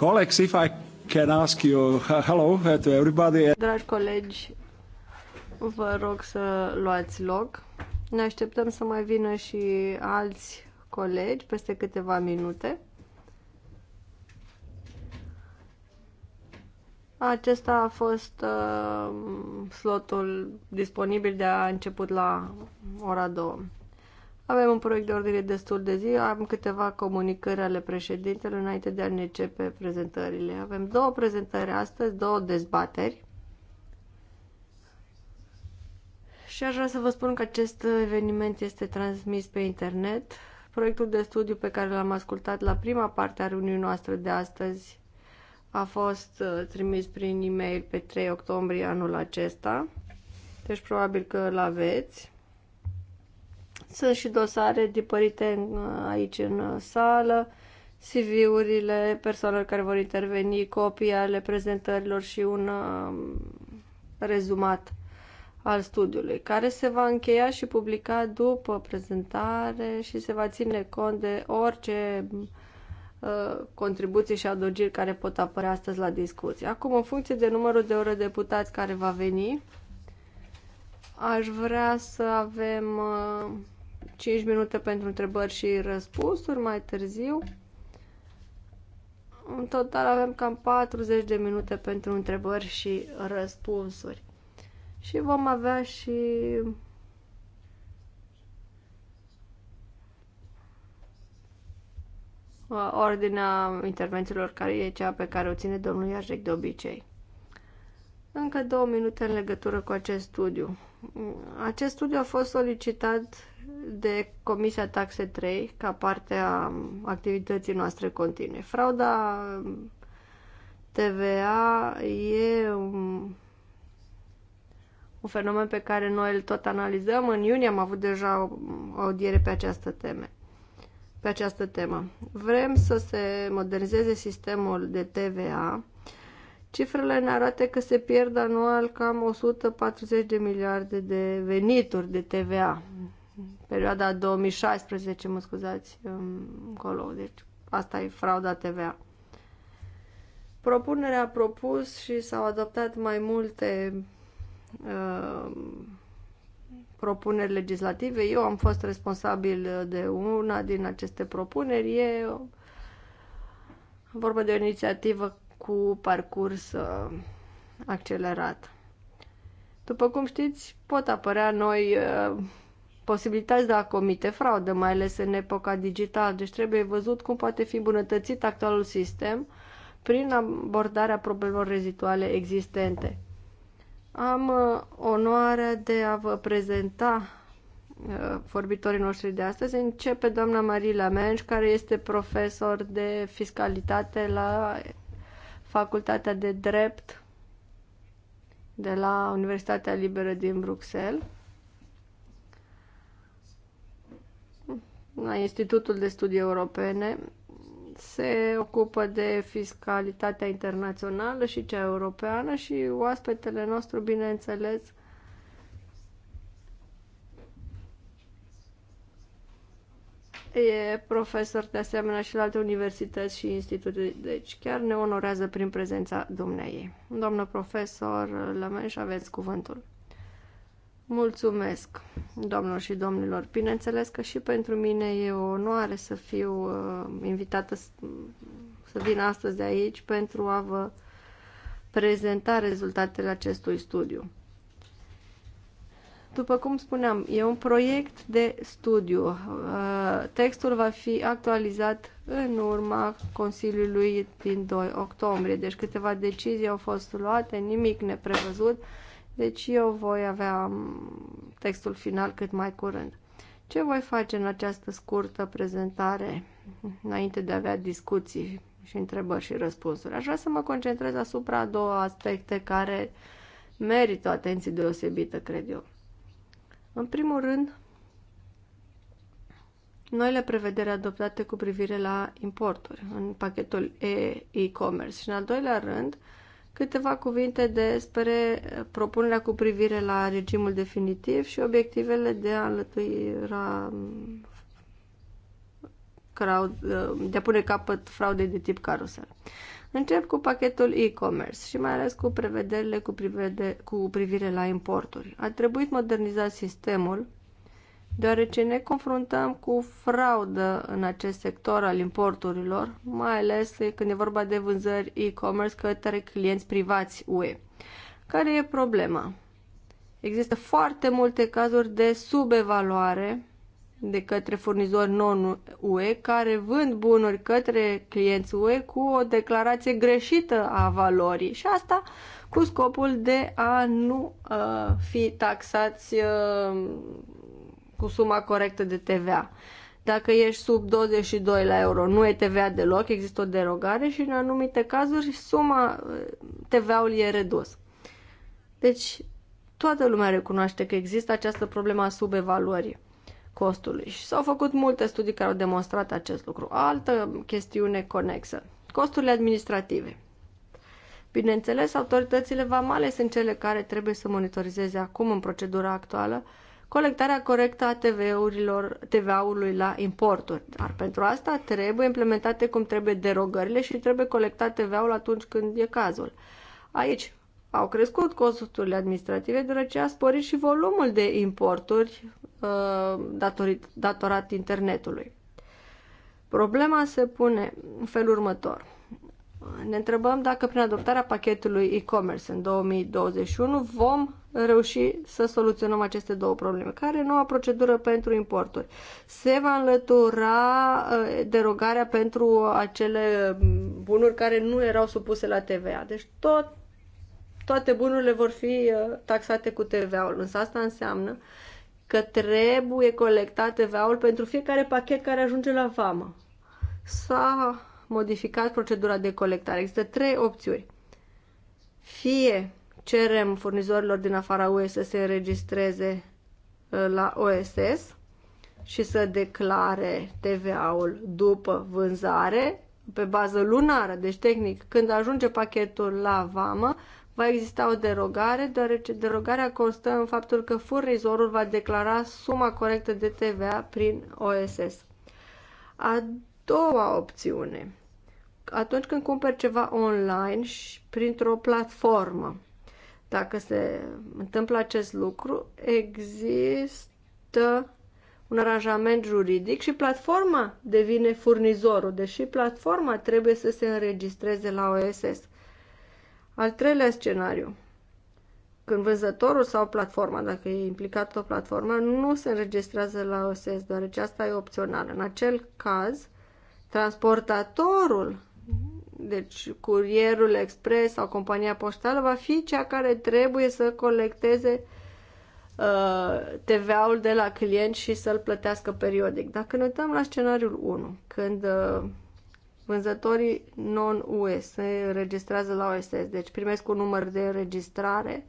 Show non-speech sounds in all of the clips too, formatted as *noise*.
Colleagues, if I can ask you hello uh, to everybody. Dragi colegi, vă rog să luați loc. Ne așteptăm să mai vină și alți colegi peste câteva minute. Acesta a fost uh, slotul disponibil de a început la ora 2. Avem un proiect de ordine destul de zi, am câteva comunicări ale președintelui înainte de a ne începe prezentările. Avem două prezentări astăzi, două dezbateri. Și aș vrea să vă spun că acest eveniment este transmis pe internet. Proiectul de studiu pe care l-am ascultat la prima parte a reuniunii noastre de astăzi a fost uh, trimis prin e-mail pe 3 octombrie anul acesta. Deci probabil că l aveți. Sunt și dosare dipărite în, aici în sală, CV-urile persoanelor care vor interveni, copii ale prezentărilor și un uh, rezumat al studiului, care se va încheia și publica după prezentare și se va ține cont de orice uh, contribuții și adăugiri care pot apărea astăzi la discuție. Acum, în funcție de numărul de ore deputați care va veni, aș vrea să avem uh, 5 minute pentru întrebări și răspunsuri mai târziu. În total avem cam 40 de minute pentru întrebări și răspunsuri. Și vom avea și ordinea intervențiilor care e cea pe care o ține domnul Iașec de obicei. Încă două minute în legătură cu acest studiu. Acest studiu a fost solicitat de Comisia Taxe 3 ca parte a activității noastre continue. Frauda TVA e un, un fenomen pe care noi îl tot analizăm. În iunie am avut deja o, audiere pe această teme. Pe această temă. Vrem să se modernizeze sistemul de TVA Cifrele ne arată că se pierd anual cam 140 de miliarde de venituri de TVA. Perioada 2016, mă scuzați, um, încolo. Deci asta e frauda TVA. Propunerea a propus și s-au adoptat mai multe uh, propuneri legislative. Eu am fost responsabil de una din aceste propuneri. E vorba de o inițiativă cu parcurs uh, accelerat. După cum știți, pot apărea noi uh, posibilități de a comite fraudă, mai ales în epoca digitală, deci trebuie văzut cum poate fi îmbunătățit actualul sistem prin abordarea problemelor rezituale existente. Am uh, onoarea de a vă prezenta uh, vorbitorii noștri de astăzi. Începe doamna Marila Menș, care este profesor de fiscalitate la Facultatea de Drept de la Universitatea Liberă din Bruxelles, la Institutul de Studii Europene, se ocupă de fiscalitatea internațională și cea europeană și oaspetele nostru, bineînțeles, E profesor de asemenea și la alte universități și institute, deci chiar ne onorează prin prezența dumneai. Doamnă profesor și aveți cuvântul. Mulțumesc, domnilor și domnilor. Bineînțeles că și pentru mine e o onoare să fiu uh, invitată să vin astăzi de aici pentru a vă prezenta rezultatele acestui studiu. După cum spuneam, e un proiect de studiu. Uh, textul va fi actualizat în urma Consiliului din 2 octombrie, deci câteva decizii au fost luate, nimic neprevăzut, deci eu voi avea um, textul final cât mai curând. Ce voi face în această scurtă prezentare, înainte de a avea discuții și întrebări și răspunsuri? Aș vrea să mă concentrez asupra două aspecte care merită o atenție deosebită, cred eu. În primul rând, noile prevederi adoptate cu privire la importuri în pachetul e-commerce și, în al doilea rând, câteva cuvinte despre propunerea cu privire la regimul definitiv și obiectivele de a înlătura fraud, uh, de a pune capăt fraude de tip carusel. Încep cu pachetul e-commerce și mai ales cu prevederile cu, privede, cu privire la importuri. A trebuit modernizat sistemul deoarece ne confruntăm cu fraudă în acest sector al importurilor, mai ales când e vorba de vânzări e-commerce către clienți privați UE. Care e problema? Există foarte multe cazuri de subevaluare de către furnizori non-UE care vând bunuri către clienți UE cu o declarație greșită a valorii și asta cu scopul de a nu uh, fi taxați uh, cu suma corectă de TVA. Dacă ești sub 22 la euro, nu e TVA deloc, există o derogare și în anumite cazuri suma uh, TVA-ul e redus. Deci toată lumea recunoaște că există această problemă a subevaluării costului. Și s-au făcut multe studii care au demonstrat acest lucru. Altă chestiune conexă. Costurile administrative. Bineînțeles, autoritățile vamale sunt cele care trebuie să monitorizeze acum, în procedura actuală, colectarea corectă a TVA-urilor, TVA-ului la importuri. Dar pentru asta trebuie implementate cum trebuie derogările și trebuie colectat TVA-ul atunci când e cazul. Aici au crescut costurile administrative, deoarece a sporit și volumul de importuri Uh, datorit, datorat internetului. Problema se pune în felul următor. Ne întrebăm dacă prin adoptarea pachetului e-commerce în 2021 vom reuși să soluționăm aceste două probleme. Care e noua procedură pentru importuri? Se va înlătura uh, derogarea pentru acele bunuri care nu erau supuse la TVA. Deci tot, toate bunurile vor fi uh, taxate cu TVA-ul. Însă asta înseamnă că trebuie colectat TVA-ul pentru fiecare pachet care ajunge la vamă. S-a modificat procedura de colectare. Există trei opțiuni. Fie cerem furnizorilor din afara UE să se înregistreze uh, la OSS și să declare TVA-ul după vânzare pe bază lunară, deci tehnic, când ajunge pachetul la vamă, va exista o derogare, deoarece derogarea constă în faptul că furnizorul va declara suma corectă de TVA prin OSS. A doua opțiune. Atunci când cumperi ceva online și printr-o platformă, dacă se întâmplă acest lucru, există un aranjament juridic și platforma devine furnizorul, deși platforma trebuie să se înregistreze la OSS. Al treilea scenariu. Când vânzătorul sau platforma, dacă e implicat o platformă, nu se înregistrează la OSS, deoarece asta e opțional. În acel caz, transportatorul, deci curierul expres sau compania poștală, va fi cea care trebuie să colecteze uh, TVA-ul de la client și să-l plătească periodic. Dacă ne uităm la scenariul 1, când uh, Vânzătorii non-UE se înregistrează la OSS, deci primesc un număr de înregistrare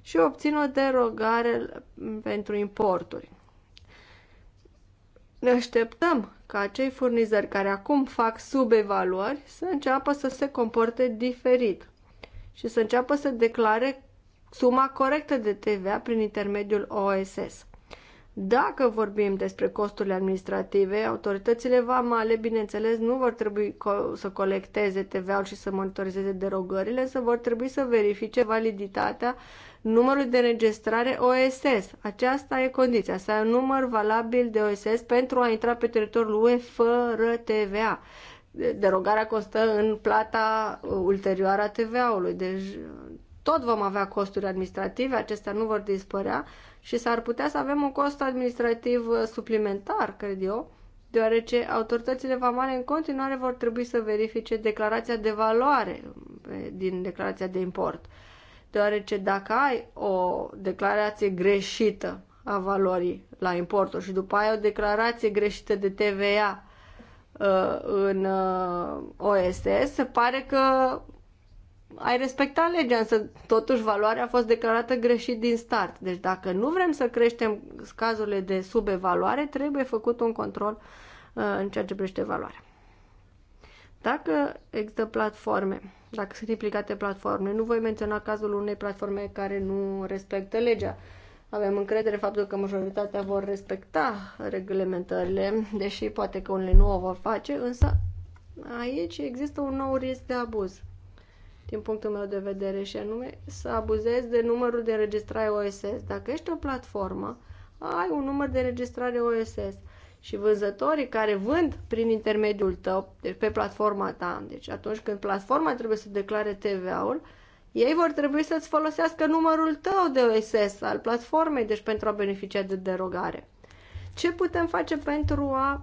și obțin o derogare pentru importuri. Ne așteptăm ca acei furnizări care acum fac subevaluări să înceapă să se comporte diferit și să înceapă să declare suma corectă de TVA prin intermediul OSS. Dacă vorbim despre costurile administrative, autoritățile vamale, bineînțeles, nu vor trebui co- să colecteze TVA-ul și să monitorizeze derogările, să vor trebui să verifice validitatea numărului de înregistrare OSS. Aceasta e condiția, să ai un număr valabil de OSS pentru a intra pe teritoriul UE fără TVA. Derogarea constă în plata ulterioară a TVA-ului, deci tot vom avea costuri administrative, acestea nu vor dispărea, și s-ar putea să avem un cost administrativ uh, suplimentar, cred eu, deoarece autoritățile vamale în continuare vor trebui să verifice declarația de valoare um, din declarația de import. Deoarece dacă ai o declarație greșită a valorii la importul și după aia o declarație greșită de TVA uh, în uh, OSS, se pare că ai respecta legea, însă totuși valoarea a fost declarată greșit din start. Deci dacă nu vrem să creștem cazurile de subevaluare, trebuie făcut un control uh, în ceea ce privește valoarea. Dacă există platforme, dacă sunt implicate platforme, nu voi menționa cazul unei platforme care nu respectă legea. Avem încredere faptul că majoritatea vor respecta reglementările, deși poate că unele nu o vor face, însă aici există un nou risc de abuz din punctul meu de vedere, și anume să abuzezi de numărul de înregistrare OSS. Dacă ești o platformă, ai un număr de înregistrare OSS și vânzătorii care vând prin intermediul tău, deci pe platforma ta, deci atunci când platforma trebuie să declare TVA-ul, ei vor trebui să-ți folosească numărul tău de OSS al platformei, deci pentru a beneficia de derogare. Ce putem face pentru a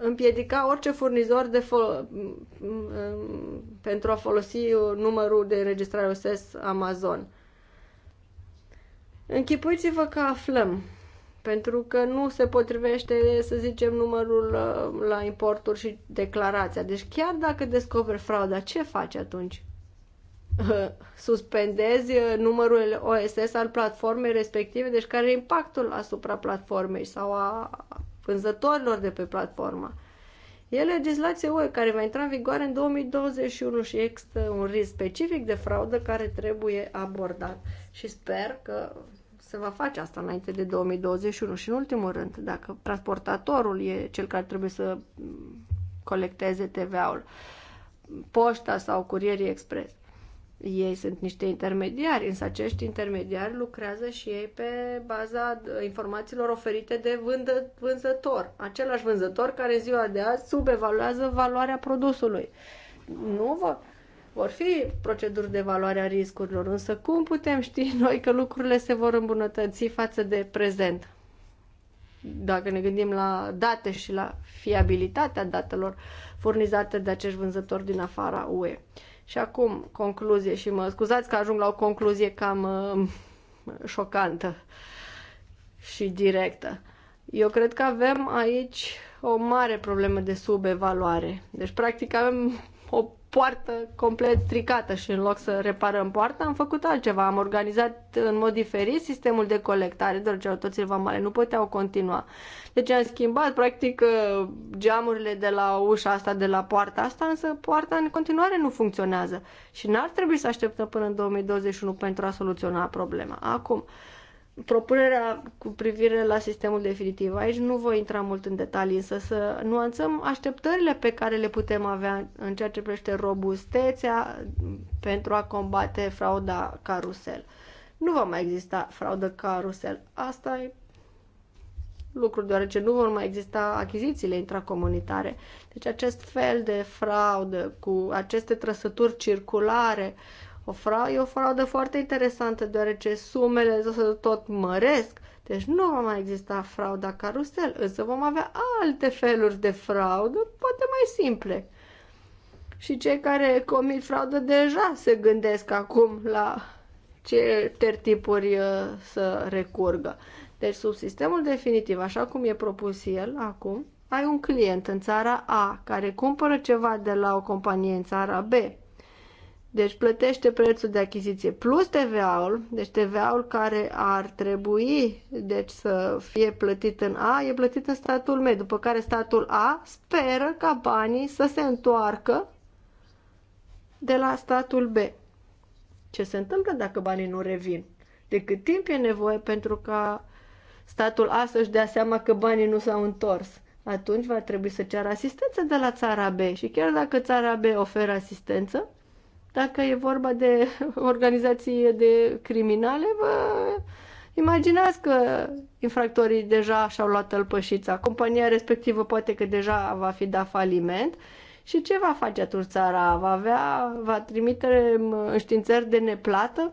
împiedica orice furnizor de mm, mm, pentru a folosi numărul de înregistrare OSS Amazon. Închipuiți-vă că aflăm, pentru că nu se potrivește, să zicem, numărul uh, la importuri și declarația. Deci chiar dacă descoperi frauda, ce faci atunci? *laughs* Suspendezi uh, numărul OSS al platformei respective, deci care e impactul asupra platformei sau a vânzătorilor de pe platformă. E legislație UE care va intra în vigoare în 2021 și există un risc specific de fraudă care trebuie abordat. Și sper că se va face asta înainte de 2021 și în ultimul rând, dacă transportatorul e cel care trebuie să colecteze TVA-ul, poșta sau curierii expres. Ei sunt niște intermediari, însă acești intermediari lucrează și ei pe baza informațiilor oferite de vândă, vânzător. Același vânzător care în ziua de azi subevaluează valoarea produsului. Nu vă... Vor fi proceduri de valoare a riscurilor, însă cum putem ști *laughs* noi că lucrurile se vor îmbunătăți față de prezent? Dacă ne gândim la date și la fiabilitatea datelor furnizate de acești vânzători din afara UE. Și acum, concluzie și mă scuzați că ajung la o concluzie cam uh, șocantă și directă. Eu cred că avem aici o mare problemă de subevaluare. Deci, practic, avem o poartă complet stricată și în loc să reparăm poarta, am făcut altceva. Am organizat în mod diferit sistemul de colectare, doar toți autoritățile mare nu puteau continua. Deci am schimbat, practic, uh, geamurile de la ușa asta, de la poarta asta, însă poarta în continuare nu funcționează. Și n-ar trebui să așteptăm până în 2021 pentru a soluționa problema. Acum, propunerea cu privire la sistemul definitiv. Aici nu voi intra mult în detalii, însă să nuanțăm așteptările pe care le putem avea în ceea ce privește robustețea pentru a combate frauda carusel. Nu va mai exista fraudă carusel. Asta e lucru, deoarece nu vor mai exista achizițiile intracomunitare. Deci acest fel de fraudă cu aceste trăsături circulare uh, o fra- e o fraudă foarte interesantă, deoarece sumele tot măresc, deci nu va mai exista frauda carusel, însă vom avea alte feluri de fraudă, poate mai simple. Și cei care comit fraudă deja se gândesc acum la ce tertipuri uh, să recurgă. Deci sub sistemul definitiv, așa cum e propus el acum, ai un client în țara A care cumpără ceva de la o companie în țara B deci plătește prețul de achiziție plus TVA-ul, deci TVA-ul care ar trebui deci să fie plătit în A, e plătit în statul meu, după care statul A speră ca banii să se întoarcă de la statul B. Ce se întâmplă dacă banii nu revin? De cât timp e nevoie pentru ca statul A să-și dea seama că banii nu s-au întors? Atunci va trebui să ceară asistență de la țara B și chiar dacă țara B oferă asistență, dacă e vorba de *laughs* organizații de criminale, vă imaginați că infractorii deja și-au luat tălpășița. Compania respectivă poate că deja va fi dat faliment. Și ce va face atunci țara? Va avea, va trimite mm, înștiințări de neplată?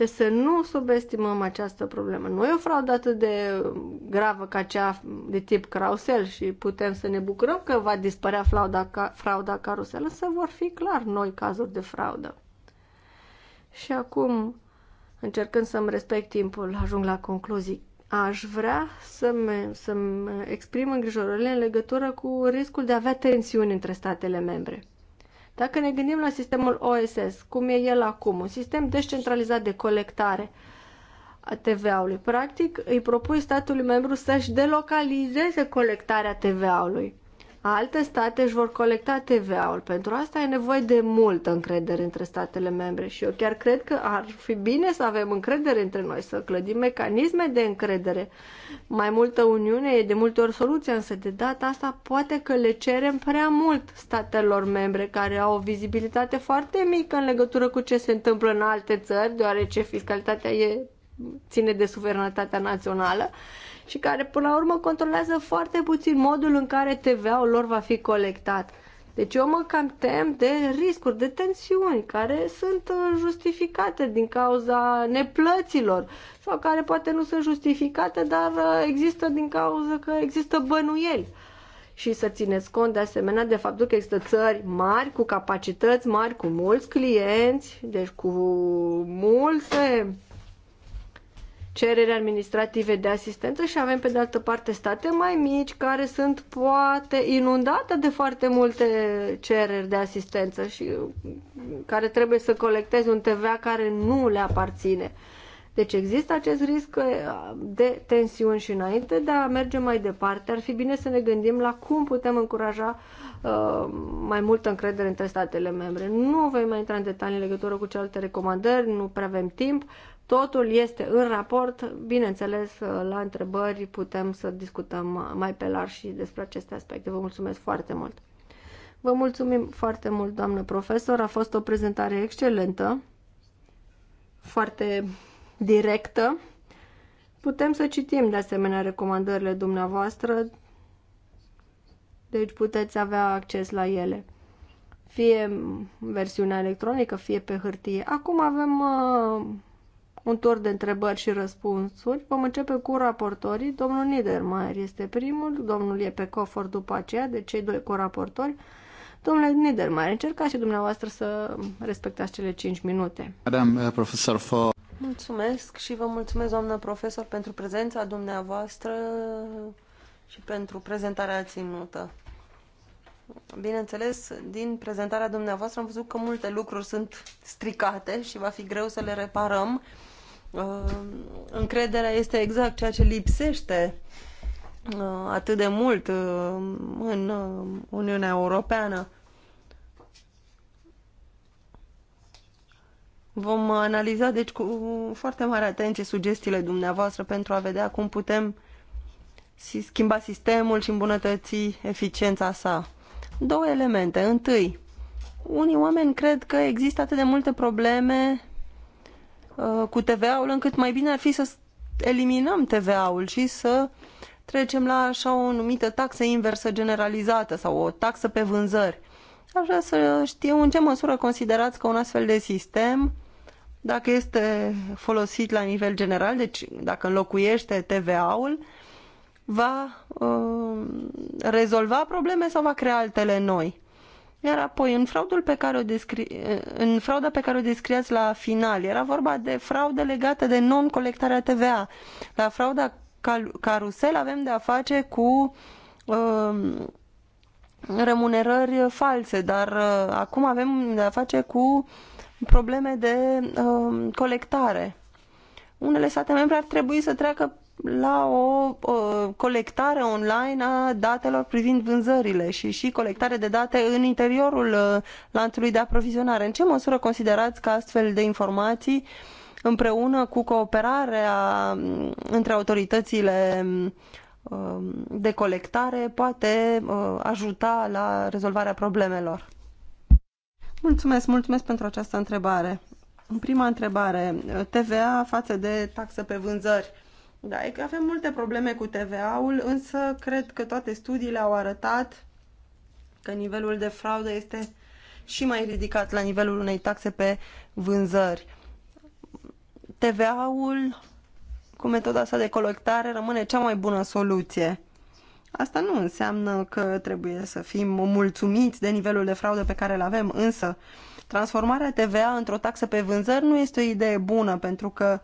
Trebuie să nu subestimăm această problemă. Nu e o fraudă atât de gravă ca cea de tip Carousel și putem să ne bucurăm că va dispărea frauda, ca, frauda carousel, însă vor fi clar noi cazuri de fraudă. Și acum, încercând să-mi respect timpul, ajung la concluzii. Aș vrea să-mi, să-mi exprim îngrijorările în legătură cu riscul de a avea tensiuni între statele membre. Dacă ne gândim la sistemul OSS, cum e el acum, un sistem descentralizat de colectare a TVA-ului, practic îi propui statului membru să-și delocalizeze colectarea TVA-ului Alte state își vor colecta TVA-ul. Pentru asta e nevoie de multă încredere între statele membre și eu chiar cred că ar fi bine să avem încredere între noi, să clădim mecanisme de încredere. Mai multă uniune e de multe ori soluția, însă de data asta poate că le cerem prea mult statelor membre care au o vizibilitate foarte mică în legătură cu ce se întâmplă în alte țări, deoarece fiscalitatea e ține de suveranitatea națională și care până la urmă controlează foarte puțin modul în care TVA-ul lor va fi colectat. Deci eu mă cam tem de riscuri, de tensiuni care sunt uh, justificate din cauza neplăților sau care poate nu sunt justificate, dar uh, există din cauza că există bănuieli. Și să țineți cont de asemenea de faptul că există țări mari, cu capacități mari, cu mulți clienți, deci cu multe cereri administrative de asistență și avem pe de altă parte state mai mici care sunt poate inundate de foarte multe cereri de asistență și mm, care trebuie să colecteze un TVA care nu le aparține. Deci există acest risc uh, de tensiuni și înainte de a merge mai departe, ar fi bine să ne gândim la cum putem încuraja uh, mai multă încredere între statele membre. Nu voi mai intra în detalii în legătură cu celelalte recomandări, nu prea avem timp. Totul este în raport, bineînțeles, uh, la întrebări putem să discutăm mai pe larg și despre aceste aspecte. Vă mulțumesc foarte mult! Vă mulțumim foarte mult, doamnă profesor, a fost o prezentare excelentă, foarte directă. Putem să citim de asemenea recomandările dumneavoastră, deci puteți avea acces la ele fie versiunea electronică, fie pe hârtie. Acum avem uh, un tur de întrebări și răspunsuri. Vom începe cu raportorii. Domnul Niedermayer este primul, domnul Iepecofor după aceea, de deci cei doi cu raportori. Domnule Niedermayer, încercați și dumneavoastră să respectați cele 5 minute. Madam uh, profesor, for... Mulțumesc și vă mulțumesc, doamnă profesor, pentru prezența dumneavoastră și pentru prezentarea ținută. Bineînțeles, din prezentarea dumneavoastră am văzut că multe lucruri sunt stricate și va fi greu să le reparăm Uh, încrederea este exact ceea ce lipsește uh, atât de mult uh, în Uniunea Europeană. Vom analiza, deci, cu foarte mare atenție sugestiile dumneavoastră pentru a vedea cum putem schimba sistemul și îmbunătăți eficiența sa. Două elemente. Întâi, unii oameni cred că există atât de multe probleme Uh, cu TVA-ul, încât mai bine ar fi să eliminăm TVA-ul și să trecem la așa o numită taxă inversă generalizată sau o taxă pe vânzări. Aș vrea să știu în ce măsură considerați că un astfel de sistem, dacă este folosit la nivel general, deci dacă înlocuiește TVA-ul, va uh, rezolva probleme sau va crea altele noi. Iar apoi, în, fraudul pe care o descri- în frauda pe care o descriați la final, era vorba de fraude legate de non-colectarea TVA. La frauda carusel avem de a face cu uh, remunerări false, dar uh, acum avem de a face cu probleme de uh, colectare. Unele state membre ar trebui să treacă la o uh, colectare online a datelor privind vânzările și și colectare de date în interiorul uh, lanțului de aprovizionare. În ce măsură considerați că astfel de informații împreună cu cooperarea mm, între autoritățile uh, de colectare poate uh, ajuta la rezolvarea problemelor? Mulțumesc, mulțumesc pentru această întrebare. Prima întrebare, uh, TVA față de taxă pe vânzări da, e că avem multe probleme cu TVA-ul, însă cred că toate studiile au arătat că nivelul de fraudă este și mai ridicat la nivelul unei taxe pe vânzări. TVA-ul cu metoda sa de colectare rămâne cea mai bună soluție. Asta nu înseamnă că trebuie să fim mulțumiți de nivelul de fraudă pe care îl avem, însă transformarea TVA într-o taxă pe vânzări nu este o idee bună pentru că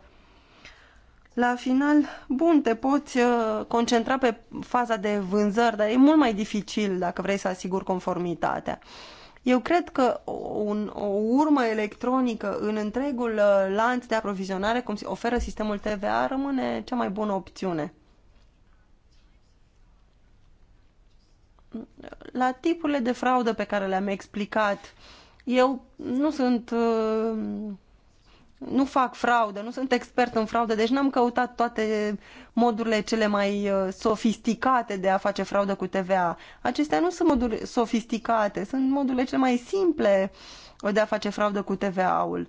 la final, bun, te poți uh, concentra pe faza de vânzări, dar e mult mai dificil dacă vrei să asiguri conformitatea. Eu cred că un, o urmă electronică în întregul uh, lanț de aprovizionare, cum oferă sistemul TVA, rămâne cea mai bună opțiune. La tipurile de fraudă pe care le-am explicat, eu nu sunt uh, nu fac fraudă, nu sunt expert în fraudă, deci n-am căutat toate modurile cele mai uh, sofisticate de a face fraudă cu TVA. Acestea nu sunt moduri sofisticate, sunt modurile cele mai simple de a face fraudă cu TVA-ul.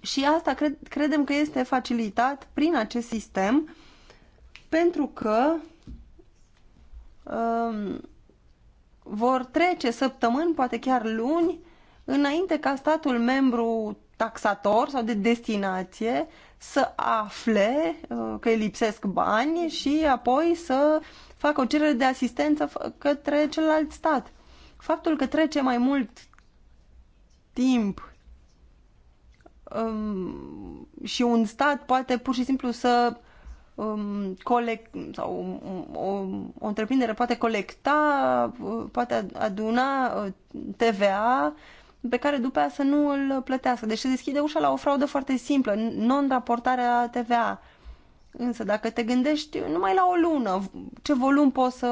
Și asta cred, credem că este facilitat prin acest sistem pentru că um, vor trece săptămâni, poate chiar luni, înainte ca statul membru taxator sau de destinație să afle uh, că îi lipsesc bani și apoi să facă o cerere de asistență către celălalt stat. Faptul că trece mai mult timp um, și un stat poate pur și simplu să um, colect, sau o, o, o întreprindere poate colecta, uh, poate aduna uh, TVA pe care după aia să nu îl plătească. Deci se deschide ușa la o fraudă foarte simplă, non-raportarea TVA. Însă dacă te gândești numai la o lună, ce volum poți să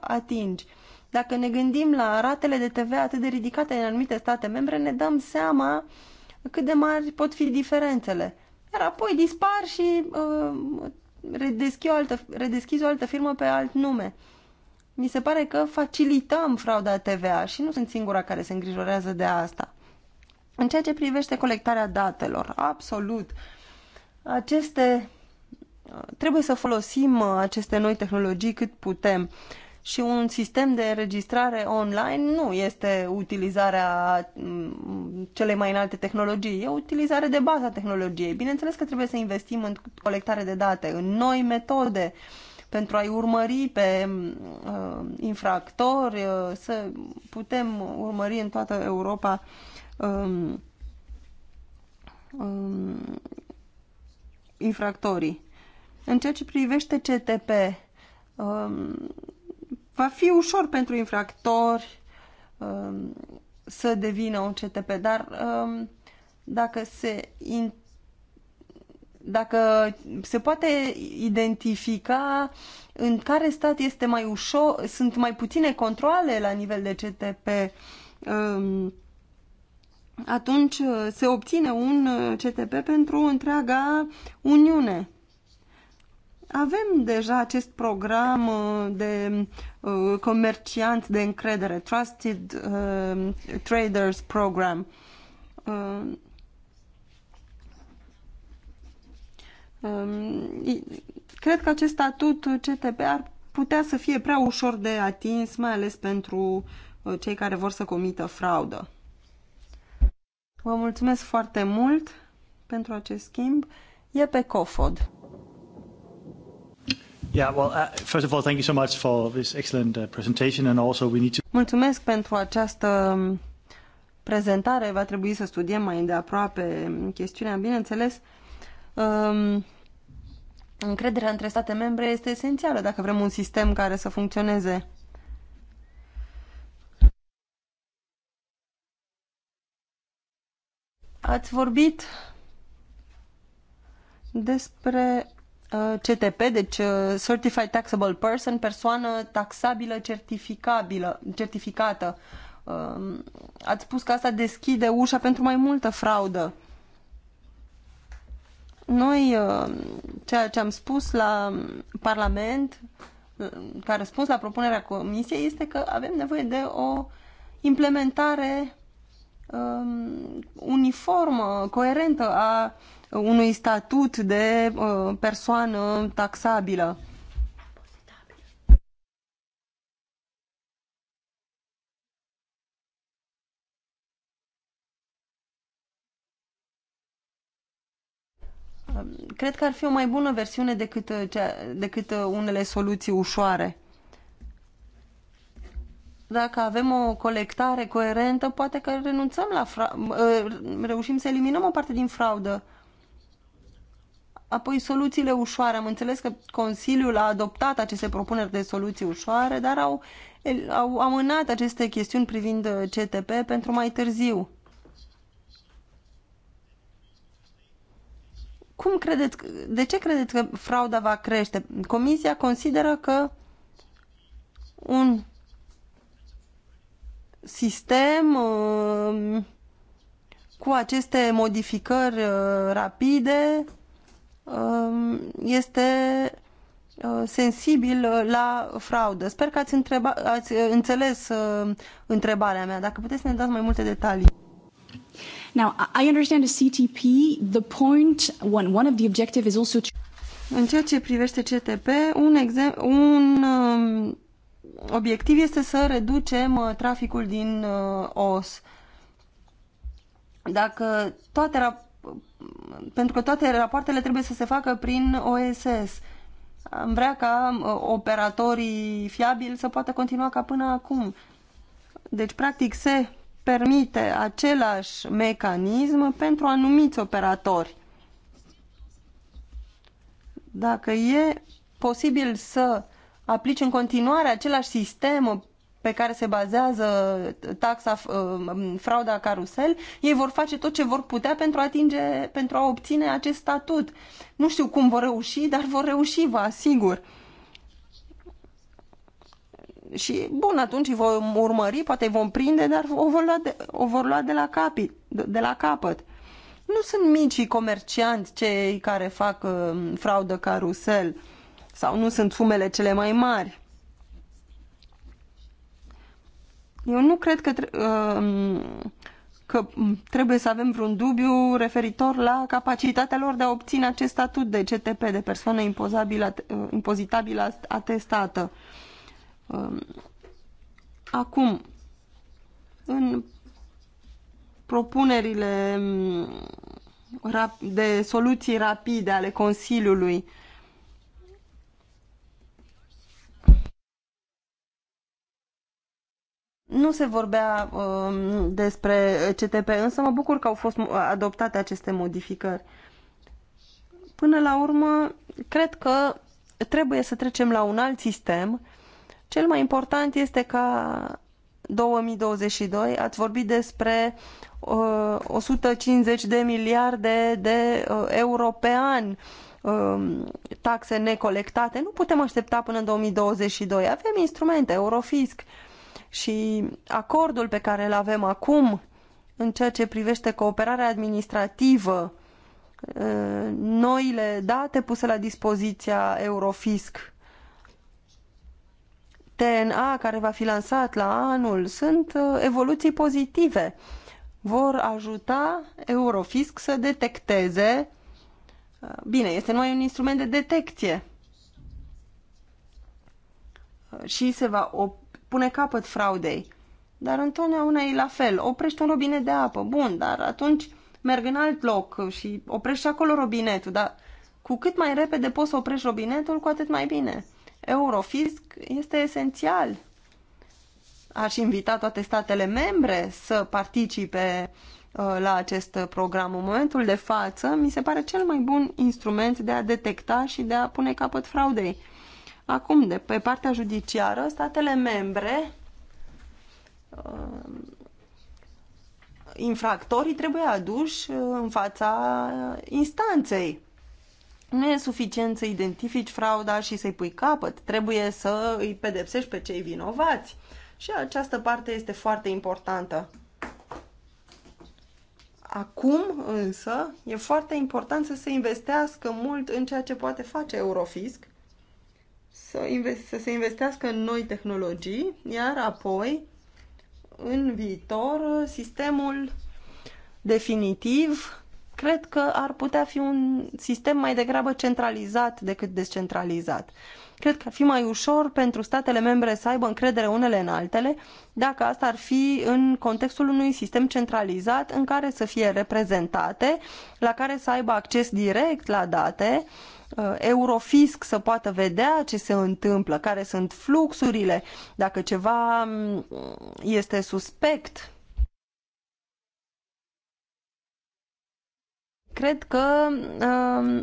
atingi? Dacă ne gândim la ratele de TVA atât de ridicate în anumite state membre, ne dăm seama cât de mari pot fi diferențele. Iar apoi dispar și uh, redeschizi o altă, o altă firmă pe alt nume mi se pare că facilităm frauda TVA și nu sunt singura care se îngrijorează de asta. În ceea ce privește colectarea datelor, absolut, aceste, trebuie să folosim aceste noi tehnologii cât putem și un sistem de înregistrare online nu este utilizarea mm, celei mai înalte tehnologii, e utilizare de bază a tehnologiei. Bineînțeles că trebuie să investim în colectare de date, în noi metode, uh, pentru a-i urmări pe uh, infractori, uh, să putem urmări în toată Europa um, um, infractorii. În ceea ce privește CTP, um, va fi ușor pentru infractori um, să devină un CTP, dar um, dacă se in, dacă se poate identifica în care stat este mai ușor, sunt mai puține controle la nivel de CTP, um, atunci uh, se obține un uh, CTP pentru întreaga Uniune. Avem deja acest program uh, de comercianți de încredere, Trusted Traders Program Um, cred că acest statut uh, CTP ar putea să fie prea ușor de atins, mai ales pentru uh, cei care vor să comită fraudă. Vă mulțumesc foarte mult pentru acest schimb. E pe COFOD. Mulțumesc pentru această um, prezentare. Va trebui să studiem mai îndeaproape um, chestiunea, bineînțeles. Um, Încrederea între state membre este esențială dacă vrem un sistem care să funcționeze. Ați vorbit despre uh, CTP, deci uh, Certified Taxable Person, persoană taxabilă certificabilă, certificată. Uh, ați spus că asta deschide ușa pentru mai multă fraudă. Noi, uh, ceea ce am spus la Parlament, uh, ca răspuns la propunerea Comisiei, este că avem nevoie de o implementare um, uniformă, coerentă a unui statut de uh, persoană taxabilă. Ehm, cred că ar fi o mai bună versiune decât, eh, cea, decât eh, unele soluții ușoare. Dacă avem o colectare coerentă, poate că renunțăm la eh, reușim să eliminăm o parte din fraudă. Apoi soluțiile ușoare. Am înțeles că Consiliul a adoptat aceste propuneri de soluții ușoare, dar au, au amânat aceste chestiuni privind CTP pentru mai târziu. Cum credeți, de ce credeți că frauda va crește? Comisia consideră că un sistem uh, cu aceste modificări uh, rapide um, este uh, sensibil la fraudă. Sper că ați, întreba, ați înțeles întrebarea mea. Dacă puteți să ne dați mai multe detalii. Now, I understand a CTP, the point, one, one of the objective is also to... În ceea ce privește CTP, un, exem- un um, obiectiv este să reducem uh, traficul din uh, OS. Dacă toate pentru că toate rapoartele trebuie să se facă prin OSS. Am vrea ca uh, operatorii fiabili să poată continua ca până acum. Deci, practic, se permite același mecanism pentru anumiți operatori. Dacă e posibil să aplici în continuare același sistem pe care se bazează taxa uh, frauda carusel, ei vor face tot ce vor putea pentru a, atinge, pentru a obține acest statut. Nu știu cum vor reuși, dar vor reuși, vă asigur și, bun, atunci îi vom urmări, poate îi vom prinde, dar o vor lua de, o vor lua de, la, capi, de, de la capăt. Nu sunt micii comercianți cei care fac uh, fraudă carusel sau nu sunt sumele cele mai mari. Eu nu cred că, tre uh, că trebuie să avem vreun dubiu referitor la capacitatea lor de a obține acest statut de CTP, de persoană uh, impozitabilă atestată. Uh, Um, acum, în propunerile um, de soluții rapide ale Consiliului, Nu se vorbea um, despre CTP, însă mă bucur că au fost adoptate aceste modificări. Până la urmă, cred că trebuie să trecem la un alt sistem cel mai important este ca 2022 ați vorbit despre uh, 150 de miliarde de uh, euro pe an um, taxe necolectate. Nu putem aștepta până în 2022. Avem instrumente, Eurofisc și acordul pe care îl avem acum în ceea ce privește cooperarea administrativă, uh, noile date puse la dispoziția Eurofisc DNA care va fi lansat la anul sunt uh, evoluții pozitive. Vor ajuta Eurofisc să detecteze. Uh, bine, este numai un instrument de detecție. Uh, și se va pune capăt fraudei. Dar întotdeauna e la fel. Oprești un robinet de apă. Bun, dar atunci merg în alt loc și oprești acolo robinetul. Dar cu cât mai repede poți să oprești robinetul, cu atât mai bine. Eurofisc este esențial. Aș invita toate statele membre să participe uh, la acest program. În momentul de față, mi se pare cel mai bun instrument de a detecta și de a pune capăt fraudei. Acum, de pe partea judiciară, statele membre, uh, infractorii trebuie aduși uh, în fața instanței nu e suficient să identifici frauda și să-i pui capăt, trebuie să îi pedepsești pe cei vinovați. Și această parte este foarte importantă. Acum, însă, e foarte important să se investească mult în ceea ce poate face Eurofisc, să, invest- să se investească în noi tehnologii, iar apoi, în viitor, sistemul definitiv cred că ar putea fi un sistem mai degrabă centralizat decât descentralizat. Cred că ar fi mai ușor pentru statele membre să aibă încredere unele în altele dacă asta ar fi în contextul unui sistem centralizat în care să fie reprezentate, la care să aibă acces direct la date, uh, Eurofisc să poată vedea ce se întâmplă, care sunt fluxurile, dacă ceva mm, este suspect cred că um,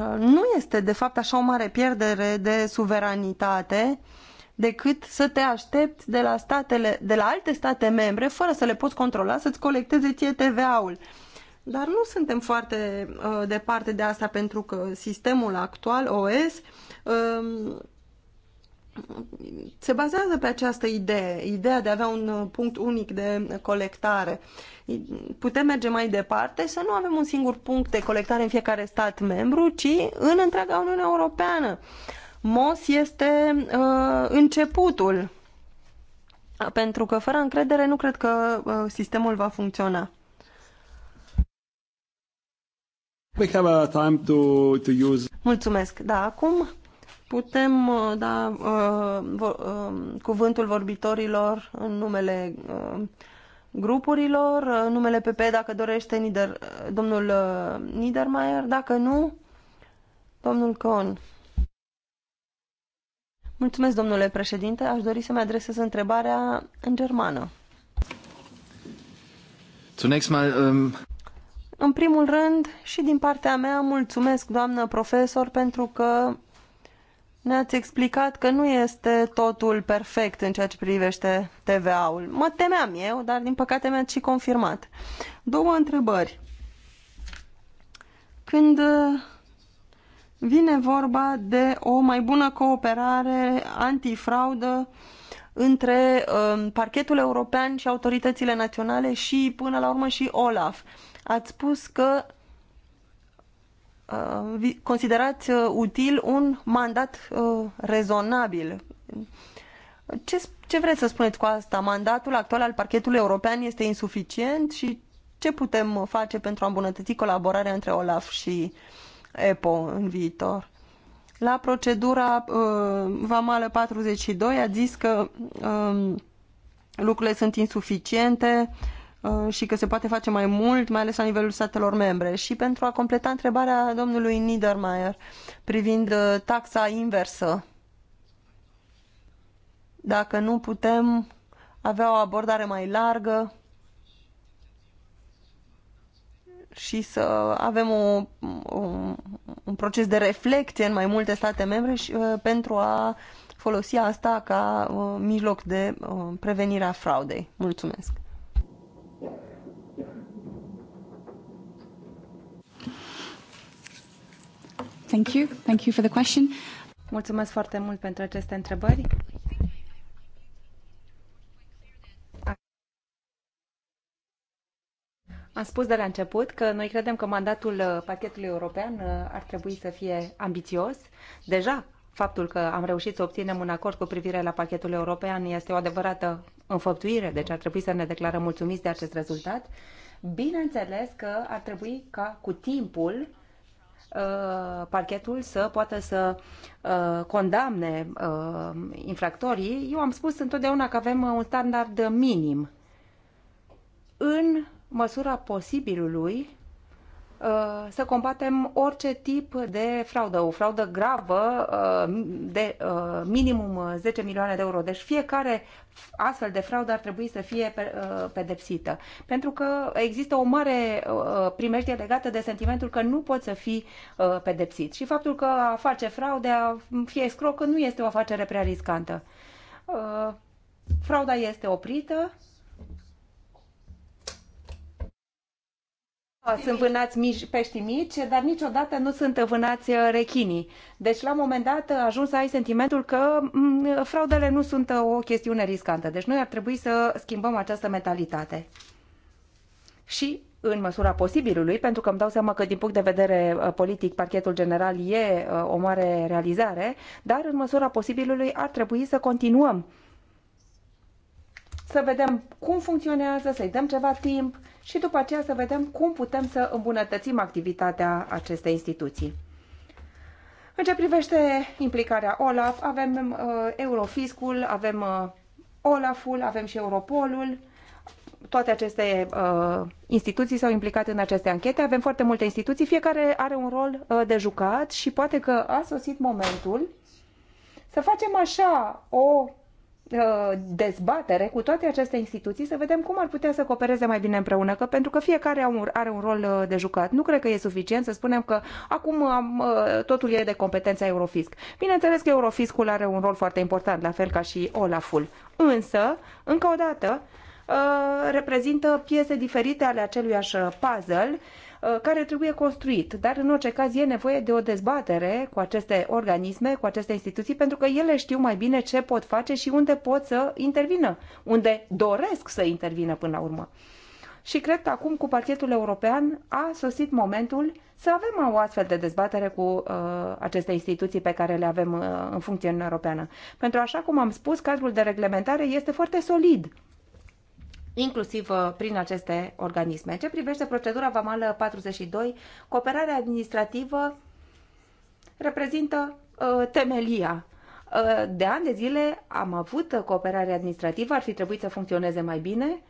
uh, nu este de fapt așa o mare pierdere de suveranitate decât să te aștepți de la, statele, de la alte state membre fără să le poți controla să-ți colecteze ție TVA-ul. Dar nu suntem foarte uh, departe de asta pentru că sistemul actual OS uh, um, se bazează pe această idee, ideea de a avea un uh, punct unic de colectare. Putem merge mai departe să nu avem un singur punct de colectare în fiecare stat membru, ci în întreaga Uniune Europeană. MOS este uh, începutul, pentru că fără încredere nu cred că uh, sistemul va funcționa. We have a uh, time to, to use... Mulțumesc. Da, acum Putem uh, da uh, uh, cuvântul vorbitorilor în numele grupurilor, numele PP dacă dorește Nieder, domnul Niedermayer, dacă nu, domnul Con. Mulțumesc, domnule președinte. Aș dori să-mi adresez întrebarea în germană. Zunächst mal, um... În primul rând, și din partea mea, mulțumesc, doamnă profesor, pentru că ne-ați explicat că nu este totul perfect în ceea ce privește TVA-ul. Mă temeam eu, dar din păcate mi-ați și confirmat. Două întrebări. Când uh, vine vorba de o mai bună cooperare antifraudă între um, parchetul european și autoritățile naționale și până la urmă și OLAF. Ați spus că Uh, considerați uh, util un mandat uh, rezonabil. Ce, ce vreți să spuneți cu asta? Mandatul actual al parchetului european este insuficient și ce putem face pentru a îmbunătăți colaborarea între OLAF și EPO în viitor? La procedura uh, Vamală 42 a zis că uh, lucrurile sunt insuficiente, uh, Uh, și că se poate face mai mult, mai ales la nivelul statelor membre. Și pentru a completa întrebarea domnului Niedermayer privind uh, taxa inversă, dacă nu putem avea o abordare mai largă și să avem o, o, un proces de reflecție în mai multe state membre și, uh, pentru a folosi asta ca mijloc de prevenire a fraudei. Mulțumesc! Thank you. Thank you for the question. Mulțumesc foarte mult pentru aceste întrebări. Am spus de la început că noi credem că mandatul uh, pachetului european uh, ar trebui să fie ambițios. Deja, faptul că am reușit să obținem un acord cu privire la pachetul european este o adevărată înfăptuire, deci ar trebui să ne declarăm mulțumiți de acest rezultat. Bineînțeles că ar trebui ca cu timpul Uh, parchetul să poată să uh, condamne uh, infractorii, eu am spus întotdeauna că avem un standard minim. În măsura posibilului, Uh, să combatem orice tip de fraudă, o fraudă gravă uh, de uh, minimum 10 milioane de euro. Deci fiecare astfel de fraudă ar trebui să fie pedepsită. Pentru că există o mare primejdie legată de sentimentul că nu poți să fii pedepsit și faptul că a face fraude, a fie scrocă, nu este o afacere prea riscantă. Frauda este oprită, Sunt vânați mici, pești mici, dar niciodată nu sunt vânați uh, rechinii. Deci, la un moment dat, uh, ajuns să ai sentimentul că mm, fraudele nu sunt uh, o chestiune riscantă. Deci, noi ar trebui să schimbăm această mentalitate. Și în măsura posibilului, pentru că îmi dau seama că din punct de vedere politic parchetul general e o mare realizare, dar în măsura posibilului ar trebui să continuăm să vedem cum funcționează, să-i dăm ceva timp și după aceea să vedem cum putem să îmbunătățim activitatea acestei instituții. În ce privește implicarea OLAF, avem uh, Eurofiscul, avem uh, OLAF-ul, avem și Europolul. Toate aceste uh, instituții s-au implicat în aceste anchete. Avem foarte multe instituții, fiecare are un rol uh, de jucat și poate că a sosit momentul să facem așa o Uh, dezbatere cu toate aceste instituții să vedem cum ar putea să coopereze mai bine împreună, că pentru că fiecare are un, rol uh, de jucat. Nu cred că e suficient să spunem că acum uh, am, totul e de competența Eurofisc. Bineînțeles că Eurofiscul are un rol foarte important, la fel ca și Olaful. Însă, încă o dată, reprezintă piese diferite ale aceluiași puzzle Uh, care trebuie construit. Dar, în orice caz, e nevoie de o dezbatere cu aceste organisme, cu aceste instituții, pentru că ele știu mai bine ce pot face și unde pot să intervină, unde doresc să intervină până la urmă. Și cred că acum, cu parchetul european, a sosit momentul să avem o astfel de dezbatere cu uh, aceste instituții pe care le avem uh, în funcție în Europeană. Pentru așa cum am spus, cadrul de reglementare este foarte solid inclusiv uh, prin aceste organisme. Ce privește procedura vamală 42, cooperarea administrativă reprezintă uh, temelia. Uh, de ani de zile am avut cooperare administrativă, ar fi trebuit să funcționeze mai bine.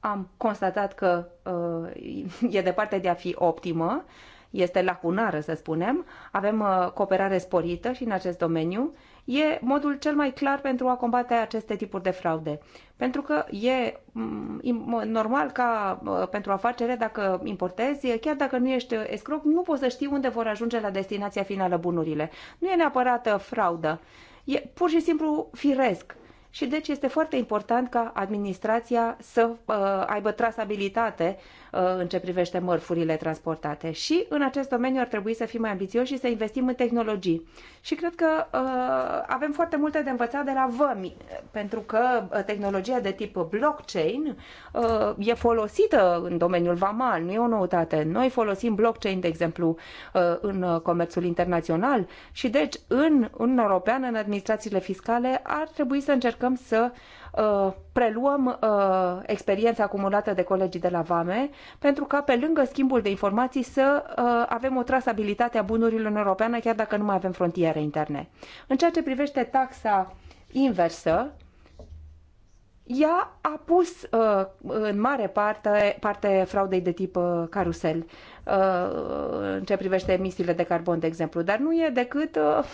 Am constatat că uh, *laughs* e departe de a fi optimă, este lacunară, să spunem. Avem uh, cooperare sporită și în acest domeniu e modul cel mai clar pentru a combate aceste tipuri de fraude. Pentru că e mm, normal ca uh, pentru afacere, dacă importezi, chiar dacă nu ești escroc, nu poți să știi unde vor ajunge la destinația finală bunurile. Nu e neapărat uh, fraudă. E pur și simplu firesc și deci este foarte important ca administrația să uh, aibă trasabilitate uh, în ce privește mărfurile transportate. Și în acest domeniu ar trebui să fim mai ambițioși și să investim în tehnologii. Și cred că uh, avem foarte multe de învățat de la vămi, pentru că uh, tehnologia de tip blockchain uh, e folosită în domeniul vamal, nu e o noutate. Noi folosim blockchain, de exemplu, uh, în uh, comerțul internațional și deci în Uniunea Europeană, în administrațiile fiscale, ar trebui să încercăm încercăm să uh, preluăm uh, experiența acumulată de colegii de la VAME pentru ca pe lângă schimbul de informații să uh, avem o trasabilitate a bunurilor în europeană chiar dacă nu mai avem frontiere interne. În ceea ce privește taxa inversă, ea a pus uh, în mare parte, parte fraudei de tip uh, carusel uh, în ce privește emisiile de carbon, de exemplu, dar nu e decât uh,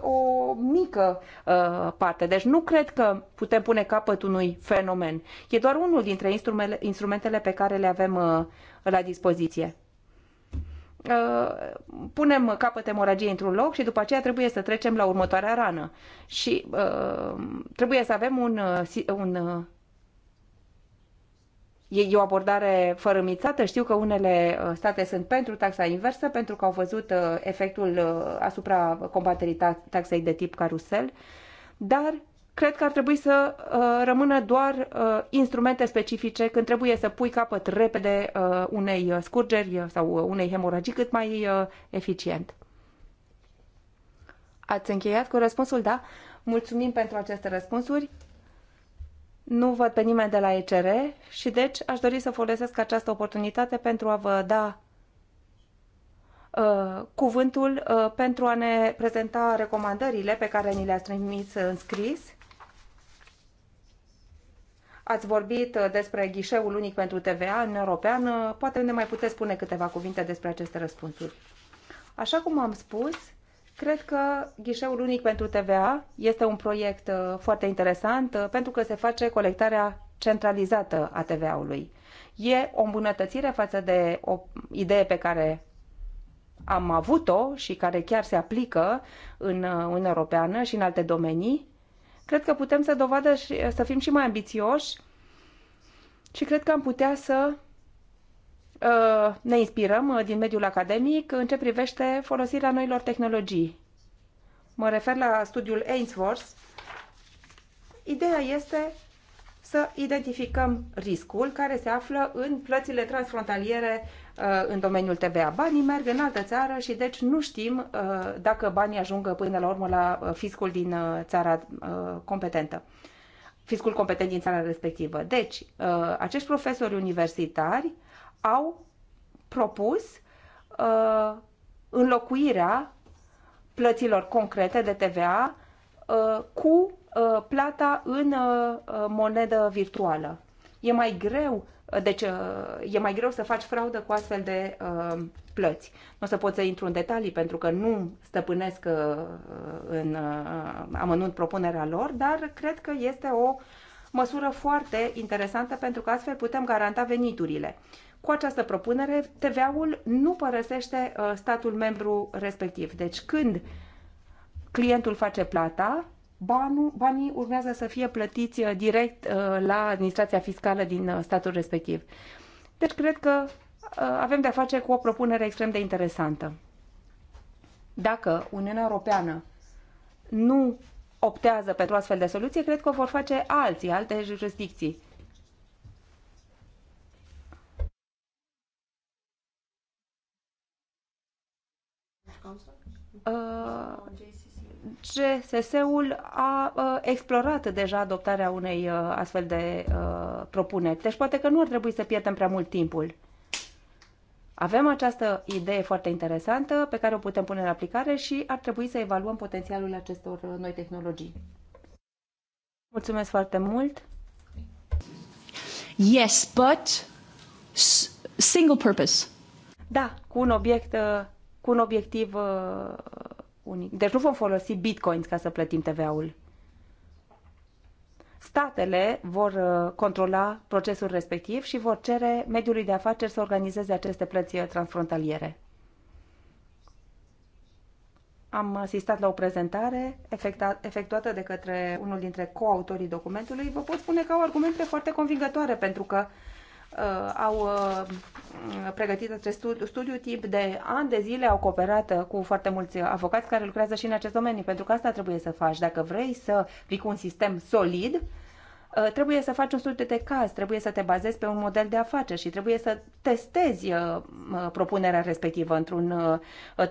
o mică uh, parte. Deci nu cred că putem pune capăt unui fenomen. E doar unul dintre instrumentele, instrumentele pe care le avem uh, la dispoziție. Uh, punem capăt emoragiei într-un loc și după aceea trebuie să trecem la următoarea rană. Și uh, trebuie să avem un, uh, un E o abordare fărâmițată. Știu că unele state sunt pentru taxa inversă, pentru că au văzut efectul asupra combaterii taxei de tip carusel, dar cred că ar trebui să uh, rămână doar uh, instrumente specifice când trebuie să pui capăt repede uh, unei scurgeri sau unei hemoragii cât mai eficient. Ați încheiat cu răspunsul? Da. Mulțumim pentru aceste răspunsuri. Nu văd pe nimeni de la ECR și deci aș dori să folosesc această oportunitate pentru a vă da cuvântul pentru a ne prezenta recomandările pe care ni le-ați trimis în scris Ați vorbit uh, despre ghișeul unic pentru TVA în european. Uh, poate ne mai puteți spune câteva cuvinte despre aceste răspunsuri. Așa cum am spus, cred că ghișeul unic pentru TVA este un proiect uh, foarte interesant pentru că se face colectarea centralizată a TVA-ului. E o îmbunătățire față de o idee pe care am avut-o și care chiar se aplică în Uniunea Europeană și în alte domenii, Cred că putem să dovadă și, să fim și mai ambițioși și cred că am putea să uh, ne inspirăm uh, din mediul academic în ce privește folosirea noilor tehnologii. Mă refer la studiul Ainsworth. Ideea este să identificăm riscul care se află în plățile transfrontaliere Uh, în domeniul TVA. Banii merg în altă țară și deci nu știm uh, dacă banii ajungă până la urmă la uh, fiscul din țara competentă fiscul competent din țara respectivă. Deci, acești profesori universitari au propus înlocuirea plăților concrete de TVA cu plata în monedă virtuală. E mai greu deci uh, e mai greu să faci fraudă cu astfel de uh, plăți. Nu o să pot să intru în detalii pentru că nu stăpânesc uh, în amănunt propunerea lor, dar cred că este o măsură foarte interesantă pentru că astfel putem garanta veniturile. Cu această propunere, TVA-ul nu părăsește statul membru respectiv. Deci când clientul face plata, banul, banii urmează să fie plătiți uh, direct uh, la administrația fiscală din uh, statul respectiv. Deci cred că avem de-a face cu o propunere extrem de interesantă. Dacă Uniunea Europeană nu optează pentru astfel de soluție, cred că o vor face alții, alte jurisdicții. Uh, GSS-ul a uh, explorat deja adoptarea unei uh, astfel de uh, propuneri. Deci poate că nu ar trebui să pierdem prea mult timpul. Avem această idee foarte interesantă pe care o putem pune în aplicare și ar trebui să evaluăm potențialul acestor noi tehnologii. Mulțumesc foarte mult! Yes, but single purpose. Da, cu un obiect, cu un obiectiv unic. Deci nu vom folosi bitcoins ca să plătim TVA-ul. Statele vor uh, controla procesul respectiv și vor cere mediului de afaceri să organizeze aceste plăți uh, transfrontaliere. Am asistat la o prezentare efectuată de către unul dintre coautorii documentului. Vă pot spune că au argumente foarte convingătoare pentru că Uh, au uh, pregătit acest studiu, studiu tip de ani de zile, au cooperat uh, cu foarte mulți avocați care lucrează și în acest domeniu, pentru că asta trebuie să faci. Dacă vrei să vii cu un sistem solid, Uh, trebuie să faci un studiu de caz, trebuie să te bazezi pe un model de afaceri și trebuie să testezi uh, uh, propunerea respectivă într-un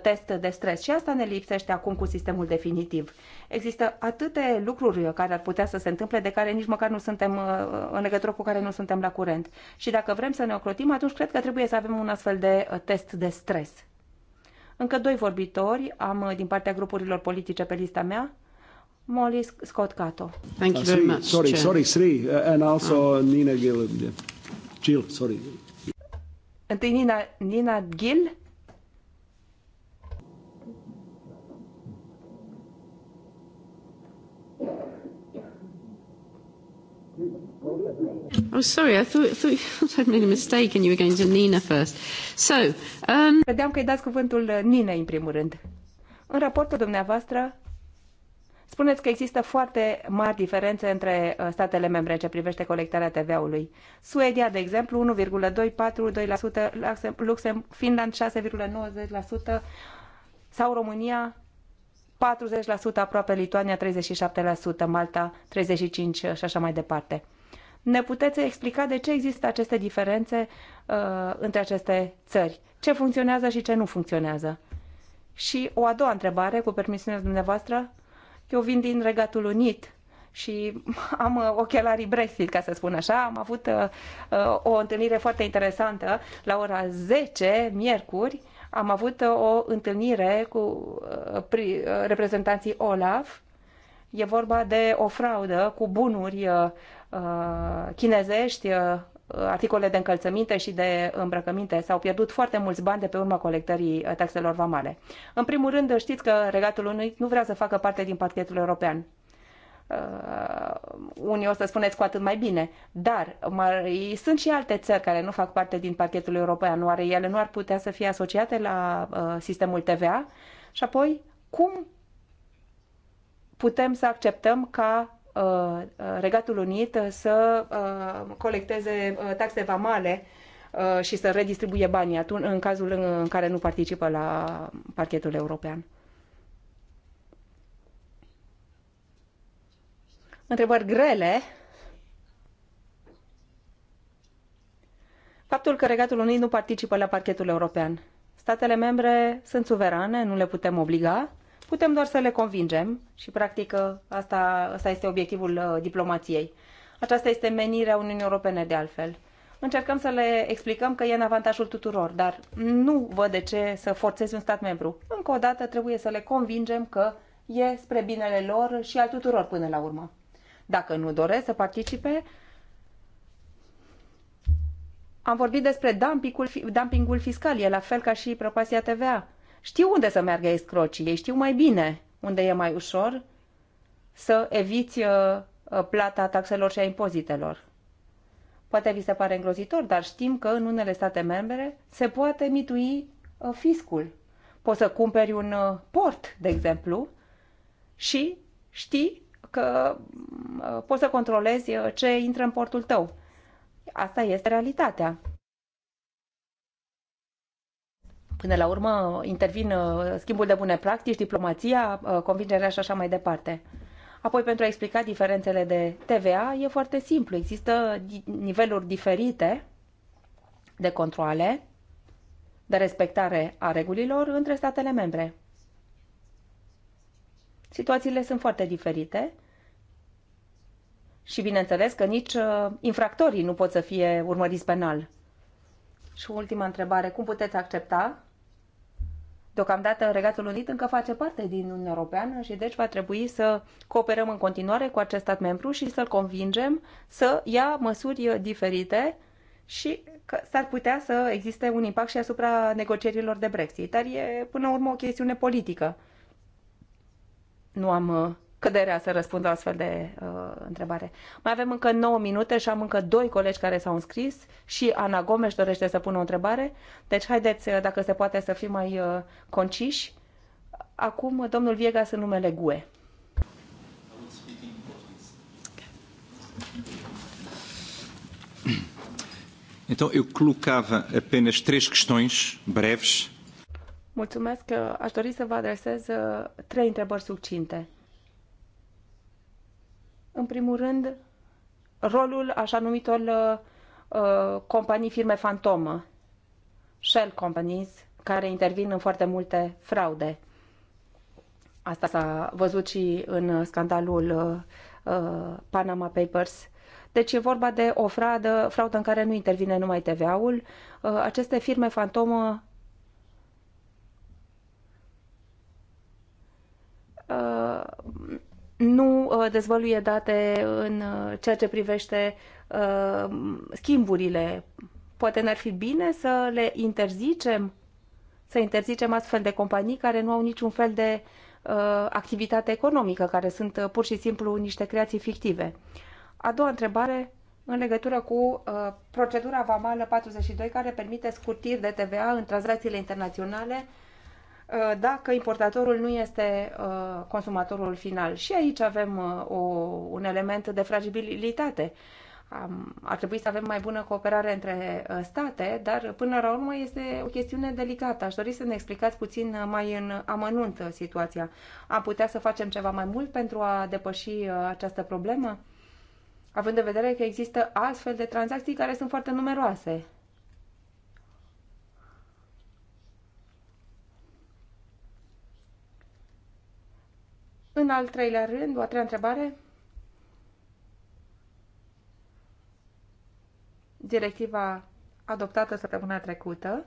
test de stres. Și asta ne lipsește acum cu sistemul definitiv. Există atâtea lucruri care ar putea să se întâmple de care nici măcar nu suntem în legătură cu care nu suntem la curent. Și dacă vrem să ne ocrotim, atunci cred că trebuie să avem un astfel de test de stres. Încă doi vorbitori am din partea grupurilor politice pe lista mea. Molly Scott Cato. Thank you uh, very much. Sorry, sorry, Sri, uh, and also ah. Nina Gill. Gill, uh, sorry. Întâi Nina, Nina Gill. Oh, sorry, I thought, thought, thought *laughs* I'd made a mistake and you were going to Nina first. So, um... Credeam că îi dați cuvântul Nina în primul rând. În raportul dumneavoastră Spuneți că există foarte mari diferențe între uh, statele membre ce privește colectarea TVA-ului. Suedia, de exemplu, 1,242%, Luxem, Finland 6,90% sau România 40% aproape, Lituania 37%, Malta 35% și așa mai departe. Ne puteți explica de ce există aceste diferențe uh, între aceste țări? Ce funcționează și ce nu funcționează? Și o a doua întrebare, cu permisiunea dumneavoastră, uh, eu vin din Regatul Unit și *laughs* am uh, ochelarii Brexit, ca să spun așa. Am avut uh, uh, o întâlnire foarte interesantă la ora 10, miercuri, am avut o întâlnire cu reprezentanții OLAF. E vorba de o fraudă cu bunuri chinezești Uh, articole de încălțăminte și de îmbrăcăminte. S-au pierdut foarte mulți bani de pe urma colectării uh, taxelor vamale. În primul rând, știți că Regatul Unit nu vrea să facă parte din pachetul european. Uh, unii o să spuneți cu atât mai bine, dar mai, sunt și alte țări care nu fac parte din pachetul european, nu are ele nu ar putea să fie asociate la uh, sistemul TVA și apoi cum putem să acceptăm ca Uh, uh, Regatul Unit uh, să colecteze taxe vamale și să redistribuie banii atunci, în cazul în care nu participă la parchetul european. Întrebări grele. Faptul că Regatul Unit nu participă la parchetul european. Statele membre sunt suverane, nu le putem obliga putem doar să le convingem și, practic, asta, asta este obiectivul uh, diplomației. Aceasta este menirea Uniunii Europene, de altfel. Încercăm să le explicăm că e în avantajul tuturor, dar nu văd de ce să forțezi un stat membru. Încă o dată trebuie să le convingem că e spre binele lor și al tuturor până la urmă. Dacă nu doresc să participe, am vorbit despre dumpingul, fiscal, e la fel ca și propasia TVA știu unde să meargă ei scrocii, ei știu mai bine unde e mai ușor să eviți uh, uh, plata taxelor și a impozitelor. Poate vi se pare îngrozitor, dar știm că în unele state membre se poate mitui uh, fiscul. Poți să cumperi un port, de exemplu, și știi că poți să controlezi ce intră în portul tău. Asta este realitatea. Până la urmă intervin uh, schimbul de bune practici, diplomația, uh, convingerea și așa mai departe. Apoi, pentru a explica diferențele de TVA, e foarte simplu. Există niveluri diferite de controle, de respectare a regulilor între statele membre. Situațiile sunt foarte diferite și bineînțeles că nici uh, infractorii nu pot să fie urmăriți penal. Și ultima întrebare, cum puteți accepta Deocamdată Regatul Unit încă face parte din Uniunea Europeană și deci va trebui să cooperăm în continuare cu acest stat membru și să-l convingem să ia măsuri diferite și că s-ar putea să existe un impact și asupra negocierilor de Brexit. Dar e până la urmă o chestiune politică. Nu am uh, cât de rea să răspund la astfel de uh, întrebare. Mai avem încă 9 minute și am încă doi colegi care s-au înscris și Ana Gomes dorește să pună o întrebare. Deci haideți, uh, dacă se poate, să fim mai uh, conciși. Acum, domnul Viegas sunt numele GUE. Então, eu colocava apenas três questões breves. Mulțumesc. Uh, aș dori să vă adresez uh, trei întrebări succinte. În primul rând, rolul așa numitor uh, uh, companii firme fantomă, shell companies, care intervin în foarte multe fraude. Asta s-a văzut și în scandalul uh, uh Panama Papers. Deci e vorba de o fraudă, fraudă în care nu intervine numai TVA-ul. Uh, aceste firme fantomă uh, nu uh, dezvăluie date în uh, ceea ce privește uh, schimburile. Poate n-ar fi bine să le interzicem, să interzicem astfel de companii care nu au niciun fel de activitate economică, care sunt pur și simplu niște creații fictive. A doua întrebare în legătură cu uh, procedura vamală 42 care permite scurtiri de TVA în tranzacțiile internaționale Uh, dacă importatorul nu este uh, consumatorul final. Și aici avem uh, o, un element de fragilitate. Ar trebui să avem mai bună cooperare între state, dar până la urmă este o chestiune delicată. Aș dori să ne explicați puțin mai în amănunt situația. Am putea să facem ceva mai mult pentru a depăși această problemă? Având în vedere că există astfel de tranzacții care sunt foarte numeroase În al treilea rând, o a treia întrebare, directiva adoptată săptămâna trecută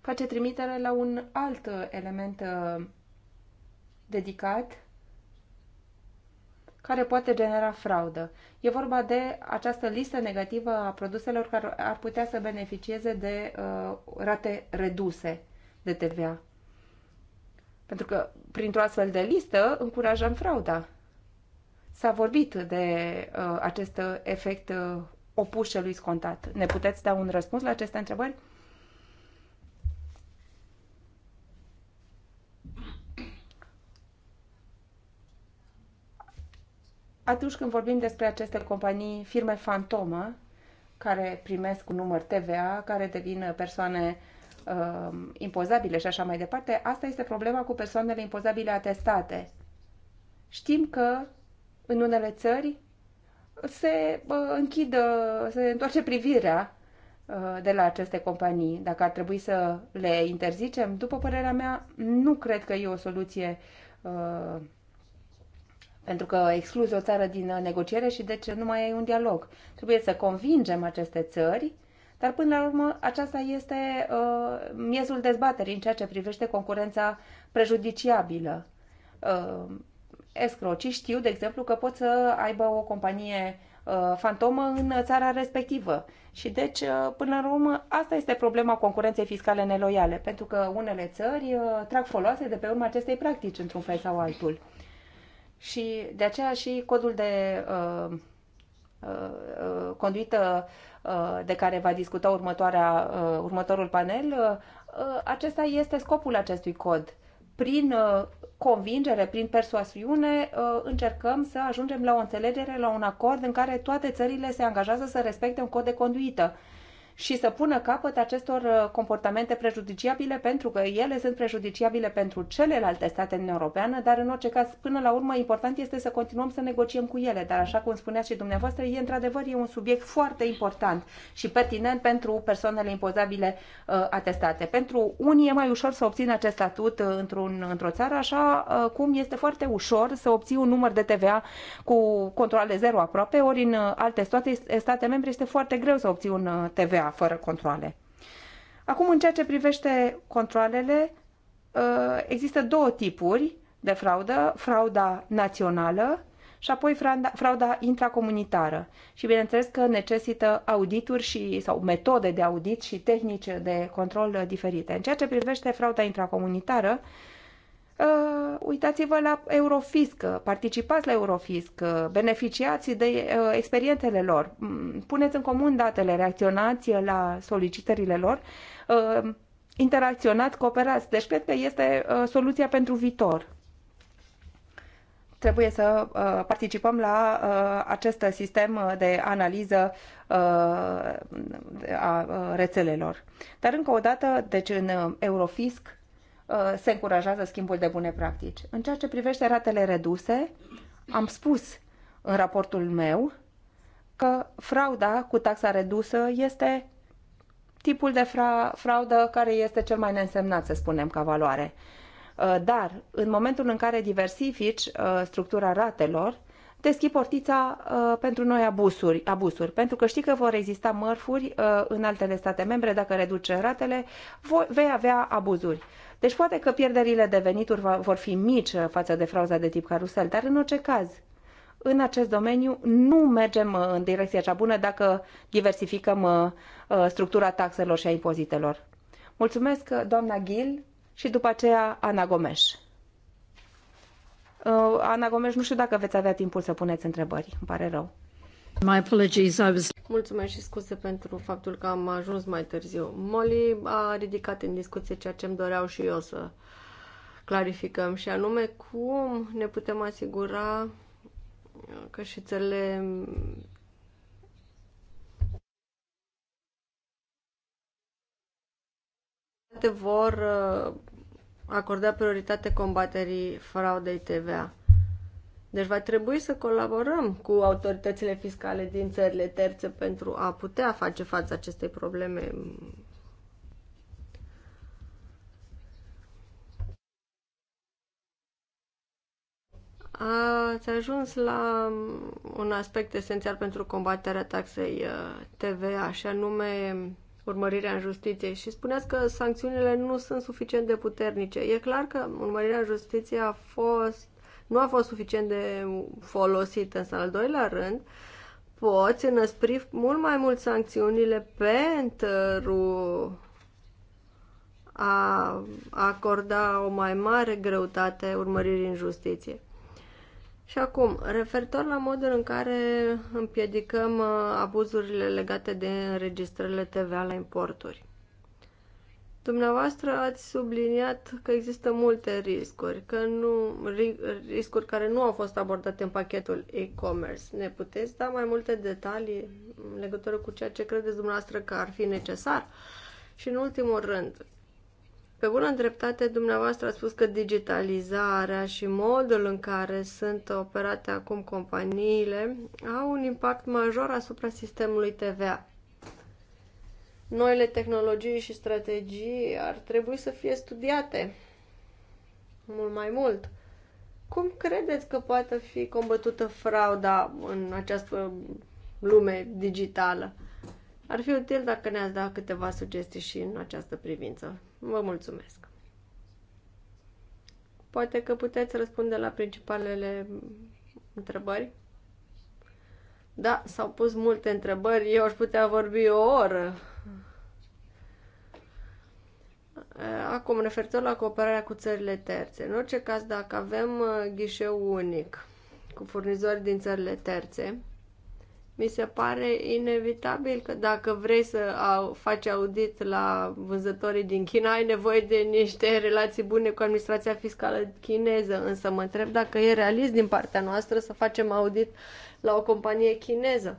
face trimitere la un alt element uh, dedicat care poate genera fraudă. E vorba de această listă negativă a produselor care ar putea să beneficieze de uh, rate reduse de TVA. Pentru că printr-o astfel de listă încurajăm frauda. S-a vorbit de uh, acest efect uh, opus celui scontat. Ne puteți da un răspuns la aceste întrebări? Atunci când vorbim despre aceste companii, firme fantomă, care primesc un număr TVA, care devin persoane uh, Um, impozabile și așa mai departe, asta este problema cu persoanele impozabile atestate. Știm că în unele țări se uh, închidă, uh, se întoarce privirea uh, de la aceste companii. Dacă ar trebui să le interzicem, după părerea mea, nu cred că e o soluție pentru că excluzi o țară din negociere și deci nu mai ai un dialog. Trebuie să convingem aceste țări dar până la urmă aceasta este uh, miezul dezbaterii în ceea ce privește concurența prejudiciabilă. Uh, escrocii știu, de exemplu, că pot să aibă o companie uh, fantomă în țara respectivă. Și deci, uh, până la urmă, asta este problema concurenței fiscale neloiale, pentru că unele țări uh, trag foloase de pe urma acestei practici, într-un fel sau altul. Și de aceea și codul de uh, Uh, conduită uh, de care va discuta următoarea, uh, următorul panel, acesta este scopul acestui cod. Prin convingere, prin persoasiune, încercăm să ajungem la o înțelegere, la un acord în care toate țările se angajează să respecte un cod de conduită și să pună capăt acestor uh, comportamente prejudiciabile pentru că ele sunt prejudiciabile pentru celelalte state în Europeană, dar în orice caz, până la urmă, important este să continuăm să negociem cu ele. Dar așa cum spuneați și dumneavoastră, e într-adevăr e un subiect foarte important și pertinent pentru persoanele impozabile uh, atestate. Pentru unii e mai ușor să obțină acest statut uh, într-un, într-o țară, așa uh, cum este foarte ușor să obții un număr de TVA cu controle zero aproape, ori în uh, alte state, state membre este foarte greu să obții un TVA fără controle. Acum, în ceea ce privește controlele, uh, există două tipuri de fraudă, frauda națională și apoi frauda, frauda intracomunitară. Și bineînțeles că necesită audituri și, sau metode de audit și tehnici de control diferite. În ceea ce privește frauda intracomunitară, uh, uh, uitați-vă la Eurofisc, uh, participați la Eurofisc, uh, beneficiați de uh, experiențele lor, mm, puneți în comun datele, reacționați uh, la solicitările lor, uh, interacționați, cooperați. Deci cred că este uh, soluția pentru viitor. Trebuie să uh, participăm la uh, acest sistem de analiză uh, a rețelelor. Dar încă o dată, deci în Eurofisc, Uh, se încurajează schimbul de bune practici. În ceea ce privește ratele reduse, am spus în raportul meu că frauda cu taxa redusă este tipul de fra- fraudă care este cel mai neînsemnat, să spunem, ca valoare. Uh, dar, în momentul în care diversifici uh, structura ratelor, deschid portița uh, pentru noi abusuri, abusuri, pentru că știi că vor exista mărfuri uh, în altele state membre, dacă reduce ratele, voi, vei avea abuzuri. Deci poate că pierderile de venituri vor fi mici uh, față de frauza de tip carusel, dar în orice caz, în acest domeniu nu mergem uh, în direcția cea bună dacă diversificăm uh, structura taxelor și a impozitelor. Mulțumesc, doamna Gil, și după aceea Ana Gomes. Ana Gomes, nu știu dacă veți avea timpul să puneți întrebări, îmi pare rău. My apologies, I was... Mulțumesc și scuze pentru faptul că am ajuns mai târziu. Molly a ridicat în discuție ceea ce îmi doreau și eu să clarificăm și anume cum ne putem asigura că și țările vor uh, acorda prioritate combaterii fraudei TVA. Deci va trebui să colaborăm cu autoritățile fiscale din țările terțe pentru a putea face față acestei probleme. Ați ajuns la un aspect esențial pentru combaterea taxei uh, TVA, și anume urmărirea în justiție. Și spuneați că sancțiunile nu sunt suficient de puternice. E clar că urmărirea în justiție a fost nu a fost suficient de folosit, în al doilea rând, poți înăspri mult mai mult sancțiunile pentru a acorda o mai mare greutate urmăririi în justiție. Și acum, referitor la modul în care împiedicăm uh, abuzurile legate de înregistrările TVA la importuri. Dumneavoastră ați subliniat că există multe riscuri, că nu, riscuri care nu au fost abordate în pachetul e-commerce. Ne puteți da mai multe detalii în legătură cu ceea ce credeți dumneavoastră că ar fi necesar? Și în ultimul rând, pe bună dreptate, dumneavoastră a spus că digitalizarea și modul în care sunt operate acum companiile au un impact major asupra sistemului TVA noile tehnologii și strategii ar trebui să fie studiate mult mai mult. Cum credeți că poate fi combătută frauda în această lume digitală? Ar fi util dacă ne-ați da câteva sugestii și în această privință. Vă mulțumesc! Poate că puteți răspunde la principalele întrebări. Da, s-au pus multe întrebări. Eu aș putea vorbi o oră Acum, referitor la cooperarea cu țările terțe, în orice caz, dacă avem uh, ghișeu unic cu furnizori din țările terțe, mi se pare inevitabil că dacă vrei să faci audit la vânzătorii din China, ai nevoie de niște relații bune cu administrația fiscală chineză. Însă mă întreb dacă e realist din partea noastră să facem audit la o companie chineză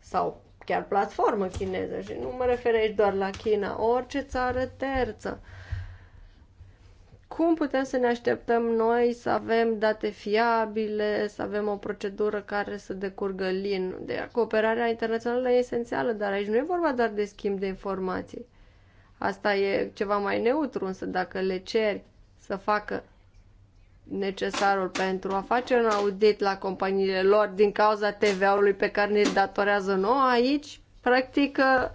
sau chiar platformă chineză și nu mă refer aici doar la China, orice țară terță. Cum putem să ne așteptăm noi să avem date fiabile, să avem o procedură care să decurgă lin? De cooperarea internațională e esențială, dar aici nu e vorba doar de schimb de informații. Asta e ceva mai neutru, însă dacă le ceri să facă necesarul pentru a face un audit la companiile lor din cauza TVA-ului pe care ne-l datorează nouă aici, practic uh,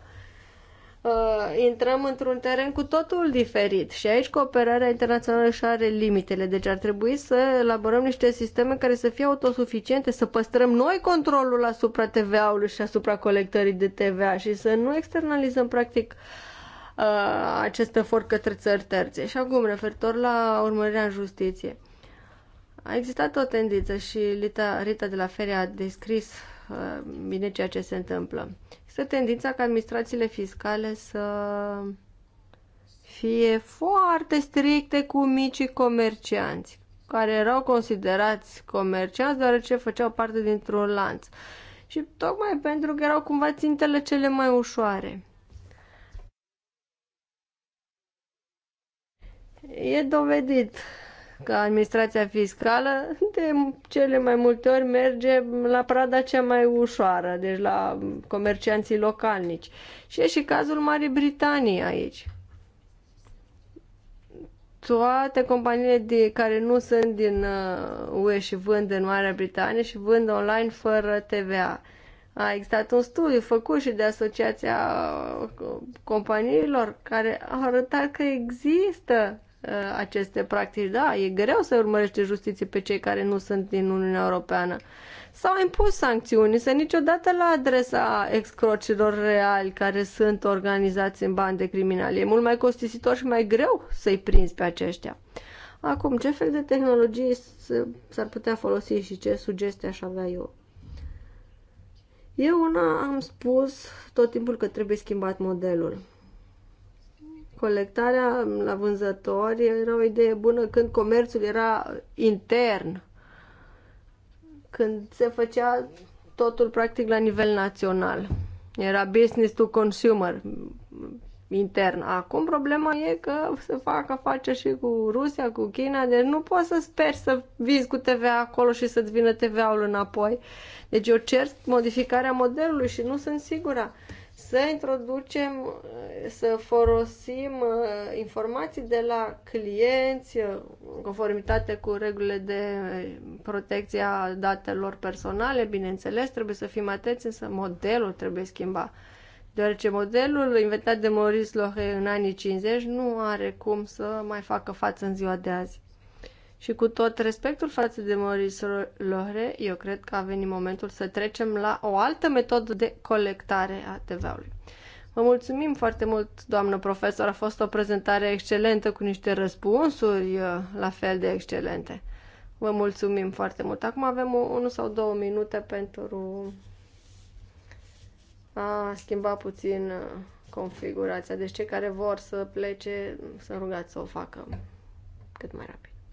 uh, intrăm într-un teren cu totul diferit și aici cooperarea internațională și are limitele, deci ar trebui să elaborăm niște sisteme care să fie autosuficiente, să păstrăm noi controlul asupra TVA-ului și asupra colectării de TVA și să nu externalizăm practic uh, acest efort către țări terțe. Și acum, referitor la urmărirea în justiție. A existat o tendință și Rita, Rita de la Feria a descris uh, bine ceea ce se întâmplă. Este tendința ca administrațiile fiscale să fie foarte stricte cu micii comercianți, care erau considerați comercianți deoarece făceau parte dintr-un lanț. Și tocmai pentru că erau cumva țintele cele mai ușoare. E dovedit că administrația fiscală de cele mai multe ori merge la prada cea mai ușoară, deci la comercianții localnici. Și e și cazul Marii Britanii aici. Toate companiile de, care nu sunt din UE uh, și vând în Marea Britanie și vând online fără TVA. A existat un studiu făcut și de Asociația uh, Companiilor care a arătat că există Uh, aceste practici. Da, e greu să urmărește justiție pe cei care nu sunt din Uniunea Europeană. S-au impus sancțiuni, să niciodată la adresa excrocilor reali care sunt organizați în bani de criminali. E mult mai costisitor și mai greu să-i prinzi pe aceștia. Acum, ce fel de tehnologii s-ar putea folosi și ce sugestii aș avea eu? Eu una am spus tot timpul că trebuie schimbat modelul. Colectarea la vânzători era o idee bună când comerțul era intern, când se făcea totul practic la nivel național. Era business to consumer intern. Acum problema e că se fac afaceri și cu Rusia, cu China, deci nu poți să speri să vizi cu TVA acolo și să-ți vină TVA-ul înapoi. Deci eu cer modificarea modelului și nu sunt sigură să introducem, să folosim uh, informații de la clienți uh, în conformitate cu regulile de protecție a datelor personale, bineînțeles, trebuie să fim atenți, însă modelul trebuie schimbat. Deoarece modelul inventat de Maurice Lohe în anii 50 nu are cum să mai facă față în ziua de azi. Și cu tot respectul față de Maurice Lohre, eu cred că a venit momentul să trecem la o altă metodă de colectare a TVA-ului. Vă mulțumim foarte mult, doamnă profesor, a fost o prezentare excelentă cu niște răspunsuri uh, la fel de excelente. Vă mulțumim foarte mult. Acum avem unul sau două minute pentru a schimba puțin uh, configurația. Deci cei care vor să plece, să rugați să o facă cât mai rapid.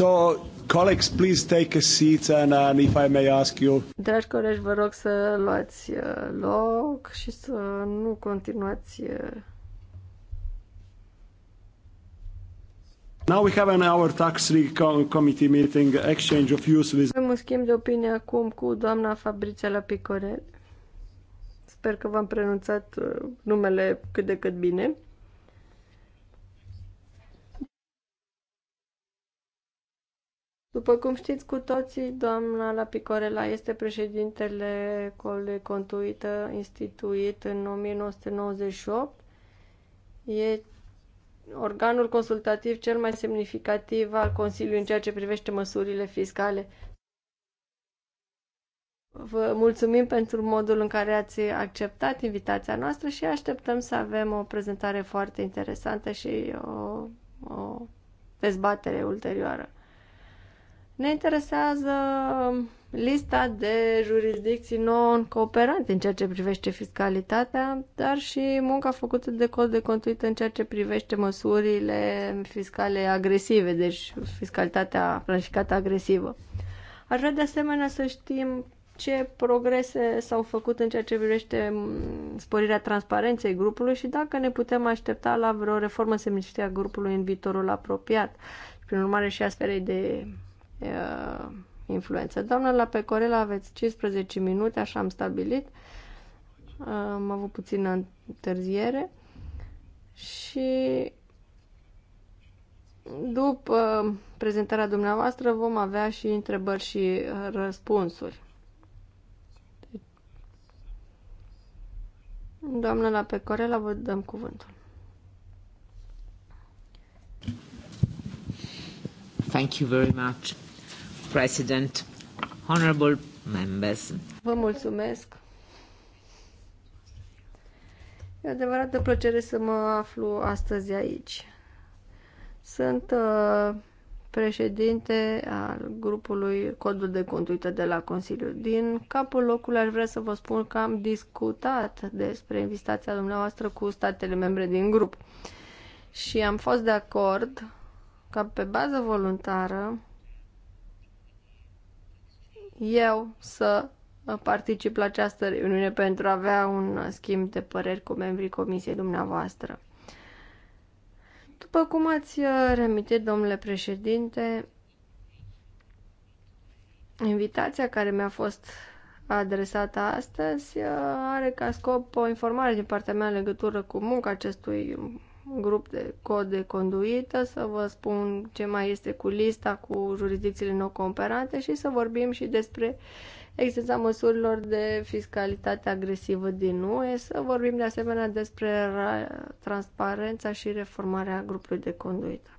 So, colleagues, please take a seat and, uh, and if I may ask you... Dragi colegi, vă rog să luați uh, loc și să nu continuați... Uh. Now we have an hour tax committee meeting, exchange of views with... Avem un schimb de opinie acum cu doamna Fabrice Picorel. Sper că v-am pronunțat numele cât de cât bine. După cum știți cu toții, doamna Lapicorela este președintele Colului Contuită, instituit în 1998. E organul consultativ cel mai semnificativ al Consiliului în ceea ce privește măsurile fiscale. Vă mulțumim pentru modul în care ați acceptat invitația noastră și așteptăm să avem o prezentare foarte interesantă și o, o dezbatere ulterioară. Ne interesează lista de jurisdicții non-cooperante în ceea ce privește fiscalitatea, dar și munca făcută de cod de conduită în ceea ce privește măsurile fiscale agresive, deci fiscalitatea planificată agresivă. Aș vrea de asemenea să știm ce progrese s-au făcut în ceea ce privește sporirea transparenței grupului și dacă ne putem aștepta la vreo reformă semnificativă a grupului în viitorul apropiat. Prin urmare și a sferei de uh, influență. Doamna la Pecorela aveți 15 minute, așa am stabilit. Uh, am avut puțină întârziere și după prezentarea dumneavoastră vom avea și întrebări și răspunsuri. Doamna la Pecorela, vă dăm cuvântul. Thank you very much. President, honorable members. Vă mulțumesc. E adevărată plăcere să mă aflu astăzi aici. Sunt uh, președinte al grupului Codul de Conduită de la Consiliu. Din capul locului aș vrea să vă spun că am discutat despre invitația dumneavoastră cu statele membre din grup și am fost de acord ca pe bază voluntară eu să uh, particip la această reuniune pentru a avea un uh, schimb de păreri cu membrii comisiei dumneavoastră. După cum ați uh, remitit, domnule președinte, invitația care mi-a fost adresată astăzi are ca scop o informare din partea mea în legătură cu munca acestui grup de cod de conduită, să vă spun ce mai este cu lista cu jurisdicțiile nou comparate și să vorbim și despre existența măsurilor de fiscalitate agresivă din UE, să vorbim de asemenea despre transparența și reformarea grupului de conduită.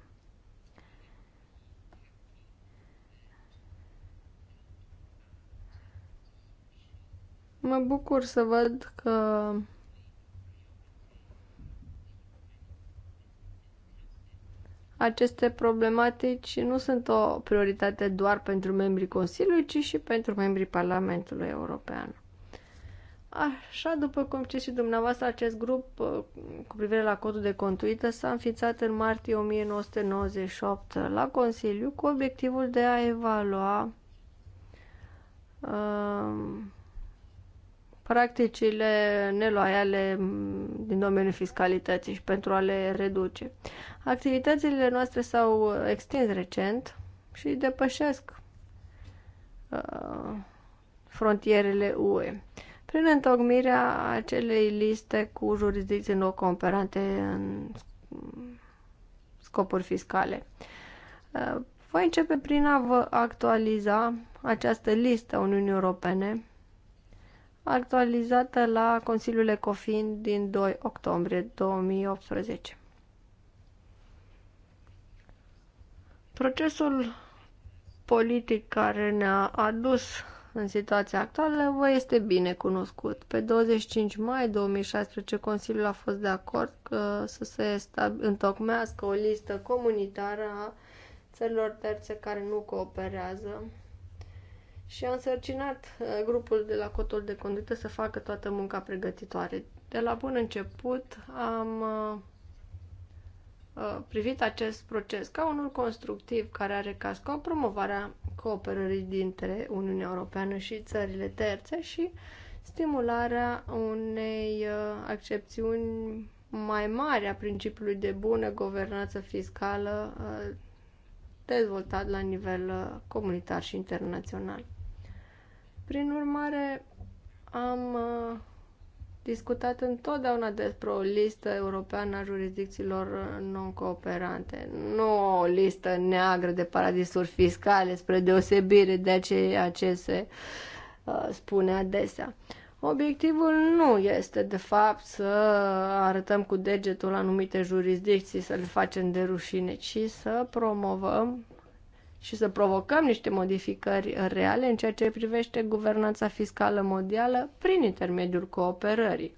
Mă bucur să văd că aceste problematici nu sunt o prioritate doar pentru membrii Consiliului, ci și pentru membrii Parlamentului European. Așa, după cum știți și dumneavoastră, acest grup uh, cu privire la codul de conduită s-a înființat în martie 1998 la Consiliu cu obiectivul de a evalua uh, practicile neloiale din domeniul fiscalității și pentru a le reduce. Activitățile noastre s-au extins recent și depășesc uh, frontierele UE prin întocmirea acelei liste cu jurisdicții nou cooperante în scopuri fiscale. Uh, voi începe prin a vă actualiza această listă a Uniunii Europene actualizată la Consiliul Ecofin din 2 octombrie 2018. Procesul politic care ne-a adus în situația actuală vă este bine cunoscut. Pe 25 mai 2016, Consiliul a fost de acord că să se întocmească o listă comunitară a țărilor terțe care nu cooperează și a însărcinat uh, grupul de la cotul de conduită să facă toată munca pregătitoare. De la bun început am uh, uh, privit acest proces ca unul constructiv care are ca scop promovarea cooperării dintre Uniunea Europeană și țările terțe și stimularea unei accepțiuni mai mari a principiului de bună guvernanță fiscală dezvoltat la nivel comunitar și internațional. Prin urmare, am uh, discutat întotdeauna despre o listă europeană a jurisdicțiilor uh, non-cooperante, nu o listă neagră de paradisuri fiscale, spre deosebire de ceea ce se uh, spune adesea. Obiectivul nu este, de fapt, să arătăm cu degetul anumite jurisdicții, să le facem de rușine, ci să promovăm și să provocăm niște modificări reale în ceea ce privește guvernanța fiscală mondială prin intermediul cooperării.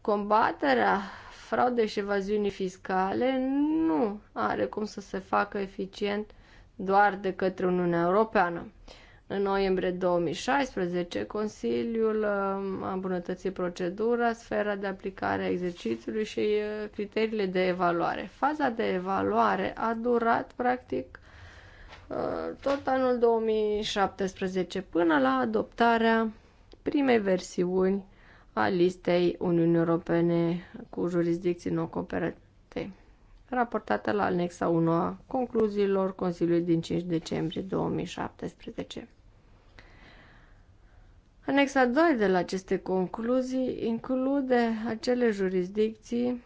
Combaterea fraude și evaziunii fiscale nu are cum să se facă eficient doar de către Uniunea Europeană. În noiembrie 2016, Consiliul um, a îmbunătățit procedura, sfera de aplicare a exercițiului și uh, criteriile de evaluare. Faza de evaluare a durat, practic, uh, tot anul 2017 până la adoptarea primei versiuni a listei Uniunii Europene cu jurisdicții non-cooperate, raportată la anexa 1 a concluziilor Consiliului din 5 decembrie 2017. Anexa 2 de la aceste concluzii include acele jurisdicții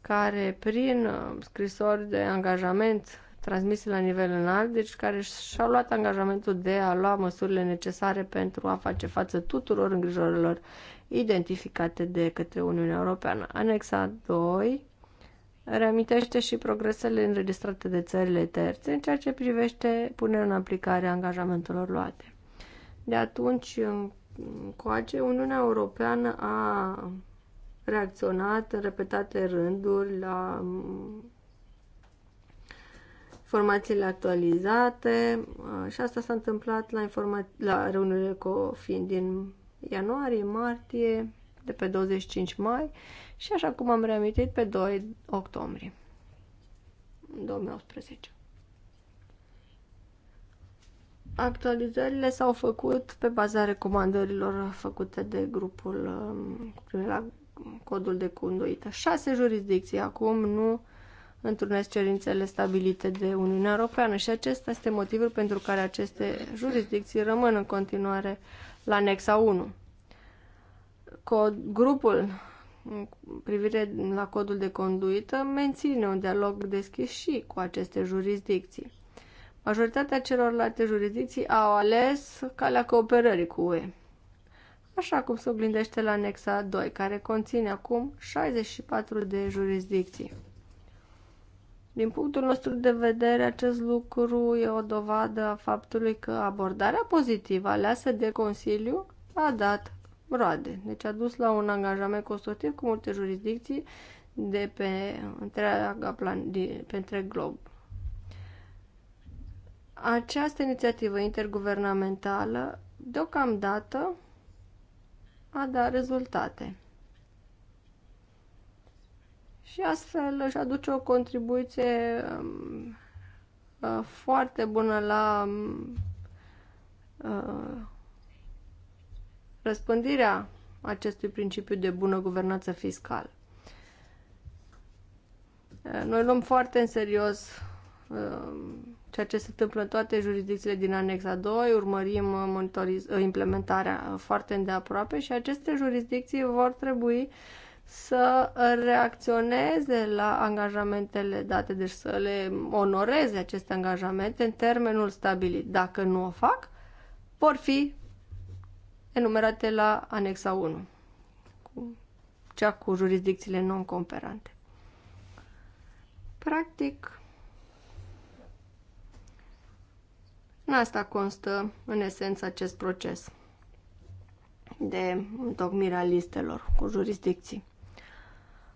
care prin uh, scrisori de angajament transmise la nivel înalt, deci care și-au luat angajamentul de a lua măsurile necesare pentru a face față tuturor îngrijorărilor identificate de către Uniunea Europeană. Anexa 2 reamintește și progresele înregistrate de țările terțe în ceea ce privește punerea în aplicare a angajamentelor luate. De atunci încoace, Uniunea Europeană a reacționat în repetate rânduri la mm, informațiile actualizate și asta s-a întâmplat la, informa- la reuniunile COFIN din ianuarie, martie, de pe 25 mai și așa cum am reamintit pe 2 octombrie 2018. Actualizările s-au făcut pe baza recomandărilor făcute de grupul um, cu la codul de conduită. Șase jurisdicții acum nu întrunesc cerințele stabilite de Uniunea Europeană și acesta este motivul pentru care aceste jurisdicții rămân în continuare la anexa 1. Cod, grupul privire la codul de conduită menține un dialog deschis și cu aceste jurisdicții. Majoritatea celorlalte jurisdicții au ales calea cooperării cu UE, așa cum se oglindește la anexa 2, care conține acum 64 de jurisdicții. Din punctul nostru de vedere, acest lucru e o dovadă a faptului că abordarea pozitivă aleasă de Consiliu a dat roade, deci a dus la un angajament constructiv cu multe jurisdicții de pe, întreaga plan, de, pe întreg glob. Această inițiativă interguvernamentală deocamdată a dat rezultate. Și astfel își aduce o contribuție um, uh, foarte bună la um, uh, răspândirea acestui principiu de bună guvernanță fiscală. Uh, noi luăm foarte în serios um, ceea ce se întâmplă în toate jurisdicțiile din anexa 2, urmărim uh, monitoriz- uh, implementarea foarte îndeaproape și aceste jurisdicții vor trebui să reacționeze la angajamentele date, deci să le onoreze aceste angajamente în termenul stabilit. Dacă nu o fac, vor fi enumerate la anexa 1, cu cea cu jurisdicțiile non-comperante. Practic, În asta constă, în esență, acest proces de a listelor cu jurisdicții.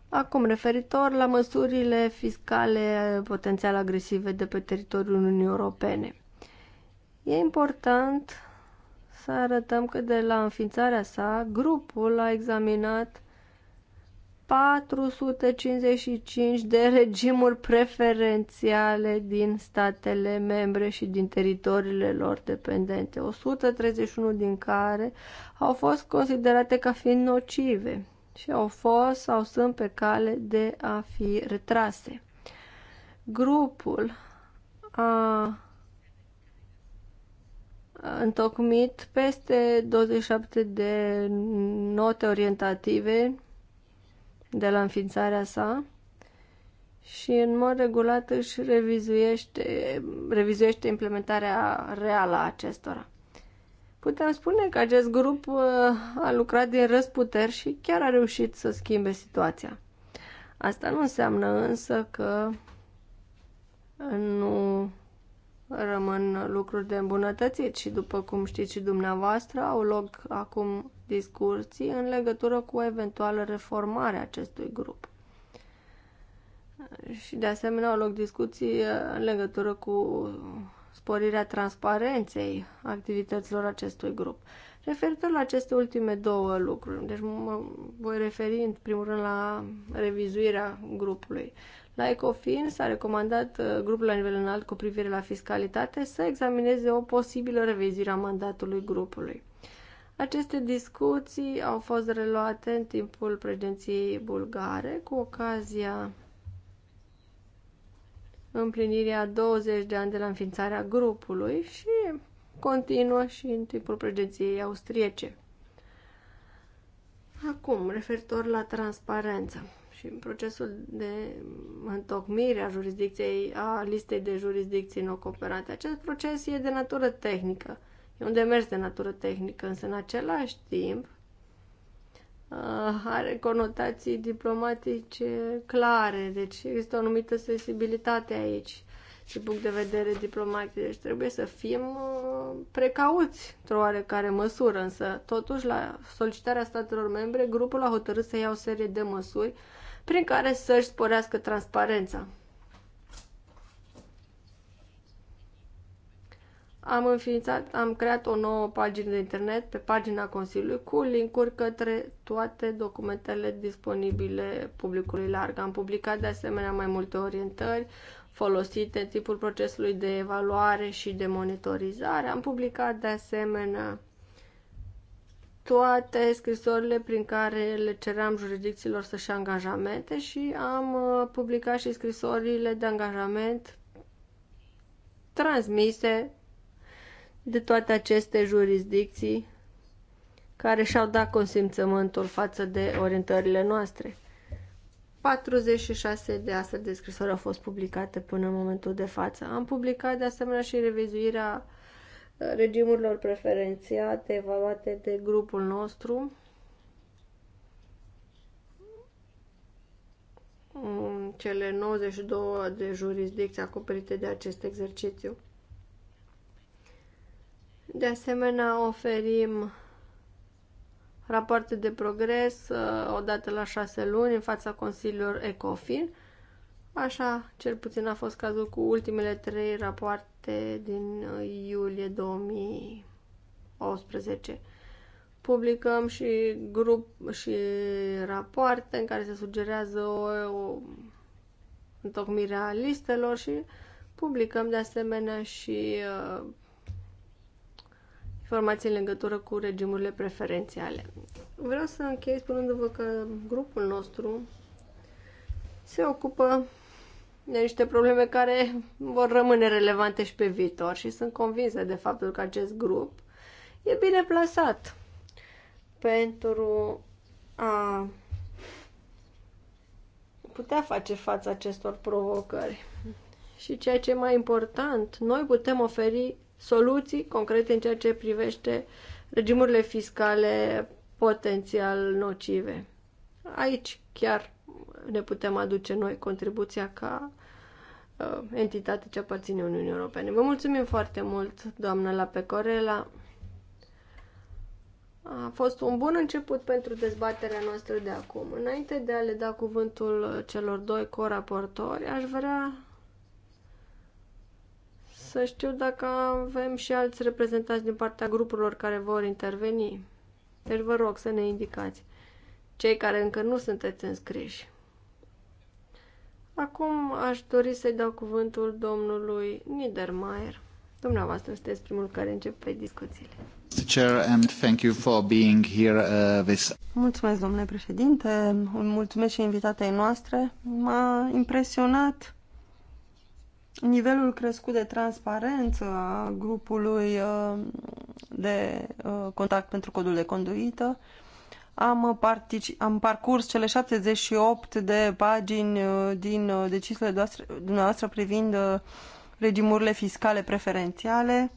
Acum, referitor la măsurile fiscale potențial agresive de pe teritoriul Uniunii Europene, e important să arătăm că de la înființarea sa, grupul a examinat 455 de regimuri preferențiale din statele membre și din teritoriile lor dependente, 131 din care au fost considerate ca fiind nocive și au fost sau sunt pe cale de a fi retrase. Grupul a întocmit peste 27 de note orientative de la înființarea sa și în mod regulat își revizuiește, revizuiește implementarea reală a acestora. Putem spune că acest grup uh, a lucrat din răzputeri și chiar a reușit să schimbe situația. Asta nu înseamnă însă că nu rămân lucruri de îmbunătățit și după cum știți și dumneavoastră au loc acum discuții în legătură cu o eventuală reformare a acestui grup. Și de asemenea au loc discuții în legătură cu sporirea transparenței activităților acestui grup. Referitor la aceste ultime două lucruri, deci mă voi referi în primul rând la revizuirea grupului. La ECOFIN s-a recomandat uh, grupul la nivel înalt cu privire la fiscalitate să examineze o posibilă revizuire a mandatului grupului. Aceste discuții au fost reluate în timpul președinției bulgare cu ocazia împlinirea 20 de ani de la înființarea grupului și continuă și în timpul președinției austriece. Acum, referitor la transparență și în procesul de întocmire a jurisdicției, a listei de jurisdicții nu cooperate, acest proces e de natură tehnică – E un demers de natură tehnică, însă în același timp uh, are conotații diplomatice clare, deci există o anumită sensibilitate aici și punct de vedere diplomatic. Deci trebuie să fim uh, precauți într-o oarecare măsură, însă totuși la solicitarea statelor membre, grupul a hotărât să ia o serie de măsuri prin care să-și sporească transparența. am înființat, am creat o nouă pagină de internet pe pagina Consiliului cu linkuri către toate documentele disponibile publicului larg. Am publicat de asemenea mai multe orientări folosite în timpul procesului de evaluare și de monitorizare. Am publicat de asemenea toate scrisorile prin care le ceream jurisdicțiilor să-și angajamente și am uh, publicat și scrisorile de angajament transmise de toate aceste jurisdicții care și-au dat consimțământul față de orientările noastre. 46 de astfel de scrisori au fost publicate până în momentul de față. Am publicat de asemenea și revizuirea uh, regimurilor preferențiate evaluate de grupul nostru. Cele 92 de jurisdicții acoperite de acest exercițiu. De asemenea, oferim rapoarte de progres uh, odată la șase luni în fața Consiliului ECOFIN. Așa, cel puțin a fost cazul cu ultimele trei rapoarte din uh, iulie 2018. Publicăm și grup și rapoarte în care se sugerează o, o întocmire a listelor și publicăm de asemenea și uh, informații în legătură cu regimurile preferențiale. Vreau să închei spunându-vă că grupul nostru se ocupă de niște probleme care vor rămâne relevante și pe viitor și sunt convinsă de faptul că acest grup e bine plasat pentru a putea face față acestor provocări. Și ceea ce e mai important, noi putem oferi soluții concrete în ceea ce privește regimurile fiscale potențial nocive. Aici chiar ne putem aduce noi contribuția ca uh, entitate ce aparține Uniunii Europene. Vă mulțumim foarte mult, doamnă La Pecorela. A fost un bun început pentru dezbaterea noastră de acum. Înainte de a le da cuvântul celor doi coraportori, aș vrea să știu dacă avem și alți reprezentanți din partea grupurilor care vor interveni. Deci vă rog să ne indicați cei care încă nu sunteți înscriși. Acum aș dori să-i dau cuvântul domnului Niedermayer. Dumneavoastră sunteți primul care începe discuțiile. Uh, mulțumesc, domnule președinte. Mulțumesc și invitatei noastre. M-a impresionat nivelul crescut de transparență a grupului uh, de uh, contact pentru codul de conduită. Am, am parcurs cele 78 de pagini uh, din deciziile dumneavoastră privind regimurile fiscale preferențiale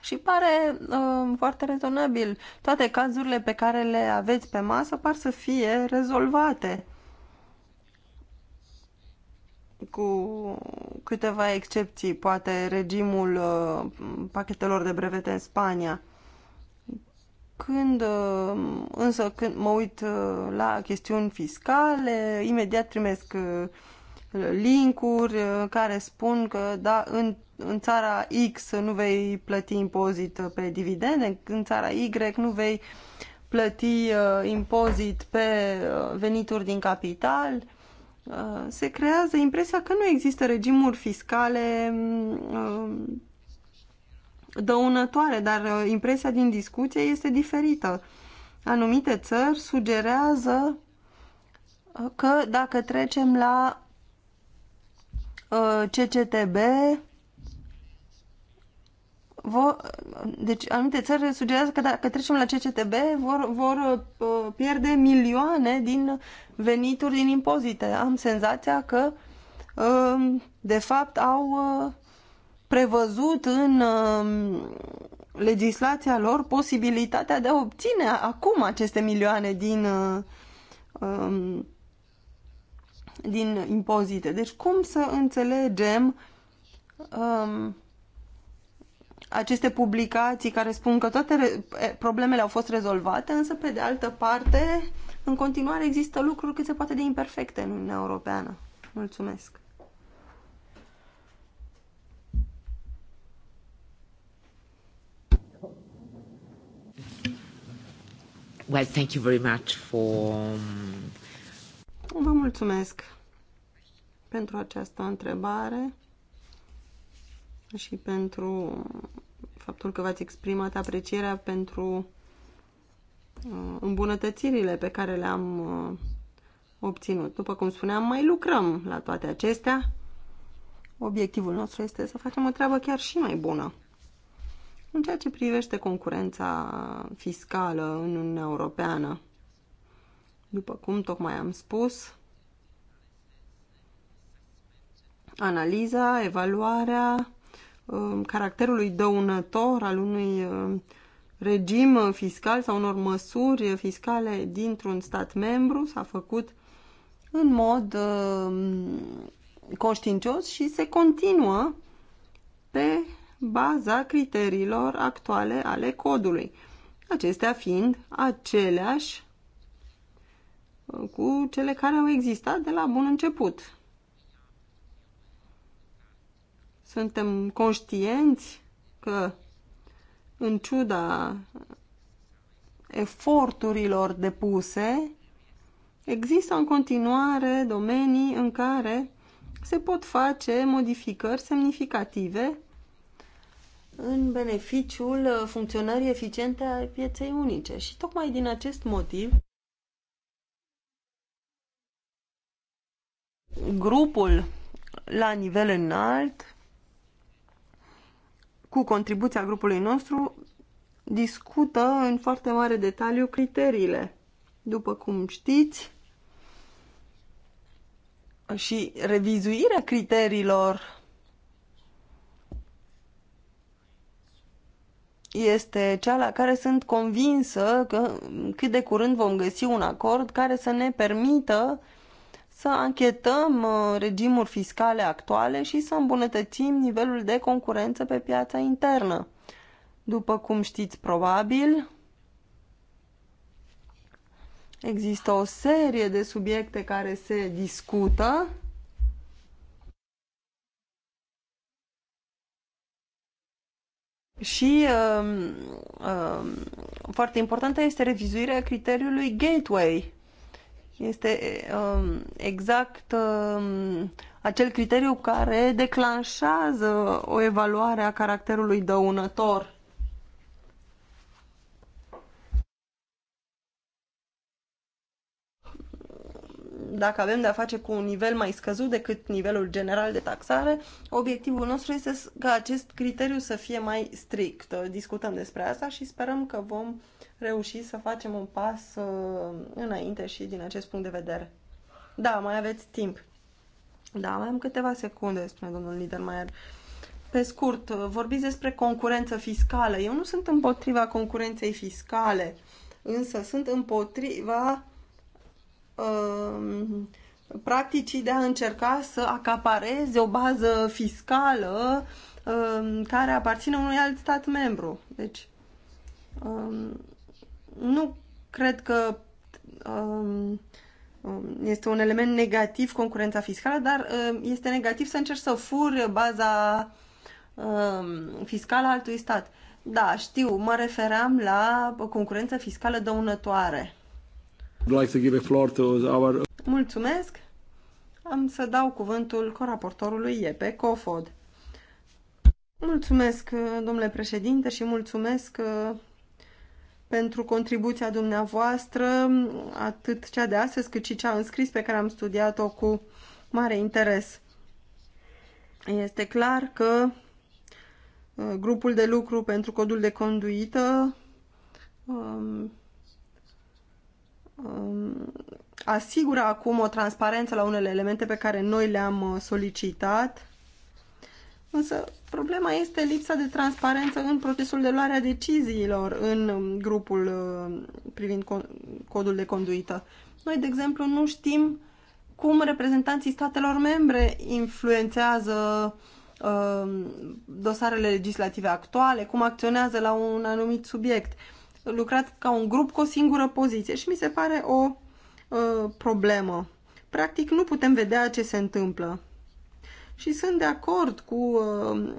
și pare uh, foarte rezonabil. Toate cazurile pe care le aveți pe masă par să fie rezolvate cu câteva excepții, poate regimul uh, pachetelor de brevete în Spania. Când, uh, însă când mă uit uh, la chestiuni fiscale, imediat primesc linkuri care spun că da, în, în țara X nu vei plăti impozit pe dividende, în țara Y nu vei plăti impozit pe venituri din capital Uh, se creează impresia că nu există regimuri fiscale um, dăunătoare, dar uh, impresia din discuție este diferită. Anumite țări sugerează uh, că dacă trecem la CCTB, vor, deci anumite țări sugerează că dacă trecem la CCTB vor, vor uh, pierde milioane din venituri din impozite. Am senzația că um, de fapt au uh, prevăzut în um, legislația lor posibilitatea de a obține acum aceste milioane din uh, um, din impozite. Deci cum să înțelegem um, aceste publicații care spun că toate problemele au fost rezolvate, însă pe de altă parte, în continuare există lucruri cât se poate de imperfecte în Uniunea Europeană. Mulțumesc. Well, thank you very much for um, Vă mulțumesc pentru această întrebare și pentru faptul că v-ați exprimat aprecierea pentru uh, îmbunătățirile pe care le-am uh, obținut. După cum spuneam, mai lucrăm la toate acestea. Obiectivul nostru este să facem o treabă chiar și mai bună. În ceea ce privește concurența fiscală în Uniunea Europeană, după cum tocmai am spus, analiza, evaluarea Um, caracterului dăunător al unui um, regim fiscal sau unor măsuri fiscale dintr-un stat membru s-a făcut în mod um, conștiincios și se continuă pe baza criteriilor actuale ale codului, acestea fiind aceleași uh, cu cele care au existat de la bun început. Suntem conștienți că, în ciuda eforturilor depuse, există în continuare domenii în care se pot face modificări semnificative în beneficiul funcționării eficiente a pieței unice. Și tocmai din acest motiv, grupul la nivel înalt cu contribuția grupului nostru, discută în foarte mare detaliu criteriile. După cum știți, și revizuirea criteriilor este cea la care sunt convinsă că cât de curând vom găsi un acord care să ne permită să anchetăm uh, regimuri fiscale actuale și să îmbunătățim nivelul de concurență pe piața internă. După cum știți probabil, există o serie de subiecte care se discută Și um, um, foarte importantă este revizuirea criteriului gateway. Este um, exact um, acel criteriu care declanșează o evaluare a caracterului dăunător. Dacă avem de-a face cu un nivel mai scăzut decât nivelul general de taxare, obiectivul nostru este ca acest criteriu să fie mai strict. Discutăm despre asta și sperăm că vom reușit să facem un pas uh, înainte și din acest punct de vedere. Da, mai aveți timp. Da, mai am câteva secunde, spune domnul Niedermayer. Pe scurt, uh, vorbiți despre concurență fiscală. Eu nu sunt împotriva concurenței fiscale, însă sunt împotriva uh, practicii de a încerca să acapareze o bază fiscală uh, care aparține unui alt stat membru. Deci, um, nu cred că um, um, este un element negativ concurența fiscală, dar um, este negativ să încerci să furi baza fiscală altui stat. Da, știu, mă refeream la concurență fiscală dăunătoare. Like to give a floor to our... Mulțumesc! Am să dau cuvântul coraportorului Iepe Cofod. Mulțumesc, domnule președinte, și mulțumesc uh, pentru contribuția dumneavoastră, atât cea de astăzi cât și cea înscris pe care am studiat-o cu mare interes. Este clar că uh, grupul de lucru pentru codul de conduită um, um, asigură acum o transparență la unele elemente pe care noi le-am uh, solicitat Însă problema este lipsa de transparență în procesul de luare a deciziilor în grupul uh, privind codul de conduită. Noi, de exemplu, nu știm cum reprezentanții statelor membre influențează uh, dosarele legislative actuale, cum acționează la un anumit subiect. Lucrat ca un grup cu o singură poziție și mi se pare o uh, problemă. Practic nu putem vedea ce se întâmplă și sunt de acord cu uh,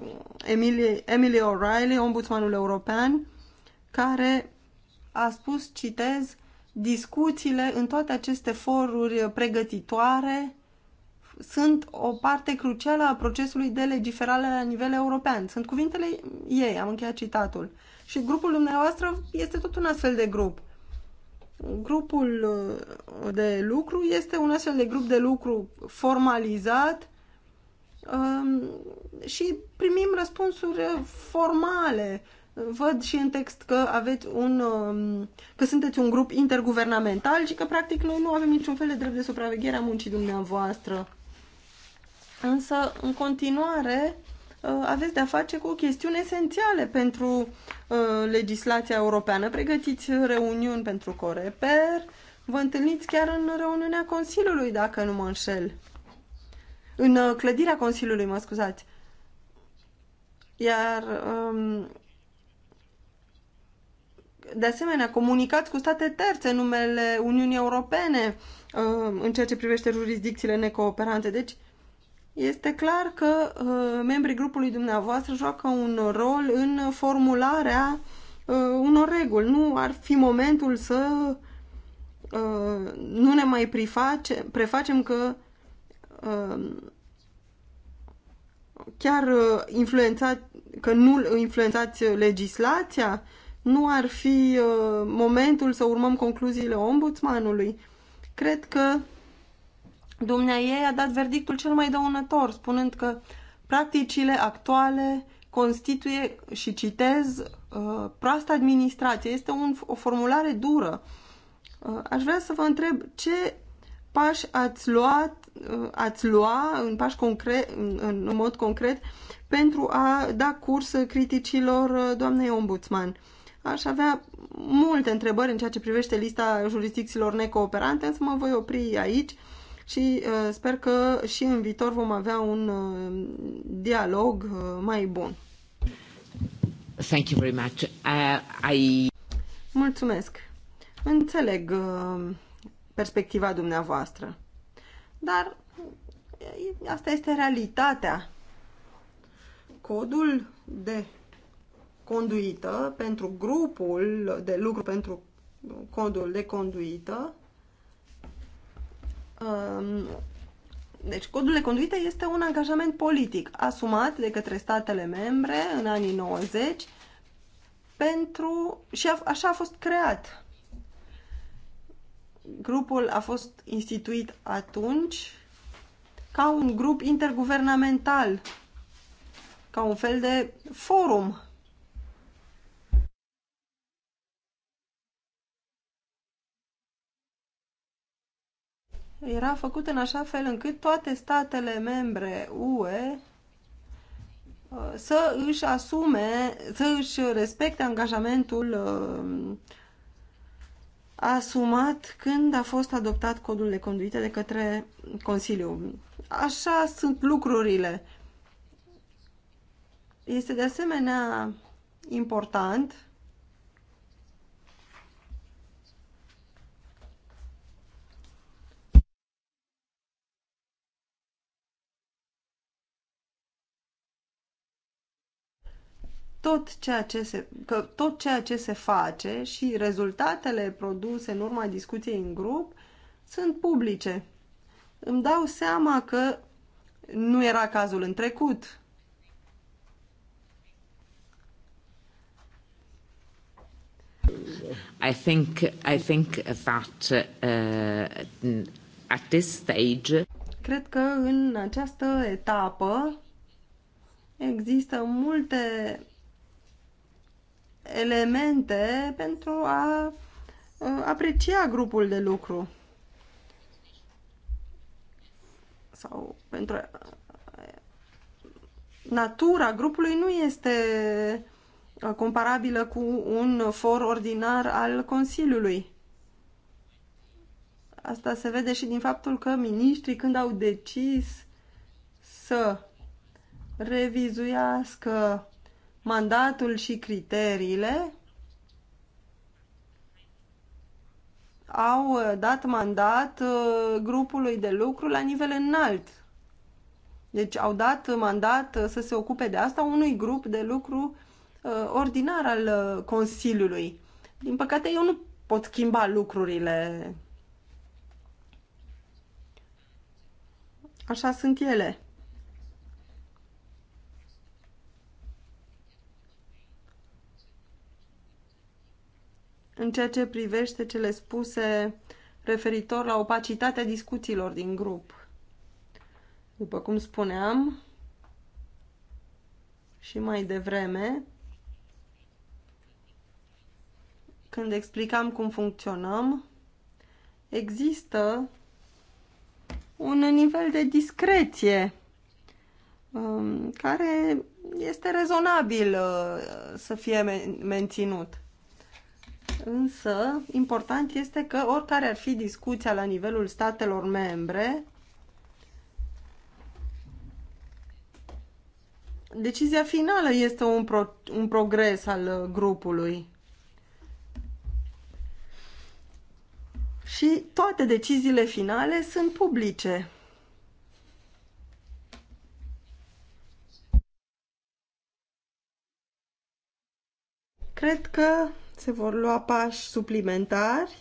Emily, Emily O'Reilly, ombudsmanul european, care a spus, citez, discuțiile în toate aceste foruri pregătitoare sunt o parte crucială a procesului de legiferare la nivel european. Sunt cuvintele ei, am încheiat citatul. Și grupul dumneavoastră este tot un astfel de grup. Grupul uh, de lucru este un astfel de grup de lucru formalizat și primim răspunsuri formale. Văd și în text că aveți un, că sunteți un grup interguvernamental și că practic noi nu avem niciun fel de drept de supraveghere a muncii dumneavoastră. Însă, în continuare, ă, aveți de-a face cu chestiuni esențiale pentru ă, legislația europeană. Pregătiți reuniuni pentru Coreper, vă întâlniți chiar în reuniunea Consiliului, dacă nu mă înșel în uh, clădirea Consiliului, mă scuzați. Iar um, de asemenea, comunicați cu state terțe numele Uniunii Europene um, în ceea ce privește jurisdicțiile necooperante. Deci, este clar că uh, membrii grupului dumneavoastră joacă un rol în formularea uh, unor reguli. Nu ar fi momentul să uh, nu ne mai preface, prefacem că Um, chiar uh, influențați, că nu influențați legislația, nu ar fi uh, momentul să urmăm concluziile ombudsmanului. Cred că dumneaei a dat verdictul cel mai dăunător, spunând că practicile actuale constituie, și citez, uh, proastă administrație. Este un, o formulare dură. Aș vrea să vă întreb ce pași ați luat Uh, ați lua în, pași concret, în, în mod concret pentru a da curs criticilor uh, doamnei ombudsman. Aș avea multe întrebări în ceea ce privește lista jurisdicțiilor necooperante, însă mă voi opri aici și uh, sper că și în viitor vom avea un uh, dialog uh, mai bun. Thank you very much. Uh, I... Mulțumesc. Înțeleg uh, perspectiva dumneavoastră. Dar asta este realitatea. Codul de conduită pentru grupul de lucru pentru codul de conduită um, deci codul de conduită este un angajament politic asumat de către statele membre în anii 90 pentru și a, așa a fost creat. Grupul a fost instituit atunci ca un grup interguvernamental, ca un fel de forum era făcut în așa fel încât toate statele membre UE uh, să își asume, să își respecte angajamentul uh, asumat când a fost adoptat codul de conduită de către Consiliu. Așa sunt lucrurile. Este de asemenea important tot ceea ce se, că tot ceea ce se face și rezultatele produse în urma discuției în grup sunt publice. Îmi dau seama că nu era cazul în trecut. I think, I think that uh, at this stage... Cred că în această etapă există multe elemente pentru a aprecia grupul de lucru sau pentru natura grupului nu este comparabilă cu un for ordinar al Consiliului. Asta se vede și din faptul că miniștrii când au decis să revizuiască mandatul și criteriile au uh, dat mandat uh, grupului de lucru la nivel înalt. Deci au dat mandat uh, să se ocupe de asta unui grup de lucru ordinar al Consiliului. Din păcate, eu nu pot schimba lucrurile. Așa sunt ele. în ceea ce privește cele spuse referitor la opacitatea discuțiilor din grup. După cum spuneam și mai devreme, când explicam cum funcționăm, există un nivel de discreție um, care este rezonabil uh, să fie menținut. Însă, important este că oricare ar fi discuția la nivelul statelor membre, decizia finală este un, pro, un progres al uh, grupului. Și toate deciziile finale sunt publice. Cred că se vor lua pași suplimentari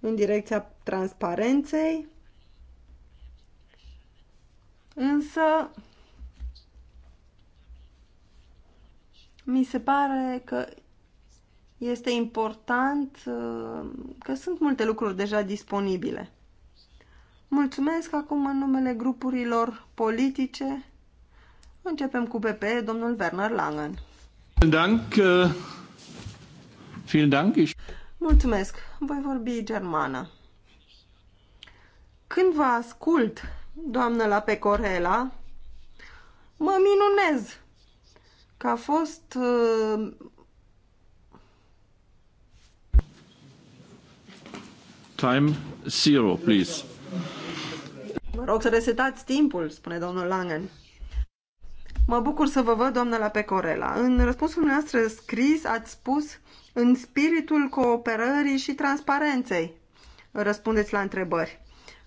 în direcția transparenței, însă mi se pare că este important uh, că sunt multe lucruri deja disponibile. Mulțumesc acum în numele grupurilor politice. Începem cu PP, domnul Werner Langen. Dank, uh, Vielen Dank. Ich... Mulțumesc. Voi vorbi germană. Când vă ascult, doamnă la Pecorela, mă minunez că a fost uh, Time zero, please. Mă rog să resetați timpul, spune domnul Langen. Mă bucur să vă văd, doamnă la Pecorela. În răspunsul noastră scris ați spus în spiritul cooperării și transparenței? Răspundeți la întrebări.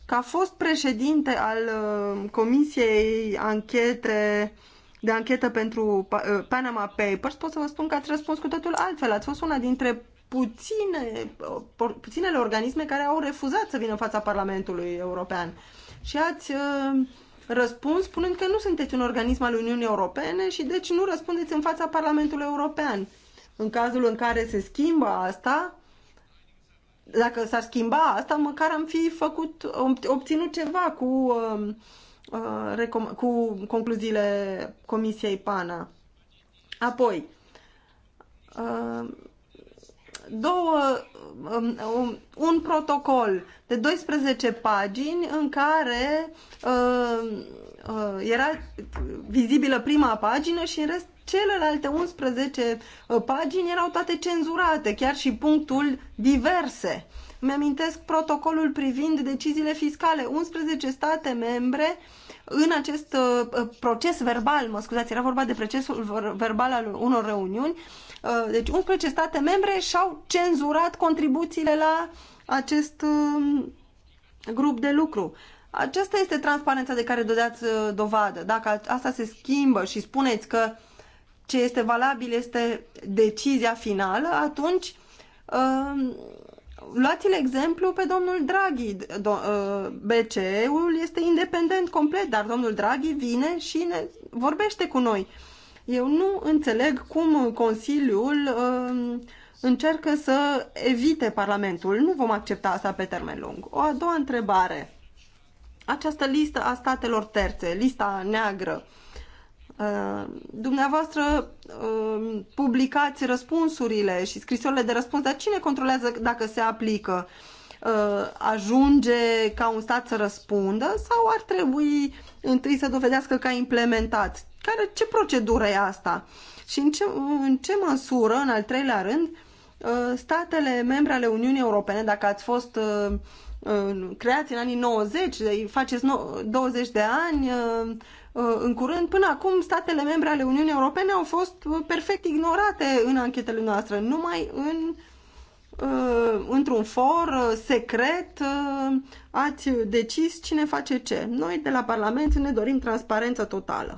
Ca fost președinte al uh, Comisiei Anchete de anchetă pentru uh, Panama Papers, pot să vă spun că ați răspuns cu totul altfel. Ați fost una dintre puține, uh, puținele organisme care au refuzat să vină în fața Parlamentului European. Și ați răspuns spunând că nu sunteți un organism al Uniunii Europene și deci nu răspundeți în fața Parlamentului European. În cazul în care se schimbă asta, dacă s-ar schimba asta, măcar am fi făcut, obținut ceva cu, um, uh, cu concluziile Comisiei PANA. Apoi, uh, două, um, um, un protocol de 12 pagini în care uh, era vizibilă prima pagină și în rest celelalte 11 uh, pagini erau toate cenzurate, chiar și punctul diverse. Mi-amintesc protocolul privind deciziile fiscale. 11 state membre în acest uh, uh, proces verbal, mă scuzați, era vorba de procesul verbal al unor reuniuni, deci 11 state membre și-au cenzurat contribuțiile la acest um, grup de lucru. Aceasta este transparența de care dădeați dovadă. Dacă asta se schimbă și spuneți că uh, ce este valabil este decizia finală, atunci uh, luați-l exemplu pe domnul Draghi. Uh, BCE-ul este independent complet, dar domnul Draghi vine și ne vorbește cu noi. Eu nu înțeleg cum Consiliul uh, încearcă să evite Parlamentul. Nu vom accepta asta pe termen lung. O a doua întrebare. Această listă a statelor terțe, lista neagră, uh, Uh, dumneavoastră uh, publicați răspunsurile și scrisorile de răspuns, dar cine controlează dacă se aplică? Uh, ajunge ca un stat să răspundă sau ar trebui întâi să dovedească că a implementat? Care, ce procedură e asta? Și în ce, în ce măsură, în al treilea rând, statele membre ale Uniunii Europene, dacă ați fost creați în anii 90, faceți 20 de ani, Uh, în curând. Până acum, statele membre ale Uniunii Europene au fost uh, perfect ignorate în anchetele noastre, numai în uh, într-un for secret ați decis cine face ce. Noi de la Parlament ne dorim transparență totală.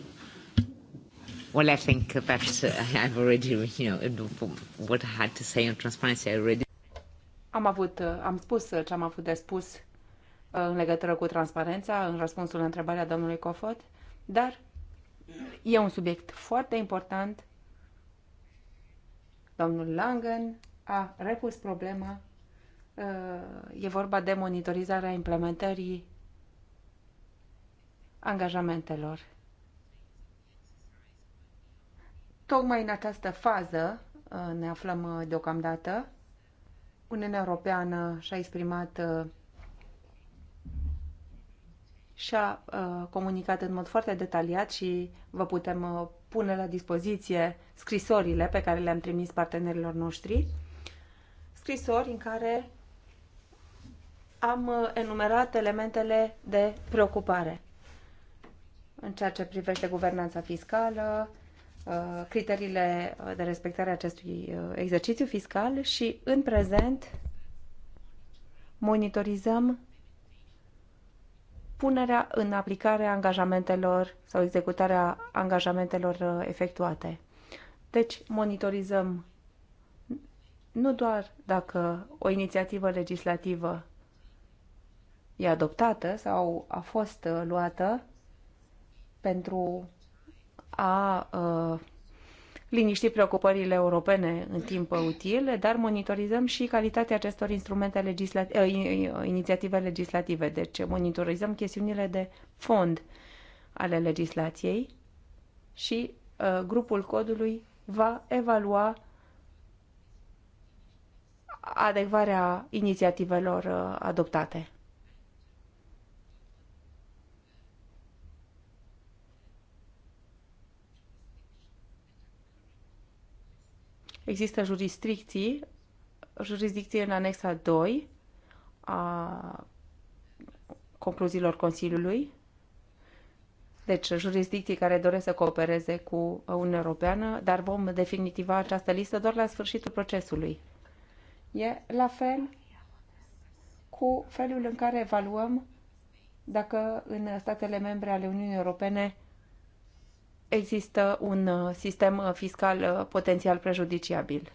*laughs* Well, I think that uh, I've already, you know, what I had to say on transparency, I already... Am avut, uh, am spus uh, ce am avut de spus în legătură cu transparența, în răspunsul la întrebarea domnului Cofot, dar e un subiect foarte important. Domnul Langen a repus problema. E vorba de monitorizarea implementării angajamentelor Tocmai în această fază uh, ne aflăm uh, deocamdată. Uniunea Europeană și-a exprimat uh, și-a comunicat în mod foarte detaliat și vă putem pune la dispoziție scrisorile pe care le-am trimis partenerilor noștri. Scrisori în care am enumerat elementele de preocupare în ceea ce privește guvernanța fiscală, Uh, criteriile uh, de respectare a acestui uh, exercițiu fiscal și în prezent monitorizăm punerea în aplicare a angajamentelor sau executarea angajamentelor efectuate. Deci monitorizăm nu doar dacă o inițiativă legislativă e adoptată sau a fost luată pentru a liniști preocupările europene în timp util, dar monitorizăm și calitatea acestor instrumente legislative, inițiative legislative. Deci monitorizăm chestiunile de fond ale legislației și uh, grupul codului va evalua adecvarea inițiativelor uh, adoptate. Există jurisdicții, jurisdicție în anexa 2 a concluziilor Consiliului, deci jurisdicții care doresc să coopereze cu Uniunea Europeană, dar vom definitiva această listă doar la sfârșitul procesului. E la fel cu felul în care evaluăm dacă în statele membre ale Uniunii Europene există un uh, sistem uh, fiscal uh, potențial prejudiciabil.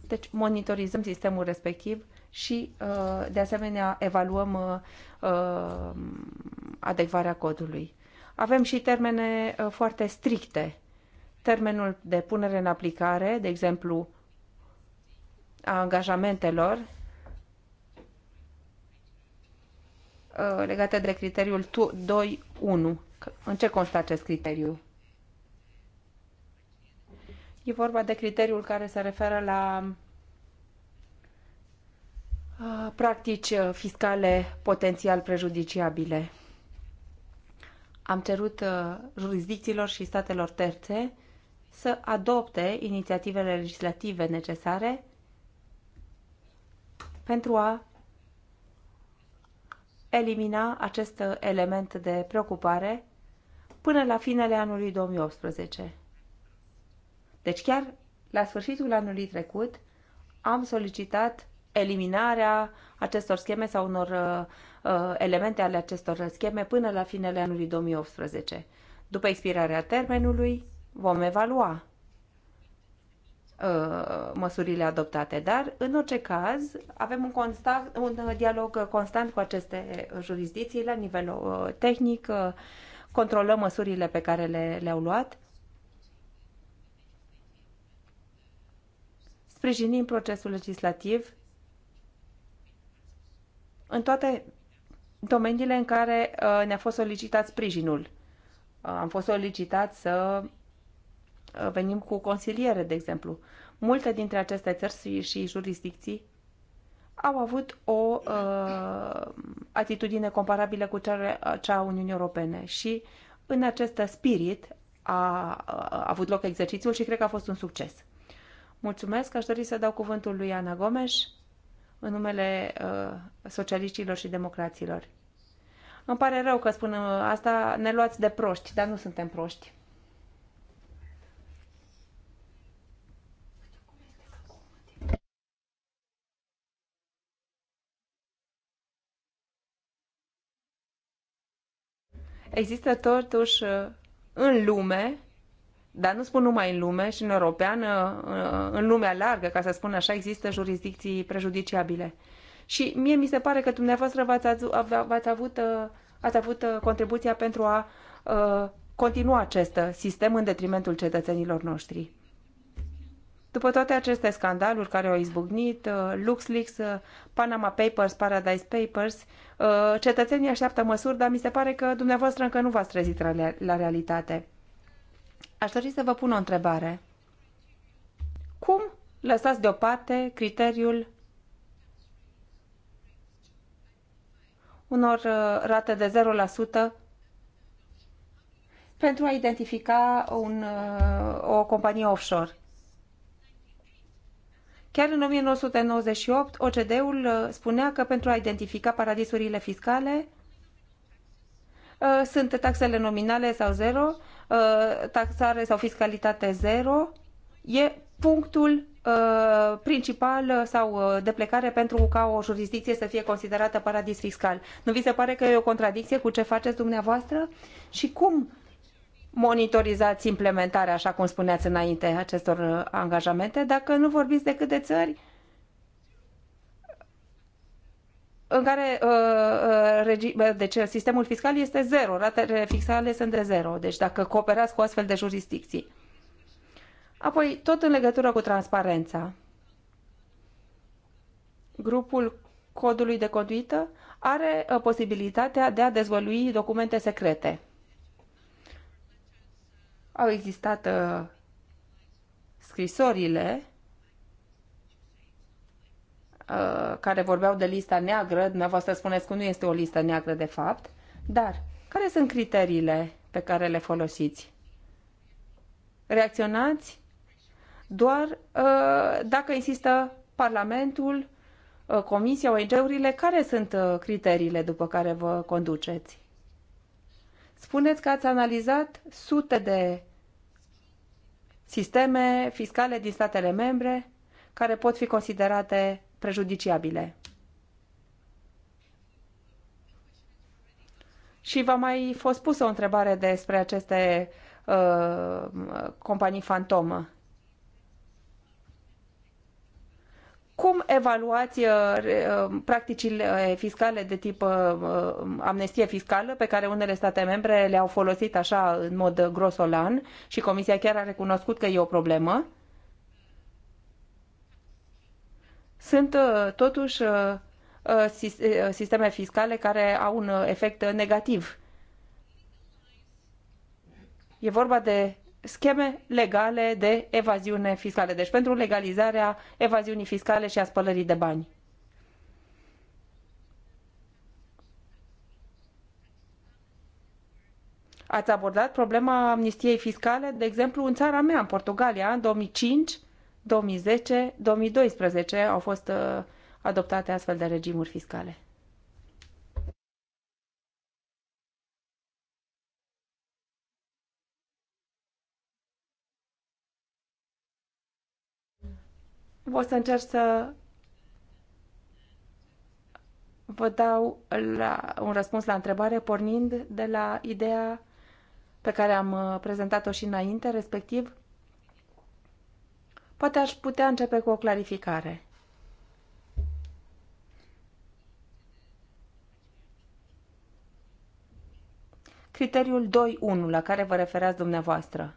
Deci monitorizăm sistemul respectiv și, de asemenea, evaluăm adecvarea codului. Avem și termene foarte stricte. Termenul de punere în aplicare, de exemplu, a angajamentelor legate de criteriul 2.1 în ce constă acest criteriu? E vorba de criteriul care se referă la practici fiscale potențial prejudiciabile. Am cerut jurisdicțiilor și statelor terțe să adopte inițiativele legislative necesare pentru a elimina acest element de preocupare până la finele anului 2018. Deci chiar la sfârșitul anului trecut am solicitat eliminarea acestor scheme sau unor uh, uh elemente ale acestor scheme până la finele anului 2018. După expirarea termenului, vom evalua uh, măsurile adoptate, dar în orice caz avem un, constat, un uh, dialog constant cu aceste jurisdicții la nivel tehnic, controlăm măsurile pe care le, le-au luat, sprijinim procesul legislativ în toate domeniile în care uh, ne-a fost solicitat sprijinul. Uh, am fost solicitat să uh, venim cu consiliere, de exemplu. Multe dintre aceste țări și jurisdicții au avut o uh, atitudine comparabilă cu cea, cea a Uniunii Europene și în acest spirit a, a, avut loc exercițiul și cred că a fost un succes. Mulțumesc, aș dori să dau cuvântul lui Ana Gomes în numele uh, socialiștilor și democraților. Îmi pare rău că spun uh, asta, ne luați de proști, dar nu suntem proști. Există totuși uh, în lume, dar nu spun numai în lume, și în europeană, uh, în lumea largă, ca să spun așa, există jurisdicții prejudiciabile. Și mie mi se pare că dumneavoastră v-ați, uh, ați avut, ați avut contribuția pentru a continua acest sistem în detrimentul cetățenilor noștri. După toate aceste scandaluri care au izbucnit, uh, LuxLeaks, uh, Panama Papers, Paradise Papers, uh, cetățenii așteaptă măsuri, dar mi se pare că dumneavoastră încă nu v-ați trezit la realitate. Aș dori să vă pun o întrebare. Cum lăsați deoparte criteriul unor rate de 0% pentru a identifica un, o companie offshore? Chiar în 1998, OCD-ul uh, spunea că pentru a identifica paradisurile fiscale uh, sunt taxele nominale sau zero, uh, taxare sau fiscalitate zero, e punctul principal sau de plecare pentru ca o jurisdicție să fie considerată paradis fiscal. Nu vi se pare că e o contradicție cu ce faceți dumneavoastră? Și cum monitorizați implementarea, așa cum spuneați înainte, acestor uh, angajamente, dacă nu vorbiți decât de țări în care uh, uh, deci, sistemul fiscal este zero, ratele fiscale sunt de zero, deci dacă cooperați cu astfel de jurisdicții. Apoi, tot în legătură cu transparența, grupul codului de conduită are posibilitatea de a dezvălui documente secrete au existat uh, scrisorile uh, care vorbeau de lista neagră, dumneavoastră spuneți că nu este o listă neagră de fapt, dar care sunt criteriile pe care le folosiți? Reacționați doar uh, dacă insistă Parlamentul, uh, Comisia, ONG-urile, care sunt uh, criteriile după care vă conduceți? Spuneți că ați analizat sute de sisteme fiscale din statele membre care pot fi considerate prejudiciabile. Și v-a mai fost pusă o întrebare despre aceste uh, companii fantomă. Cum evaluați uh, uh, practicile fiscale de tip uh, amnestie fiscală pe care unele state membre le-au folosit așa în mod grosolan și Comisia chiar a recunoscut că e o problemă? Sunt totuși sisteme fiscale care au un efect negativ. E vorba de scheme legale de evaziune fiscală, deci pentru legalizarea evaziunii fiscale și a spălării de bani. Ați abordat problema amnistiei fiscale, de exemplu, în țara mea, în Portugalia, în 2005, 2010, 2012 au fost uh, adoptate astfel de regimuri fiscale. O să încerc să vă dau la un răspuns la întrebare pornind de la ideea pe care am uh, prezentat-o și înainte, respectiv, poate aș putea începe cu o clarificare. Criteriul 2.1 la care vă referați dumneavoastră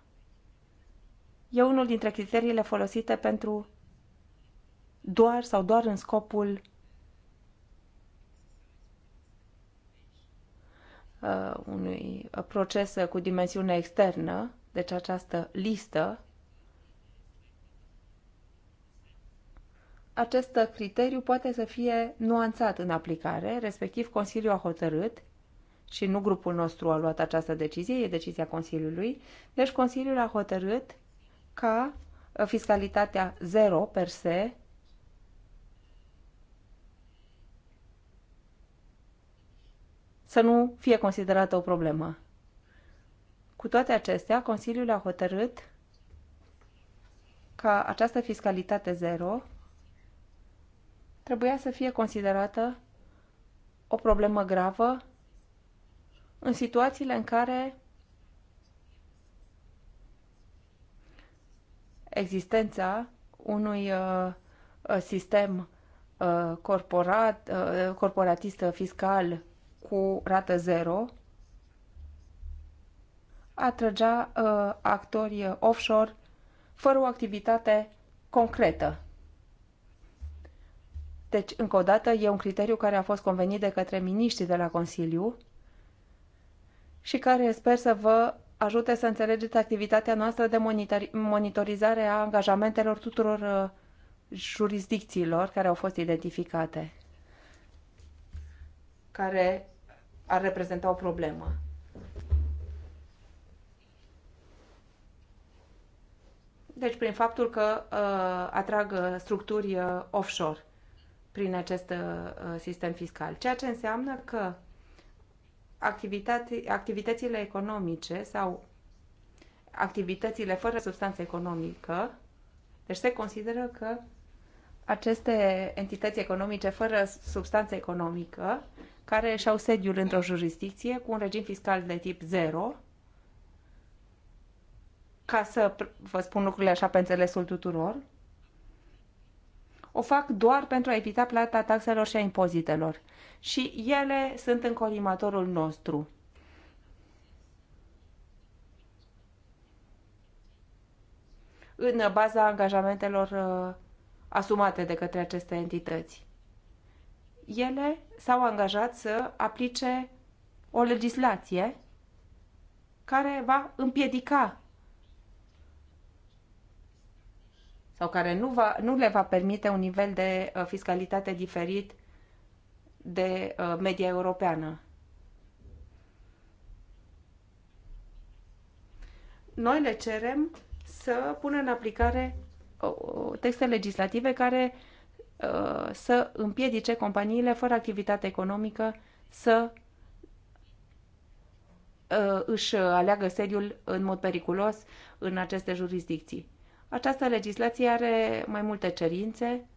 e unul dintre criteriile folosite pentru doar sau doar în scopul uh, unui proces cu dimensiune externă, deci această listă, acest criteriu poate să fie nuanțat în aplicare, respectiv Consiliul a hotărât și nu grupul nostru a luat această decizie, e decizia Consiliului, deci Consiliul a hotărât ca fiscalitatea zero per se să nu fie considerată o problemă. Cu toate acestea, Consiliul a hotărât ca această fiscalitate zero trebuia să fie considerată o problemă gravă în situațiile în care existența unui uh, uh, sistem uh, corporat, corporatist fiscal cu rată zero atrăgea uh, actori offshore fără o activitate concretă. Deci, încă o dată, e un criteriu care a fost convenit de către miniștrii de la Consiliu și care sper să vă ajute să înțelegeți activitatea noastră de monitorizare a angajamentelor tuturor uh, jurisdicțiilor care au fost identificate, care ar reprezenta o problemă. Deci prin faptul că uh, atrag uh, structuri uh, offshore prin acest uh, uh, sistem fiscal. Ceea ce înseamnă că activitățile economice sau activitățile fără substanță economică, deci se consideră că aceste entități economice fără substanță economică care și-au sediul într-o jurisdicție cu un regim fiscal de tip 0, ca să vă spun lucrurile așa pe înțelesul tuturor, o fac doar pentru a evita plata taxelor și a impozitelor. Și ele sunt în colimatorul nostru. În baza angajamentelor uh, asumate de către aceste entități ele s-au angajat să aplice o legislație care va împiedica sau care nu, va, nu le va permite un nivel de uh, fiscalitate diferit de uh, media europeană. Noi le cerem să pună în aplicare uh, texte legislative care uh, Uh, să împiedice companiile fără activitate economică să uh, își aleagă sediul în mod periculos în aceste jurisdicții. Această legislație are mai multe cerințe,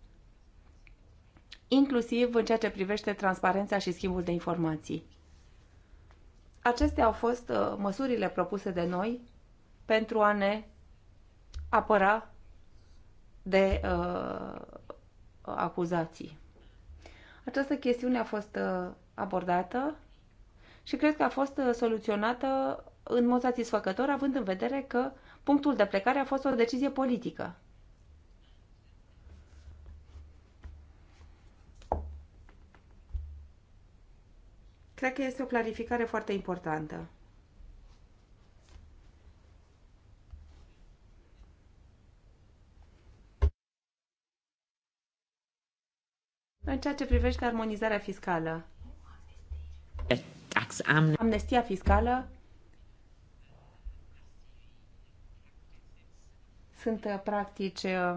inclusiv în ceea ce privește transparența și schimbul de informații. Acestea au fost uh, măsurile propuse de noi pentru a ne apăra de uh, acuzații. Această chestiune a fost uh, abordată și cred că a fost uh, soluționată în mod satisfăcător, având în vedere că punctul de plecare a fost o decizie politică. Cred că este o clarificare foarte importantă. În ceea ce privește armonizarea fiscală. Amnestia fiscală. Sunt uh, practici, uh,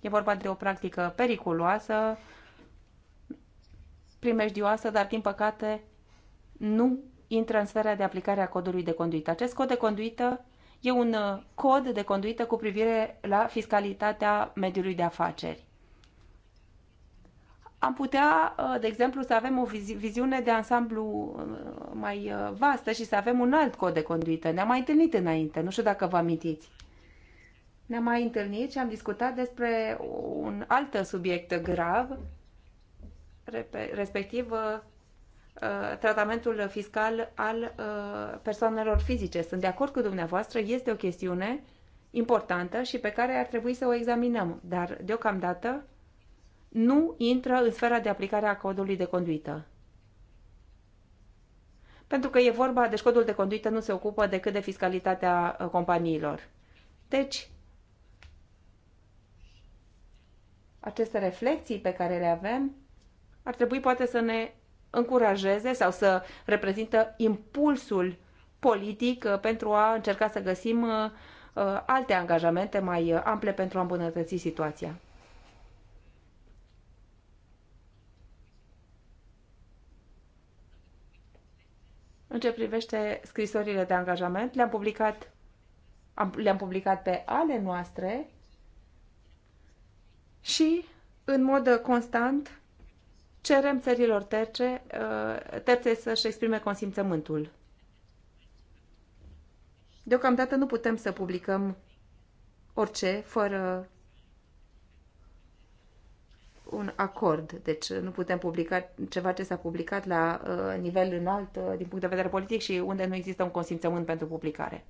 e vorba de o practică periculoasă, primejdioasă, dar din păcate nu intră în sfera de aplicare a codului de conduită. Acest cod de conduită e un uh, cod de conduită cu privire la fiscalitatea mediului de afaceri am putea, uh, de exemplu, să avem o viziune de ansamblu uh, mai uh, vastă și să avem un alt cod de conduită. Ne-am mai întâlnit înainte, nu știu dacă vă amintiți. Ne-am mai întâlnit și am discutat despre un alt subiect grav, respectiv tratamentul fiscal al persoanelor fizice. Sunt de acord cu dumneavoastră, este o chestiune importantă și pe care ar trebui să o examinăm, dar deocamdată nu intră în sfera de aplicare a codului de conduită. Pentru că e vorba, deci codul de conduită nu se ocupă decât de fiscalitatea uh, companiilor. Deci, aceste reflexii pe care le avem ar trebui poate să ne încurajeze sau să reprezintă impulsul politic uh, pentru a încerca să găsim uh, alte angajamente mai ample pentru a îmbunătăți situația. În ce privește scrisorile de angajament, le-am publicat, am, le-am publicat pe ale noastre și, în mod constant, cerem țărilor terțe, uh, terțe să-și exprime consimțământul. Deocamdată nu putem să publicăm orice fără un acord. Deci nu putem publica ceva ce s-a publicat la uh, nivel înalt uh, din punct de vedere politic și unde nu există un consimțământ pentru publicare.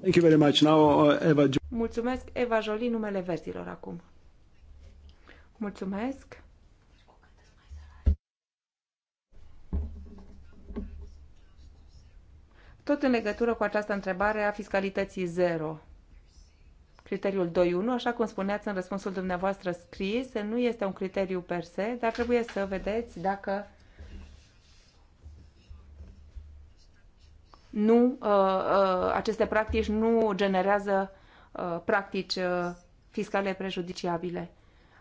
Thank you very much. Now, uh, Eva... Mulțumesc, Eva Jolie, numele verzilor acum. Mulțumesc. Tot în legătură cu această întrebare a fiscalității zero criteriul 2.1, așa cum spuneați în răspunsul dumneavoastră scris, nu este un criteriu per se, dar trebuie să vedeți dacă nu, uh, uh, aceste practici nu generează uh, practici fiscale prejudiciabile.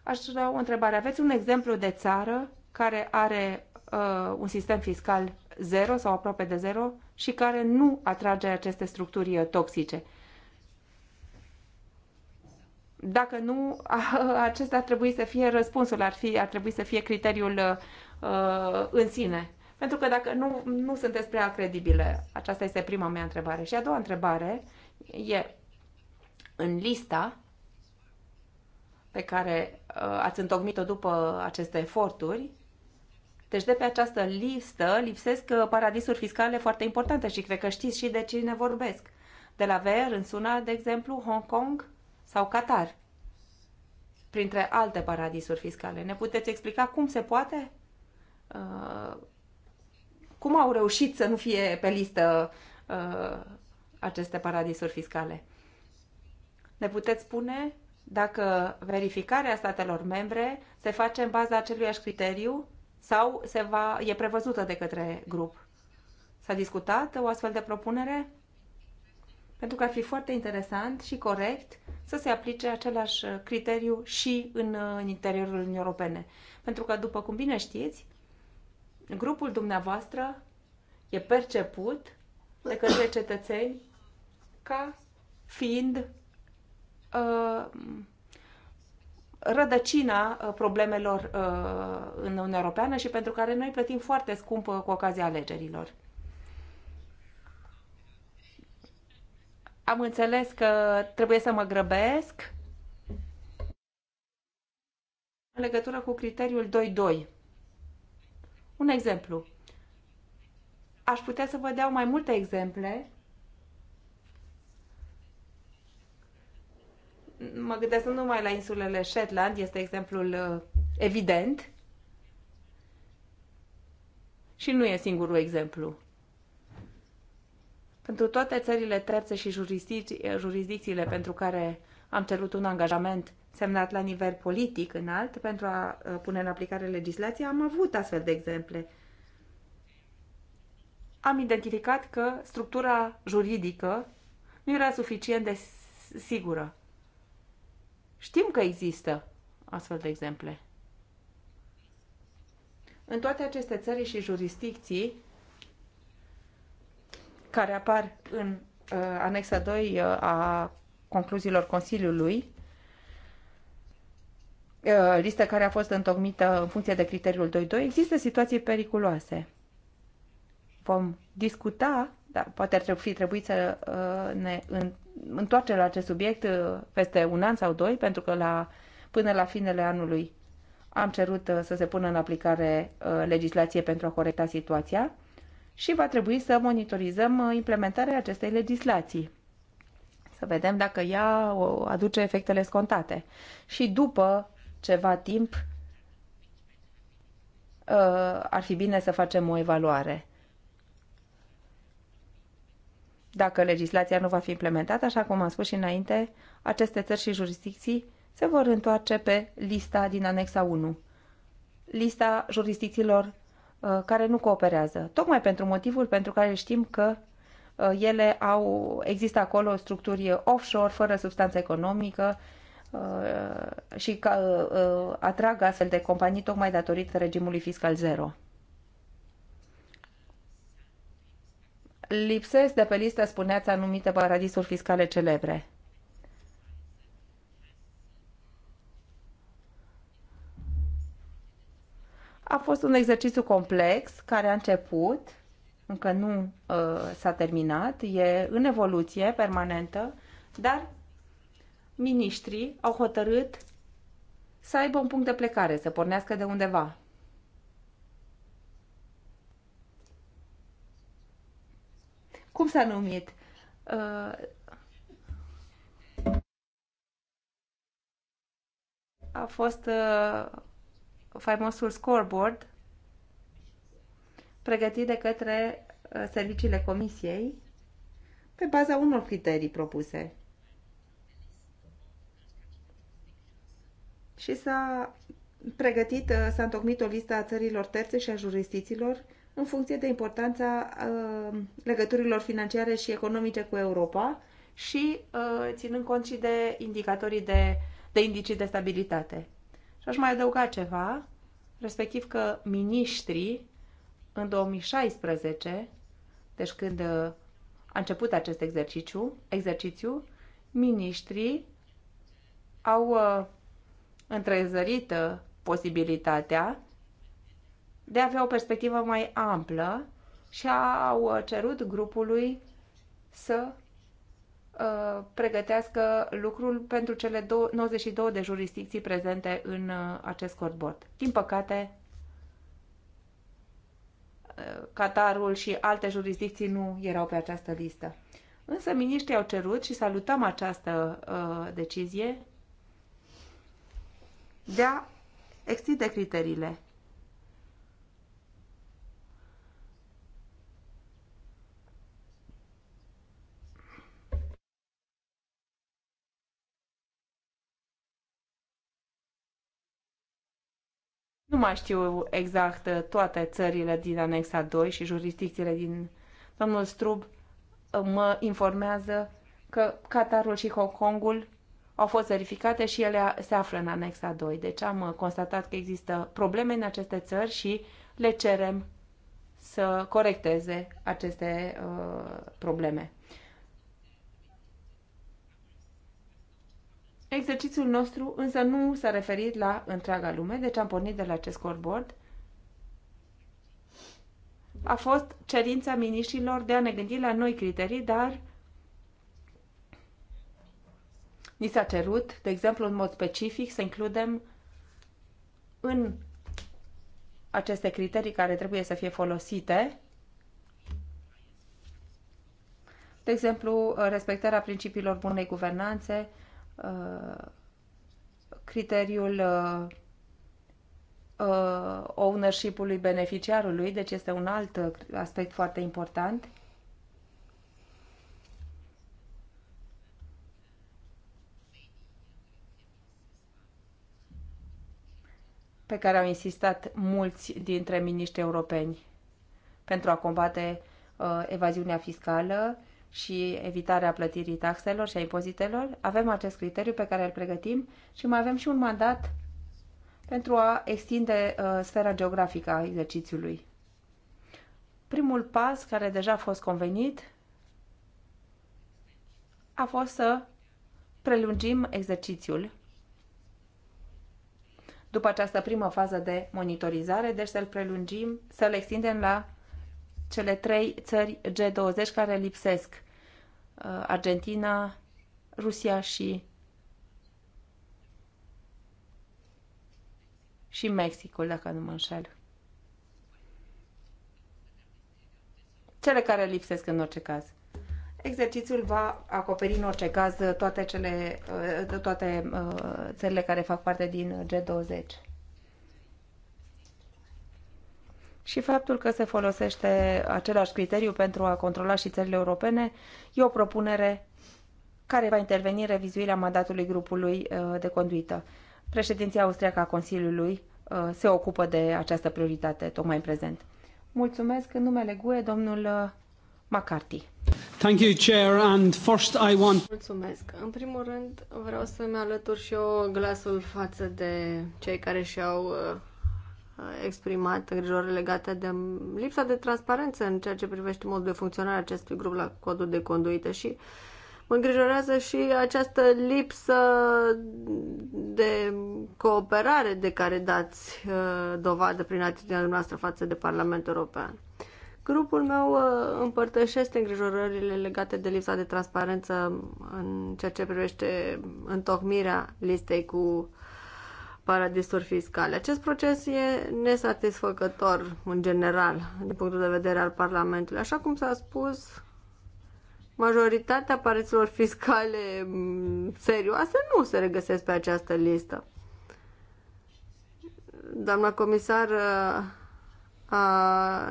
Aș vrea da o întrebare. Aveți un exemplu de țară care are un sistem fiscal zero sau aproape de zero și care nu atrage aceste structuri toxice? Dacă nu, acesta ar trebui să fie răspunsul, ar, fi, ar trebui să fie criteriul uh, în sine. Pentru că dacă nu, nu sunteți prea credibile, aceasta este prima mea întrebare. Și a doua întrebare e, în lista pe care uh, ați întocmit-o după aceste eforturi, deci de pe această listă lipsesc uh, paradisuri fiscale foarte importante și cred că știți și de cine vorbesc. De la VR, în Suna, de exemplu, Hong Kong, sau Qatar, printre alte paradisuri fiscale. Ne puteți explica cum se poate? Uh, cum au reușit să nu fie pe listă uh, aceste paradisuri fiscale? Ne puteți spune dacă verificarea statelor membre se face în baza aceluiași criteriu sau se va, e prevăzută de către grup. S-a discutat o astfel de propunere? pentru că ar fi foarte interesant și corect să se aplice același uh, criteriu și în, uh, în interiorul Uniunii Europene. Pentru că, după cum bine știți, grupul dumneavoastră e perceput de către cetățeni ca fiind uh, rădăcina uh, problemelor uh, în Uniunea Europeană și pentru care noi plătim foarte scump cu ocazia alegerilor. Am înțeles că trebuie să mă grăbesc în legătură cu criteriul 2.2. Un exemplu. Aș putea să vă dau mai multe exemple. Mă gândesc numai la insulele Shetland, este exemplul uh, evident. Și nu e singurul exemplu pentru toate țările terțe și jurisdicțiile, pentru care am cerut un angajament semnat la nivel politic înalt pentru a pune în aplicare legislația, am avut astfel de exemple. Am identificat că structura juridică nu era suficient de sigură. Știm că există astfel de exemple. În toate aceste țări și jurisdicții, care apar în uh, anexa 2 uh, a concluziilor Consiliului, uh, listă care a fost întocmită în funcție de criteriul 2.2, există situații periculoase. Vom discuta, dar poate ar fi trebuit să ne întoarcem la acest subiect peste un an sau doi, pentru că la, până la finele anului am cerut să se pună în aplicare legislație pentru a corecta situația și va trebui să monitorizăm uh, implementarea acestei legislații. Să vedem dacă ea uh, aduce efectele scontate. Și după ceva timp uh, ar fi bine să facem o evaluare. Dacă legislația nu va fi implementată, așa cum am spus și înainte, aceste țări și jurisdicții se vor întoarce pe lista din anexa 1, lista jurisdicțiilor Uh, care nu cooperează, tocmai pentru motivul pentru care știm că uh, ele au, există acolo structuri offshore, fără substanță economică uh, și că atrag astfel de companii tocmai datorită regimului fiscal zero. Lipsesc de pe listă, spuneați, anumite paradisuri fiscale celebre. A fost un exercițiu complex care a început, încă nu uh, s-a terminat, e în evoluție permanentă, dar miniștrii au hotărât să aibă un punct de plecare, să pornească de undeva. Cum s-a numit? Uh, a fost uh, faimosul scoreboard pregătit de către uh, serviciile comisiei pe baza unor criterii propuse. Și s-a pregătit, uh, s-a întocmit o listă a țărilor terțe și a jurisdicțiilor în funcție de importanța uh, legăturilor financiare și economice cu Europa și ținând cont și de indicatorii de, de indicii de stabilitate. Și aș mai adăuga ceva, respectiv că miniștrii în 2016, deci când uh, a început acest exercițiu, exercițiu miniștrii au uh, întrezărit uh, posibilitatea de a avea o perspectivă mai amplă și au cerut grupului să Uh, pregătească lucrul pentru cele 92 de jurisdicții prezente în uh, acest scoreboard. Din păcate, uh, Qatarul și alte jurisdicții nu erau pe această listă. Însă miniștrii au cerut și salutăm această uh, decizie de a extinde criteriile Nu mai știu exact uh, toate țările din anexa 2 și jurisdicțiile din... Domnul Strub uh, mă informează că Qatarul și Hong Kongul au fost verificate și ele se află în anexa 2. Deci am uh, constatat că există probleme în aceste țări și le cerem să corecteze aceste uh, probleme. Exercițiul nostru însă nu s-a referit la întreaga lume, deci am pornit de la acest scoreboard. A fost cerința miniștilor de a ne gândi la noi criterii, dar ni s-a cerut, de exemplu, în mod specific, să includem în aceste criterii care trebuie să fie folosite, de exemplu, respectarea principiilor bunei guvernanțe, Uh, criteriul uh, uh, ownership-ului beneficiarului, deci este un alt aspect foarte important. pe care au insistat mulți dintre miniștri europeni pentru a combate uh, evaziunea fiscală și evitarea plătirii taxelor și a impozitelor. Avem acest criteriu pe care îl pregătim și mai avem și un mandat pentru a extinde uh, sfera geografică a exercițiului. Primul pas care deja a fost convenit a fost să prelungim exercițiul după această primă fază de monitorizare, deci să-l prelungim, să-l extindem la cele trei țări G20 care lipsesc Uh, Argentina, Rusia și și Mexicul, dacă nu mă înșel. Cele care lipsesc în orice caz. Exercițiul va acoperi în orice caz toate, cele, uh, toate uh, țările care fac parte din G20. și faptul că se folosește același criteriu pentru a controla și țările europene e o propunere care va interveni în revizuirea mandatului grupului uh, de conduită. Președinția austriacă a Consiliului uh, se ocupă de această prioritate tocmai în prezent. Mulțumesc în numele GUE, domnul uh, McCarthy. Thank you, Chair, and first I want... Mulțumesc. În primul rând, vreau să-mi alătur și eu glasul față de cei care și-au exprimat îngrijorări legate de lipsa de transparență în ceea ce privește modul de funcționare acestui grup la codul de conduită și mă îngrijorează și această lipsă de cooperare de care dați uh, dovadă prin atitudinea noastră față de Parlamentul European. Grupul meu uh, împărtășește îngrijorările legate de lipsa de transparență în ceea ce privește întocmirea listei cu uh, paradisuri fiscale. Acest proces e nesatisfăcător în general din punctul de vedere al Parlamentului. Așa cum s-a spus, majoritatea paradisurilor fiscale mm, serioase nu se regăsesc pe această listă. Doamna comisar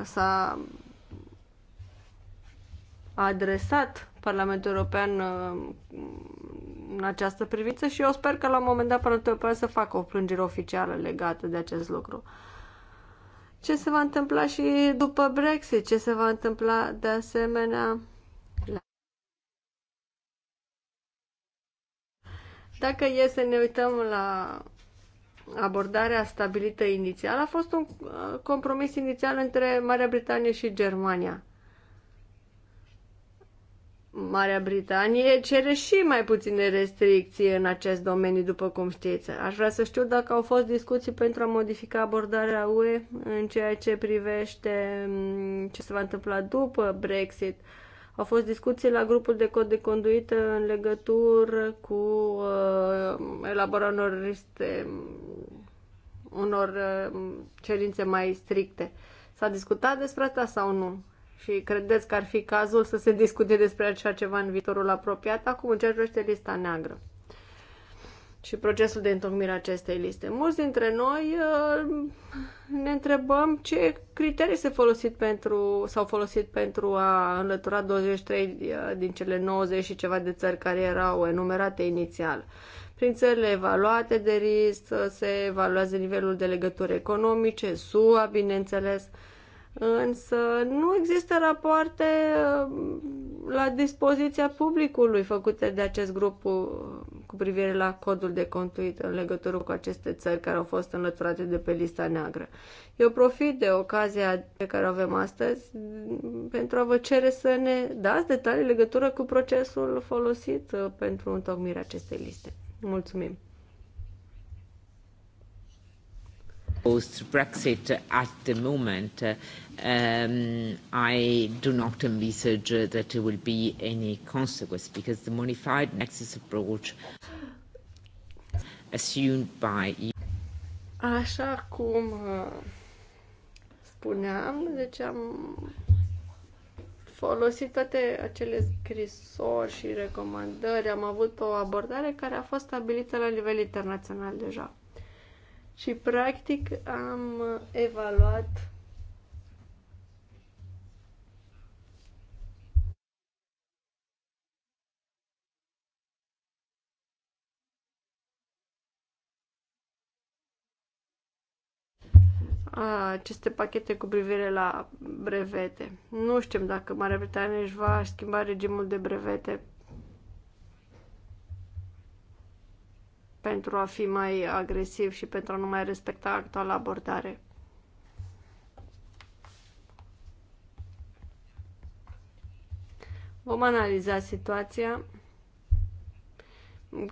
s-a adresat Parlamentul European în această privință și eu sper că la un moment dat Parlamentul să facă o plângere oficială legată de acest lucru. Ce se va întâmpla și după Brexit? Ce se va întâmpla de asemenea? Dacă e să ne uităm la abordarea stabilită inițial, a fost un uh, compromis inițial între Marea Britanie și Germania. Marea Britanie cere și mai puține restricții în acest domeniu, după cum știți. Aș vrea să știu dacă au fost discuții pentru a modifica abordarea UE în ceea ce privește mm, ce se va întâmpla după Brexit. Au fost discuții la grupul de cod de conduită în legătură cu uh, elaborarea unor, unor uh, cerințe mai stricte. S-a discutat despre asta sau nu? și credeți că ar fi cazul să se discute despre așa ceva în viitorul apropiat, acum încercește lista neagră și procesul de întocmire a acestei liste. Mulți dintre noi uh, ne întrebăm ce criterii folosit pentru, s-au folosit pentru a înlătura 23 uh, din cele 90 și ceva de țări care erau enumerate inițial. Prin țările evaluate de risc uh, se evaluează nivelul de legături economice, SUA, bineînțeles, uh, Însă nu există rapoarte uh, la dispoziția publicului făcute de acest grup uh, cu privire la codul de contuit în legătură cu aceste țări care au fost înlăturate de pe lista neagră. Eu profit de ocazia pe care o avem astăzi mm, pentru a vă cere să ne dați detalii legătură cu procesul folosit uh, pentru întocmirea acestei liste. Mulțumim! Post-Brexit at the moment uh, um, I do not envisage uh, that there will be any consequence because the modified nexus approach assumed by Așa cum uh, spuneam, deci am folosit toate acele scrisori și recomandări, am avut o abordare care a fost stabilită la nivel internațional deja. Și practic am evaluat aceste pachete cu privire la brevete. Nu știm dacă Marea Britanie își va schimba regimul de brevete pentru a fi mai agresiv și pentru a nu mai respecta actuala abordare. Vom analiza situația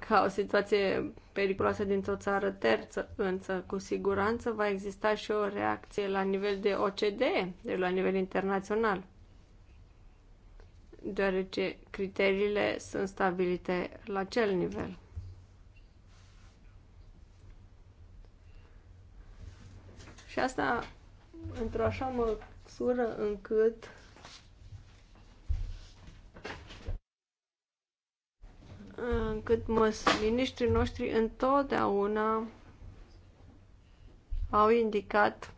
ca o situație periculoase dintr-o țară terță, însă cu siguranță va exista și o reacție la nivel de OCDE, deci la nivel internațional, deoarece criteriile sunt stabilite la acel nivel. Și asta într-o așa măsură încât încât miniștrii noștri întotdeauna au indicat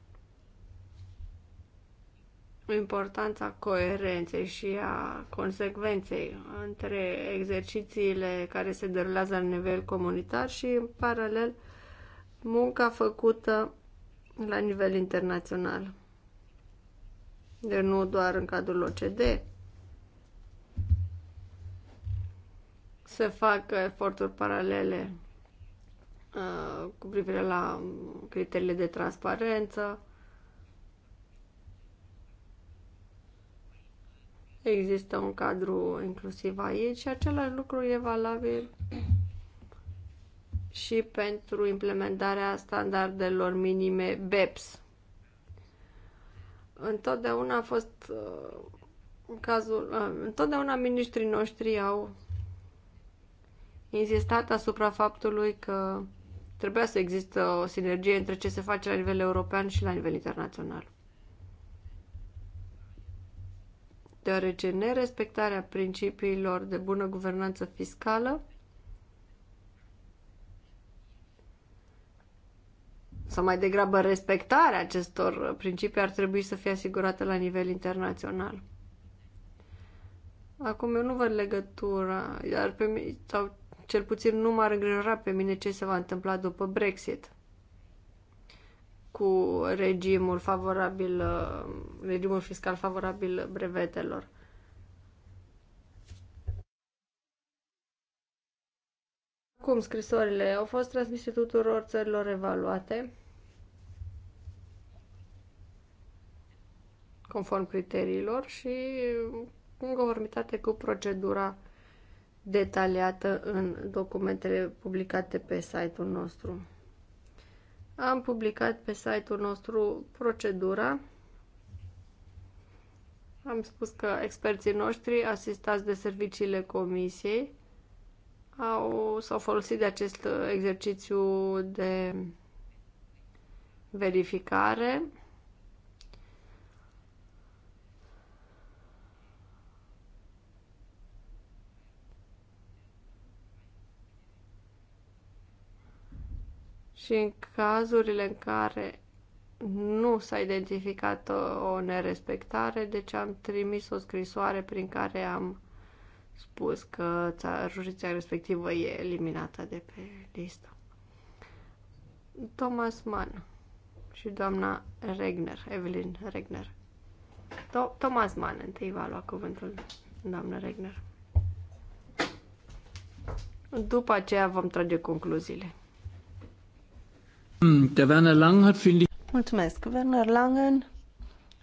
importanța coerenței și a consecvenței între exercițiile care se derulează la nivel comunitar și, în paralel, munca făcută la nivel internațional. Deci nu doar în cadrul OCDE, se fac eforturi paralele uh, cu privire la criteriile de transparență. Există un cadru inclusiv aici și același lucru e valabil și pentru implementarea standardelor minime BEPS. Întotdeauna a fost uh, în cazul, uh, întotdeauna ministrii noștri au insistat asupra faptului că trebuia să există o sinergie între ce se face la nivel european și la nivel internațional. Deoarece nerespectarea principiilor de bună guvernanță fiscală sau mai degrabă respectarea acestor principii ar trebui să fie asigurată la nivel internațional. Acum eu nu văd legătura, iar pe mine, sau cel puțin nu m-ar îngrijora pe mine ce se va întâmpla după Brexit cu regimul favorabil, uh, regimul fiscal favorabil brevetelor. Acum, scrisorile au fost transmise tuturor țărilor evaluate conform criteriilor și în conformitate cu procedura detaliată în documentele publicate pe site-ul nostru. Am publicat pe site-ul nostru procedura. Am spus că experții noștri, asistați de serviciile comisiei, au, s-au folosit de acest exercițiu de verificare și în cazurile în care nu s-a identificat o nerespectare, deci am trimis o scrisoare prin care am spus că jurisdicția respectivă e eliminată de pe listă. Thomas Mann și doamna Regner, Evelyn Regner. To- Thomas Mann întâi va lua cuvântul, doamna Regner. După aceea vom trage concluziile. Mm, der Werner Lang hat, finde Mulțumesc. Werner Langen,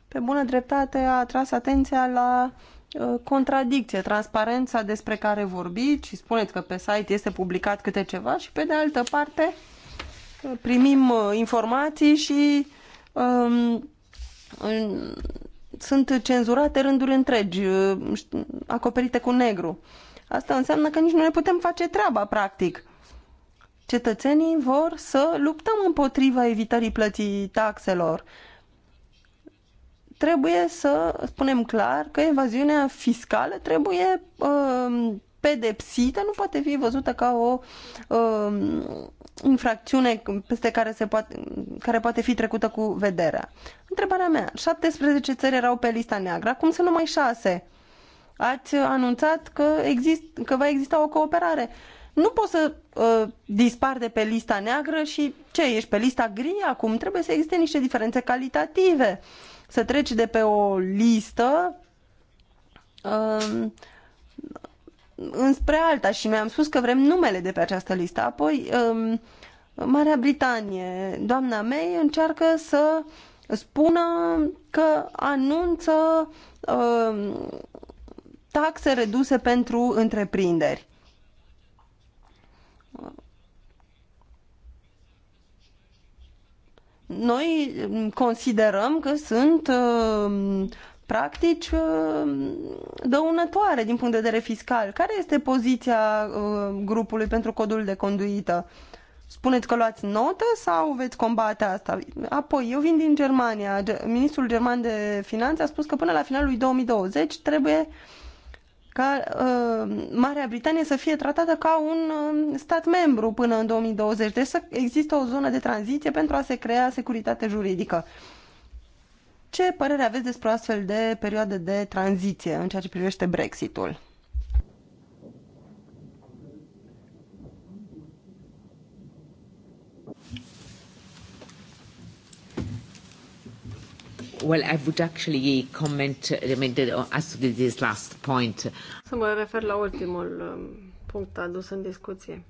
pe bună dreptate, a atras atenția la uh, contradicție, transparența despre care vorbiți și spuneți că pe site este publicat câte ceva și pe de altă parte primim ă, informații și um, sunt cenzurate rânduri întregi, acoperite cu negru. Asta înseamnă că nici nu ne putem face treaba, practic. Cetățenii vor să luptăm împotriva evitării plății taxelor. Trebuie să spunem clar că evaziunea fiscală trebuie uh, pedepsită, nu poate fi văzută ca o uh, infracțiune peste care, se poate, care poate fi trecută cu vederea. Întrebarea mea, 17 țări erau pe lista neagră, acum sunt numai 6. Ați anunțat că, exist, că va exista o cooperare. Uh, nu poți să uh, dispar de pe lista neagră și ce, ești pe lista gri acum? Trebuie să existe niște diferențe calitative. Să treci de pe o listă uh, înspre alta și noi am spus că vrem numele de pe această listă. Apoi, uh, Marea Britanie, doamna May încearcă să spună că anunță uh, taxe reduse pentru întreprinderi. Noi considerăm că sunt uh, practici uh, dăunătoare din punct de vedere fiscal. Care este poziția uh, grupului pentru codul de conduită? Spuneți că luați notă sau veți combate asta? Apoi, eu vin din Germania. Ministrul german de finanțe a spus că până la finalul 2020 trebuie uh, ca uh, Marea Britanie să fie tratată ca un uh, stat membru până în 2020. Deci să există o zonă de tranziție pentru a se crea securitate juridică. Ce părere aveți despre astfel de perioade de tranziție în ceea ce privește Brexitul? Well, I would actually comment as to this last point. Să mă refer la ultimul um, punct adus în discuție.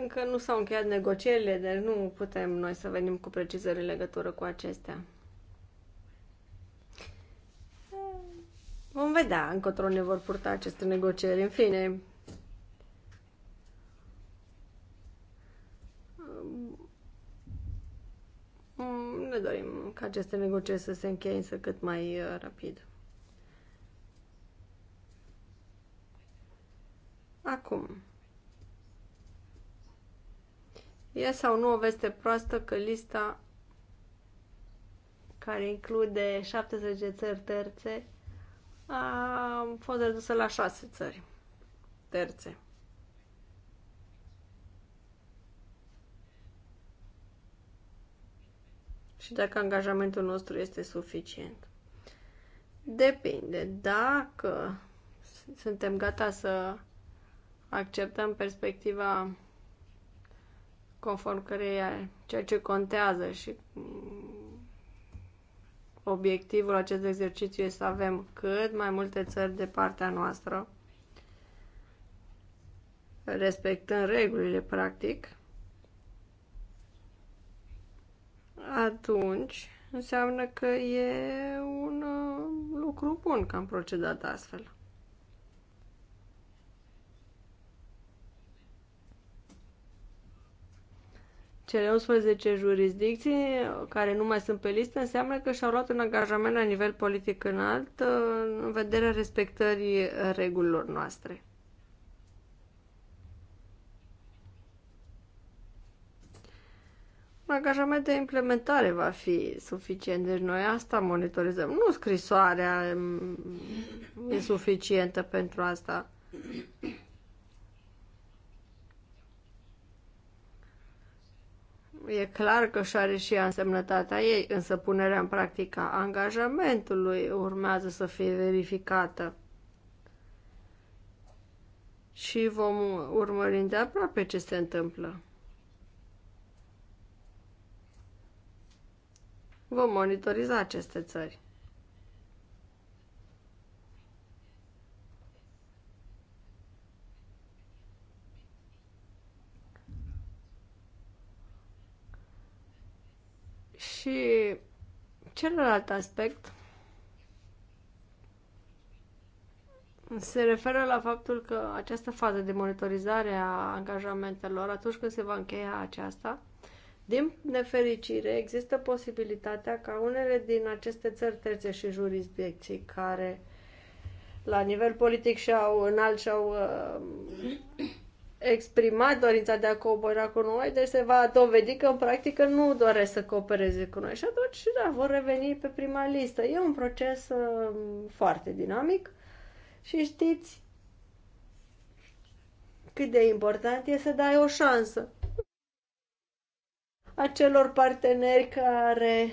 Încă nu s-au încheiat negocierile, deci nu putem noi să venim cu precizări în legătură cu acestea. Vom vedea încotro ne vor purta aceste negocieri. În fine, mm, ne dorim ca aceste negocieri să se încheie însă cât mai uh, rapid. Acum. E sau nu o veste proastă că lista care include 70 de țări terțe a fost redusă la șase țări terțe. Și dacă angajamentul nostru este suficient. Depinde. Dacă suntem gata să acceptăm perspectiva conform căreia ceea ce contează și obiectivul acestui exercițiu este să avem cât mai multe țări de partea noastră, respectând regulile, practic, atunci înseamnă că e un uh, lucru bun că am procedat astfel. Cele 11 jurisdicții uh, care nu mai sunt pe listă înseamnă că și-au luat un angajament la nivel politic înalt uh, în vederea respectării regulilor noastre. Un angajament de implementare va fi suficient, deci noi asta monitorizăm. Nu scrisoarea mm, e suficientă pentru asta. e clar că și are și însemnătatea ei, însă punerea în practică a angajamentului urmează să fie verificată. Și vom urmări de aproape ce se întâmplă. Vom monitoriza aceste țări. Și celălalt aspect se referă la faptul că această fază de monitorizare a angajamentelor, atunci când se va încheia aceasta, din nefericire, există posibilitatea ca unele din aceste țări terțe și jurisdicții care la nivel politic și-au înalt și-au uh, exprimat dorința de a coopera cu noi, deci se va dovedi că în practică nu doresc să coopereze cu noi și atunci, da, vor reveni pe prima listă. E un proces uh, foarte dinamic și știți cât de important e să dai o șansă acelor parteneri care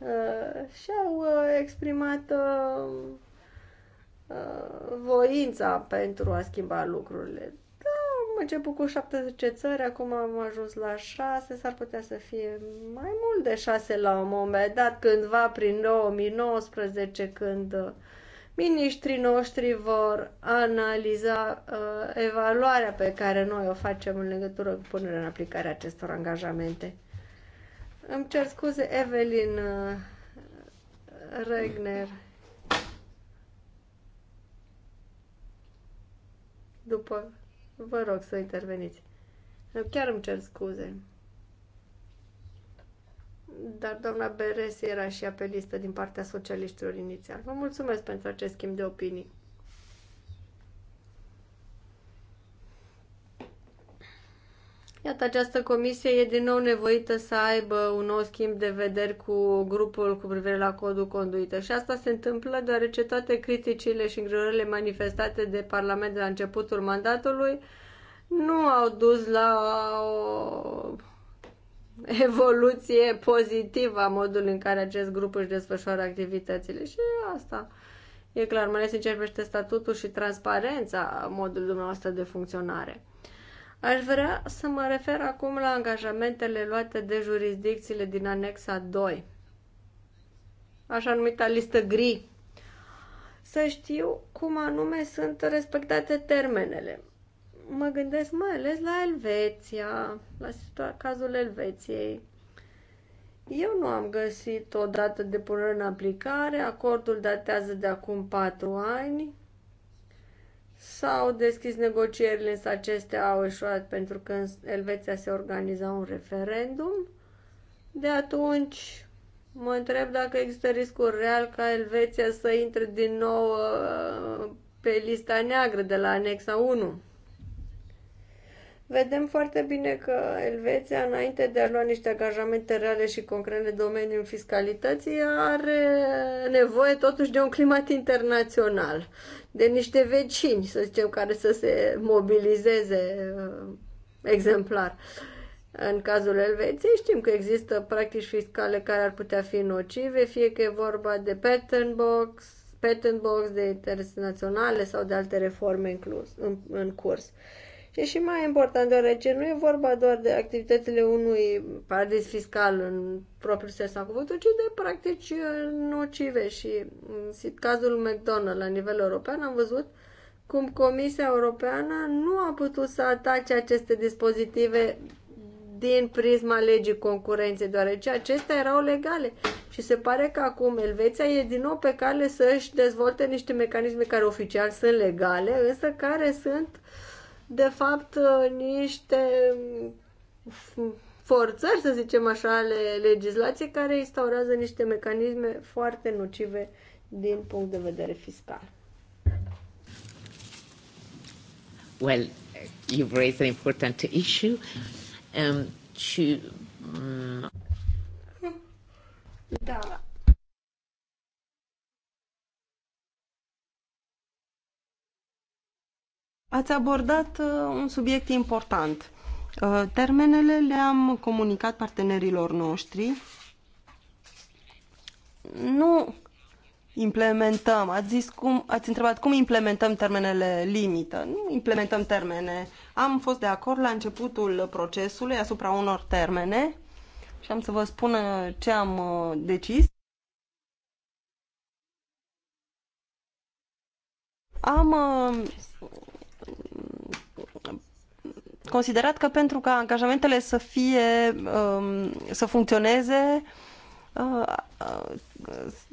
uh, și-au uh, exprimat uh, uh, voința pentru a schimba lucrurile început cu 17 țări, acum am ajuns la 6, s-ar putea să fie mai mult de 6 la un moment dat, cândva prin 2019, când uh, ministrii noștri vor analiza uh, evaluarea pe care noi o facem în legătură cu punerea în aplicare acestor angajamente. Îmi cer scuze, Evelyn uh, Regner. După Vă rog să interveniți. Eu chiar îmi cer scuze. Dar doamna Beres era și ea pe listă din partea socialiștilor inițial. Vă mulțumesc pentru acest schimb de opinii. Iată, această comisie e din nou nevoită să aibă un nou schimb de vederi cu grupul cu privire la codul conduită. Și asta se întâmplă deoarece toate criticile și îngrijorările manifestate de Parlament de la începutul mandatului nu au dus la o evoluție pozitivă a modului în care acest grup își desfășoară activitățile. Și asta e clar, mai ales încerpește statutul și transparența modului dumneavoastră de funcționare. Aș vrea să mă refer acum la angajamentele luate de jurisdicțiile din anexa 2, așa numita listă gri, să știu cum anume sunt respectate termenele. Mă gândesc mai ales la Elveția, la cazul Elveției. Eu nu am găsit o dată de punere în aplicare, acordul datează de acum 4 ani, s-au deschis negocierile, însă acestea au eșuat pentru că în Elveția se organiza un referendum. De atunci mă întreb dacă există riscul real ca Elveția să intre din nou uh, pe lista neagră de la anexa 1. Vedem foarte bine că Elveția, înainte de a lua niște angajamente reale și concrete în domeniul fiscalității, are nevoie totuși de un climat internațional, de niște vecini, să zicem, care să se mobilizeze uh, exemplar. În cazul Elveției știm că există practici fiscale care ar putea fi nocive, fie că e vorba de patent box, patent box de interese naționale sau de alte reforme în, curs, în, în curs. Uh, E și mai important, deoarece nu e vorba doar de activitățile unui paradis fiscal în propriul sens al cuvântului, ci de practici nocive. Și în cazul McDonald's la nivel european am văzut cum Comisia Europeană nu a putut să atace aceste dispozitive din prisma legii concurenței, deoarece acestea erau legale. Și se pare că acum Elveția e din nou pe cale să-și dezvolte niște mecanisme care oficial sunt legale, însă care sunt uh, de fapt, uh, niște mm, forțări, să zicem așa, ale legislației care instaurează niște mecanisme foarte nocive din punct de vedere fiscal. Well, you've raised an important issue. Um, to, um... Da. Ați abordat uh, un subiect important. Uh, termenele le-am comunicat partenerilor noștri. Nu implementăm. Ați, zis cum, ați întrebat cum implementăm termenele limită. Nu implementăm termene. Am fost de acord la începutul procesului asupra unor termene și am să vă spun uh, ce am decis. Am considerat că pentru ca angajamentele să fie, um, să funcționeze, uh,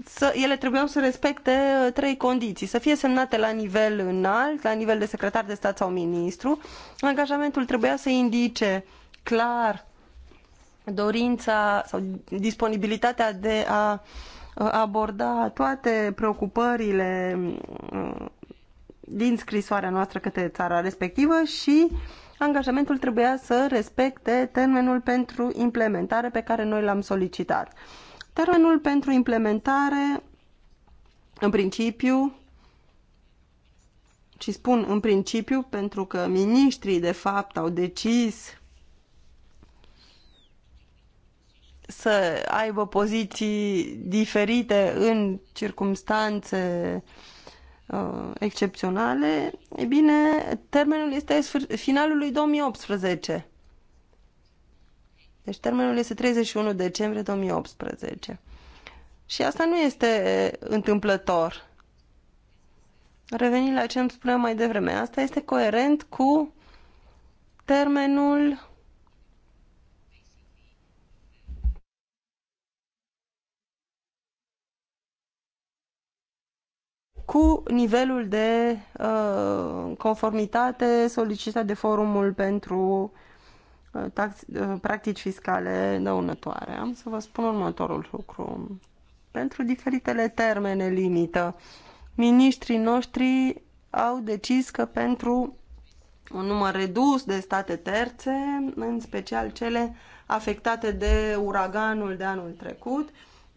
să, ele trebuiau să respecte uh, trei condiții. Să fie semnate la nivel înalt, la nivel de secretar de stat sau ministru. Angajamentul trebuia să indice clar dorința sau disponibilitatea de a uh, aborda toate preocupările din scrisoarea noastră către țara respectivă și uh, angajamentul trebuia să respecte termenul pentru implementare pe care noi l-am solicitat. Termenul pentru implementare, în principiu, și spun în principiu pentru că miniștrii de fapt au decis să aibă poziții diferite în circunstanțe uh, uh, excepționale, e bine, termenul este finalul lui 2018. Deci termenul este 31 decembrie 2018. Și asta nu este uh, întâmplător. Revenind la ce îmi spuneam mai devreme, asta este coerent cu termenul cu nivelul de uh, conformitate solicitat de forumul pentru uh, tax, uh, practici fiscale dăunătoare. Am să vă spun următorul lucru. Pentru diferitele termene limită, ministrii noștri au decis că pentru un număr redus de state terțe, în special cele afectate de uraganul de anul trecut,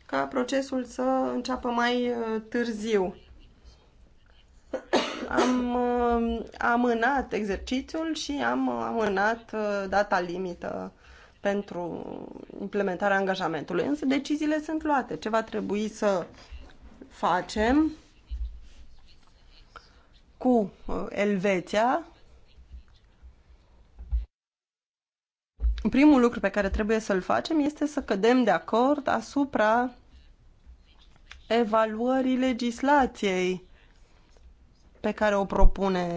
ca procesul să înceapă mai uh, târziu. Am uh, amânat exercițiul și am amânat uh, data limită pentru implementarea angajamentului. Însă deciziile sunt luate. Ce va trebui să facem cu uh, Elveția? Primul lucru pe care trebuie să-l facem este să cădem de acord asupra evaluării legislației pe care o propune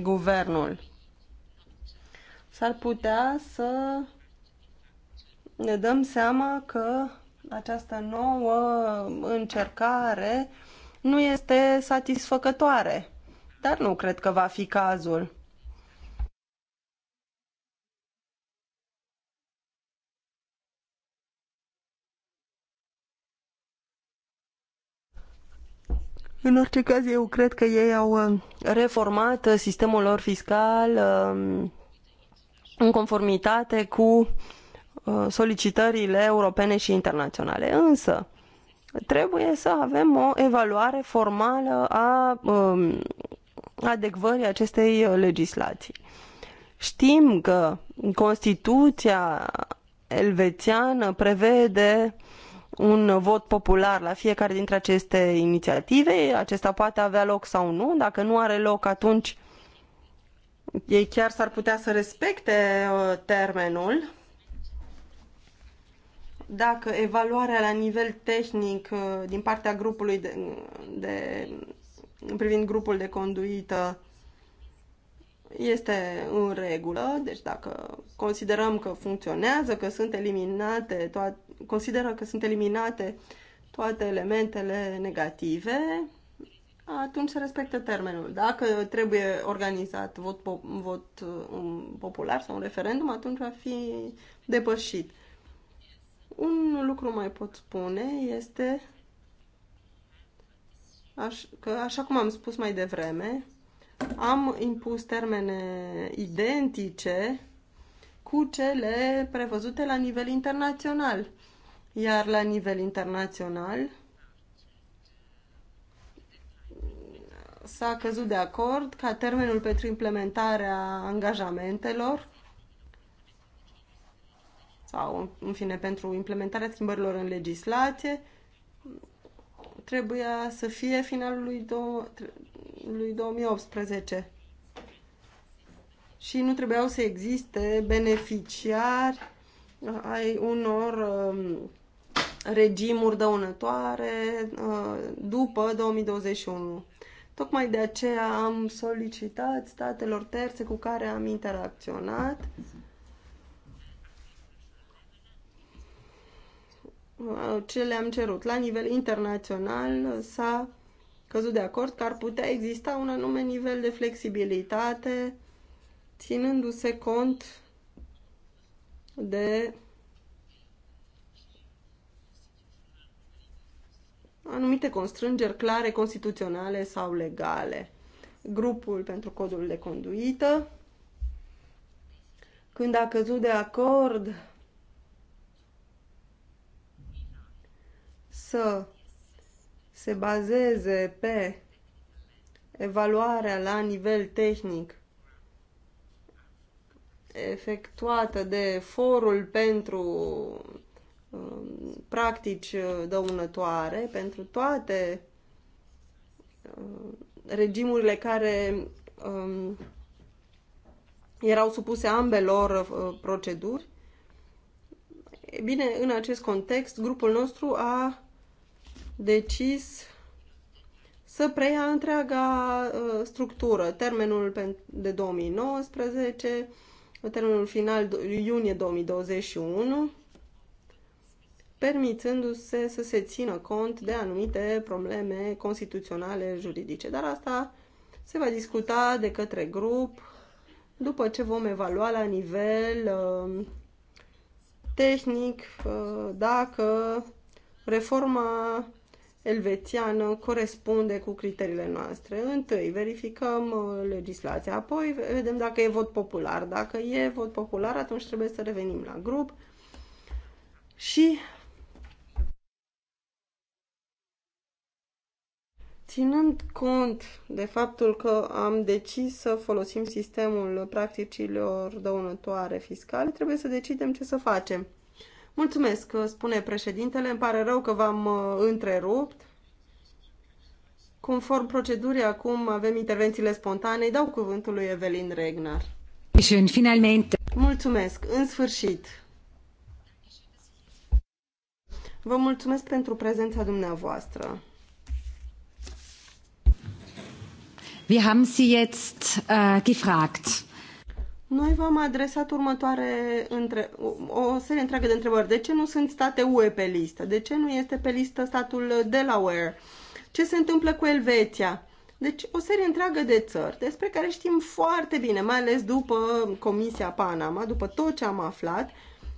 guvernul. S-ar putea să ne dăm seama că această nouă încercare nu este satisfăcătoare, dar nu cred că va fi cazul. În orice caz, eu cred că ei au uh, reformat uh, sistemul lor fiscal uh, în conformitate cu solicitările europene și internaționale. Însă, trebuie să avem o evaluare formală a um, adecvării acestei legislații. Știm că Constituția elvețiană prevede uh, un vot popular la fiecare dintre aceste inițiative. Acesta poate avea loc sau nu. Dacă nu are loc, atunci ei chiar s-ar putea să respecte uh, termenul. Dacă evaluarea la nivel tehnic uh, din partea grupului de, de privind grupul de conduită este în regulă, deci dacă considerăm că funcționează, că sunt eliminate toate consideră că sunt eliminate toate elementele negative, atunci se respectă termenul. Dacă trebuie organizat vot, po- vot un um, popular sau un referendum, atunci va fi depășit. Un lucru mai pot spune este aș, că, așa cum am spus mai devreme, am impus termene identice cu cele prevăzute la nivel internațional. Iar la nivel internațional s-a căzut de acord ca termenul pentru implementarea angajamentelor sau, în fine, pentru implementarea schimbărilor în legislație trebuia să fie finalul lui, do- lui 2018 și nu trebuiau să existe beneficiari ai unor um, regimuri dăunătoare uh, după 2021. Tocmai de aceea am solicitat statelor terțe cu care am interacționat uh, ce le-am cerut. La nivel internațional s-a căzut de acord că ar putea exista un anume nivel de flexibilitate ținându-se cont de anumite constrângeri clare, constituționale sau legale. Grupul pentru codul de conduită, când a căzut de acord să se bazeze pe evaluarea la nivel tehnic efectuată de forul pentru practici uh, dăunătoare pentru toate uh, regimurile care um, erau supuse ambelor uh, proceduri. E bine, în acest context, grupul nostru a decis să preia întreaga structură, termenul de 2019, termenul final iunie 2021, permitându se să se țină cont de anumite probleme constituționale juridice. Dar asta se va discuta de către grup după ce vom evalua la nivel uh, tehnic uh, dacă reforma elvețiană corespunde cu criteriile noastre. Întâi verificăm uh, legislația, apoi vedem dacă e vot popular. Dacă e vot popular, atunci trebuie să revenim la grup și Ținând cont de faptul că am decis să folosim sistemul practicilor dăunătoare fiscale, trebuie să decidem ce să facem. Mulțumesc, spune președintele, îmi pare rău că v-am uh, întrerupt. Conform procedurii, acum avem intervențiile spontane. Îi dau cuvântul lui Evelin Regnar. Finalmente. Mulțumesc, în sfârșit. Vă mulțumesc pentru prezența dumneavoastră. Wir haben Sie jetzt äh, gefragt. Noi v-am adresat următoare între, o serie întreagă de întrebări. De ce nu sunt state UE pe listă? De ce nu este pe listă statul Delaware? Ce se întâmplă cu Elveția? Deci o serie întreagă de țări despre care știm foarte bine, mai ales după Comisia Panama, după tot ce am aflat,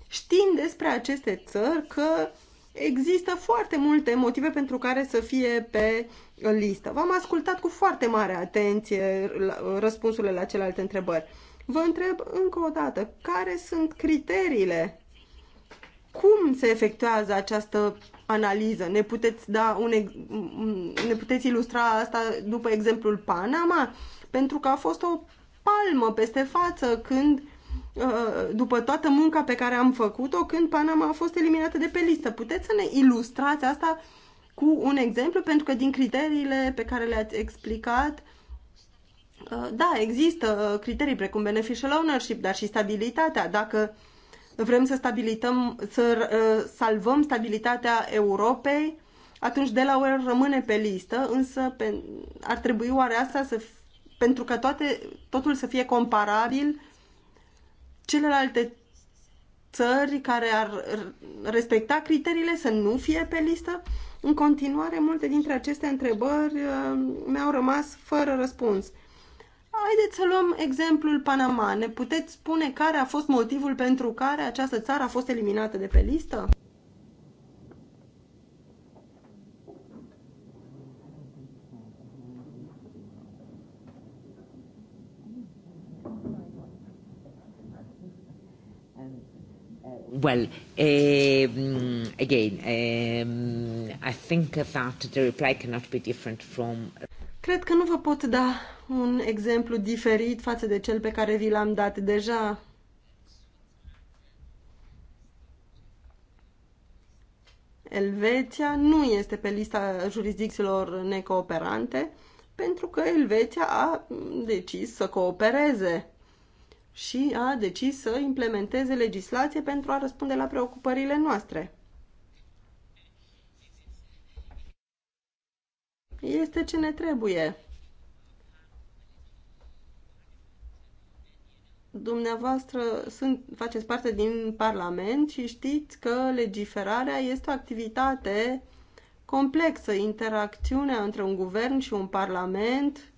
știm despre aceste țări că există foarte multe motive pentru care să fie pe uh, în listă. V-am ascultat cu foarte mare atenție răspunsurile la celelalte întrebări. Vă întreb încă o dată, care sunt criteriile? Cum se efectuează această analiză? Ne puteți, da un, ne puteți ilustra asta după exemplul Panama? Pentru că a fost o palmă peste față când, uh, după toată munca pe care am făcut-o, când Panama a fost eliminată de pe listă. Puteți să ne ilustrați asta cu un exemplu, pentru că din criteriile pe care le-ați explicat, uh, da, există criterii precum beneficial ownership, dar și stabilitatea. Dacă vrem să stabilităm, să uh, salvăm stabilitatea Europei, atunci Delaware rămâne pe listă, însă ar trebui oare asta să, pentru că toate, totul să fie comparabil, celelalte țări care ar respecta criteriile să nu fie pe listă? În continuare, multe dintre aceste întrebări uh, mi-au rămas fără răspuns. Haideți să luăm exemplul Panama. Ne puteți spune care a fost motivul pentru care această țară a fost eliminată de pe listă? well, um, again, um, I think that the reply cannot be different from... Cred că nu vă pot da un exemplu diferit față de cel pe care vi l-am dat deja. Elveția nu este pe lista jurisdicțiilor necooperante pentru că Elveția a decis să coopereze și a decis să implementeze legislație pentru a răspunde la preocupările noastre. Este ce ne trebuie. Dumneavoastră sunt, faceți parte din Parlament și știți că legiferarea este o activitate complexă. Interacțiunea între un guvern și un parlament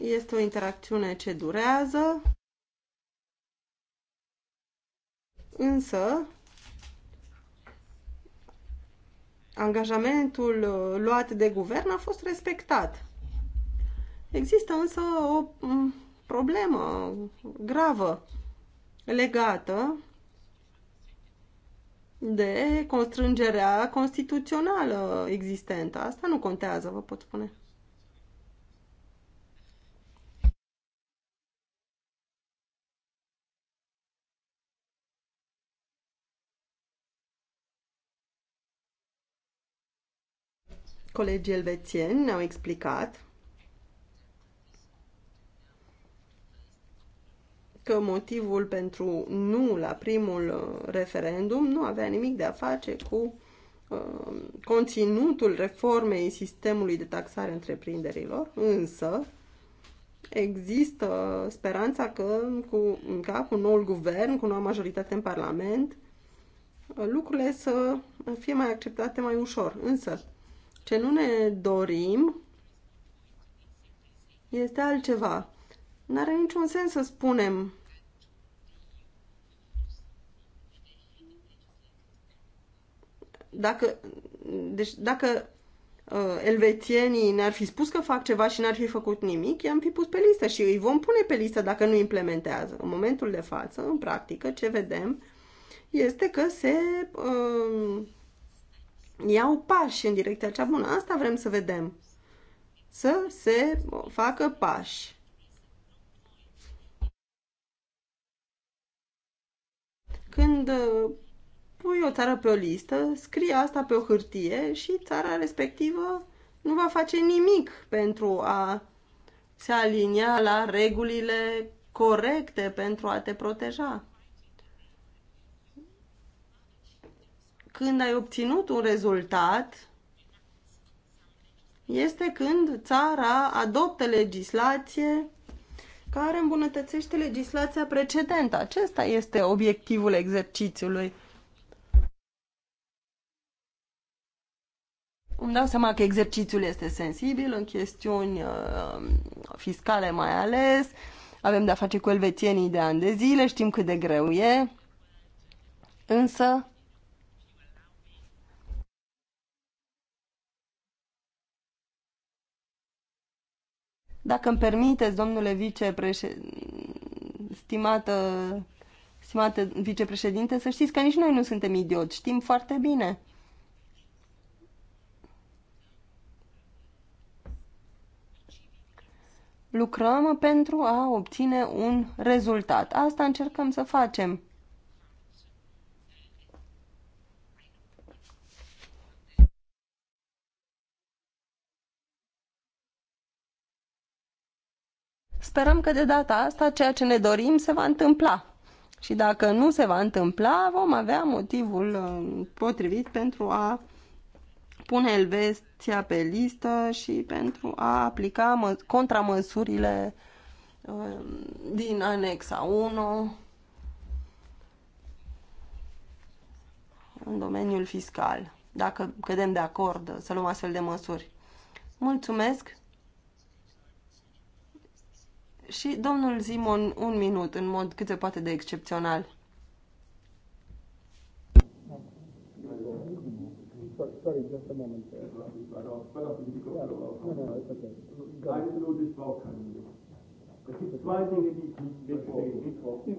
este o interacțiune ce durează, însă angajamentul uh, luat de guvern a fost respectat. Există însă o problemă gravă legată de constrângerea constituțională existentă. Asta nu contează, vă pot spune. Colegii elvețieni ne-au explicat că motivul pentru nu la primul uh, referendum nu avea nimic de a face cu uh, conținutul reformei sistemului de taxare întreprinderilor, însă există speranța că cu, ca cu noul guvern, cu noua majoritate în Parlament, uh, lucrurile să fie mai acceptate mai ușor. Însă, ce nu ne dorim este altceva. Nu are niciun sens să spunem dacă, deci dacă uh, elvețienii ne-ar fi spus că fac ceva și n-ar fi făcut nimic, i-am fi pus pe listă și îi vom pune pe listă dacă nu implementează. În momentul de față, în practică, ce vedem este că se uh, iau pași în direcția cea bună. Asta vrem să vedem. Să se facă pași. Când uh, pui o țară pe o listă, scrie asta pe o hârtie și țara respectivă nu va face nimic pentru a se alinia la regulile corecte pentru a te proteja. când ai obținut un rezultat este când țara adoptă legislație care îmbunătățește legislația precedentă. Acesta este obiectivul exercițiului. Îmi dau seama că exercițiul este sensibil în chestiuni uh, fiscale mai ales. Avem de-a face cu elvețienii de ani de zile, știm cât de greu e. Însă, Dacă îmi permiteți, domnule vicepreședinte, stimată, stimată vicepreședinte, să știți că nici noi nu suntem idioți, știm foarte bine. Lucrăm pentru a obține un rezultat. Asta încercăm să facem. sperăm că de data asta ceea ce ne dorim se va întâmpla. Și dacă nu se va întâmpla, vom avea motivul uh, potrivit pentru a pune Elveția pe listă și pentru a aplica contramăsurile uh, din anexa 1 în domeniul fiscal, dacă cădem de acord să luăm astfel de măsuri. Mulțumesc! Și domnul Simon, un minut, în mod cât se poate de excepțional.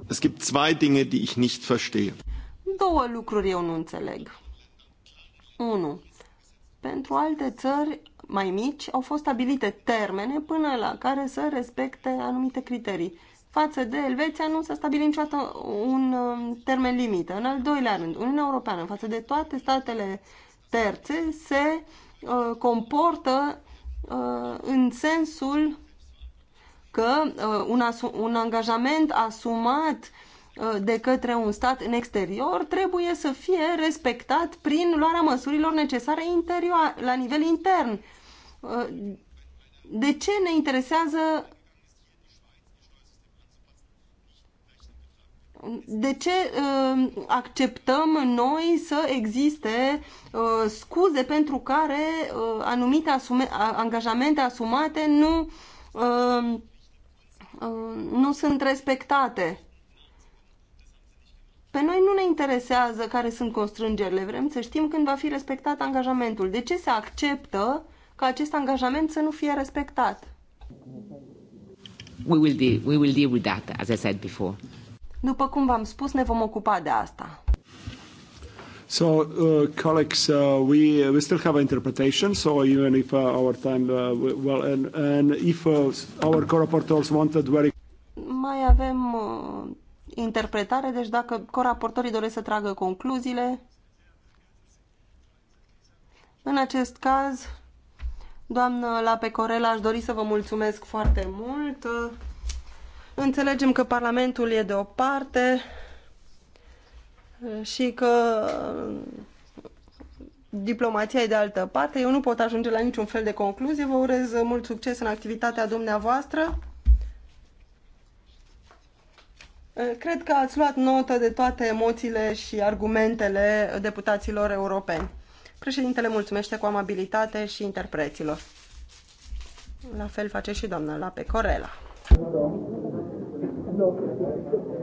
Es gibt zwei Dinge, die ich nicht verstehe. Două lucruri eu nu înțeleg. 1. Pentru alte țări mai mici, au fost stabilite termene până la care să respecte anumite criterii. Față de Elveția nu s-a stabilit niciodată un um, termen limită. În al doilea rând, Uniunea Europeană față de toate statele terțe se uh, comportă uh, în sensul că uh, un, un angajament asumat uh, de către un stat în exterior trebuie să fie respectat prin luarea măsurilor necesare interior, la nivel intern de ce ne interesează De ce uh, acceptăm noi să existe uh, scuze pentru care uh, anumite asume, angajamente asumate nu, uh, uh, nu sunt respectate? Pe noi nu ne interesează care sunt constrângerile, vrem să știm când va fi respectat angajamentul. De ce se acceptă uh, ca acest angajament să nu fie respectat. We will deal, we will deal with that, as I said before. După cum v-am spus, ne vom ocupa de asta. So, uh, colleagues, uh, we uh, we still have interpretation. So even if uh, our time, uh, well, and and if uh, our co-rapporteurs wanted very. Mai avem uh, interpretare, deci dacă co-rapporteurii doresc să tragă concluziile, în acest caz Doamnă Pecorela, aș dori să vă mulțumesc foarte mult. Înțelegem că Parlamentul e de o parte și că diplomația e de altă parte. Eu nu pot ajunge la niciun fel de concluzie. Vă urez mult succes în activitatea dumneavoastră. Cred că ați luat notă de toate emoțiile și argumentele deputaților europeni. Președintele mulțumește cu amabilitate și interpreților. La fel face și doamna Lape Corela. No. No.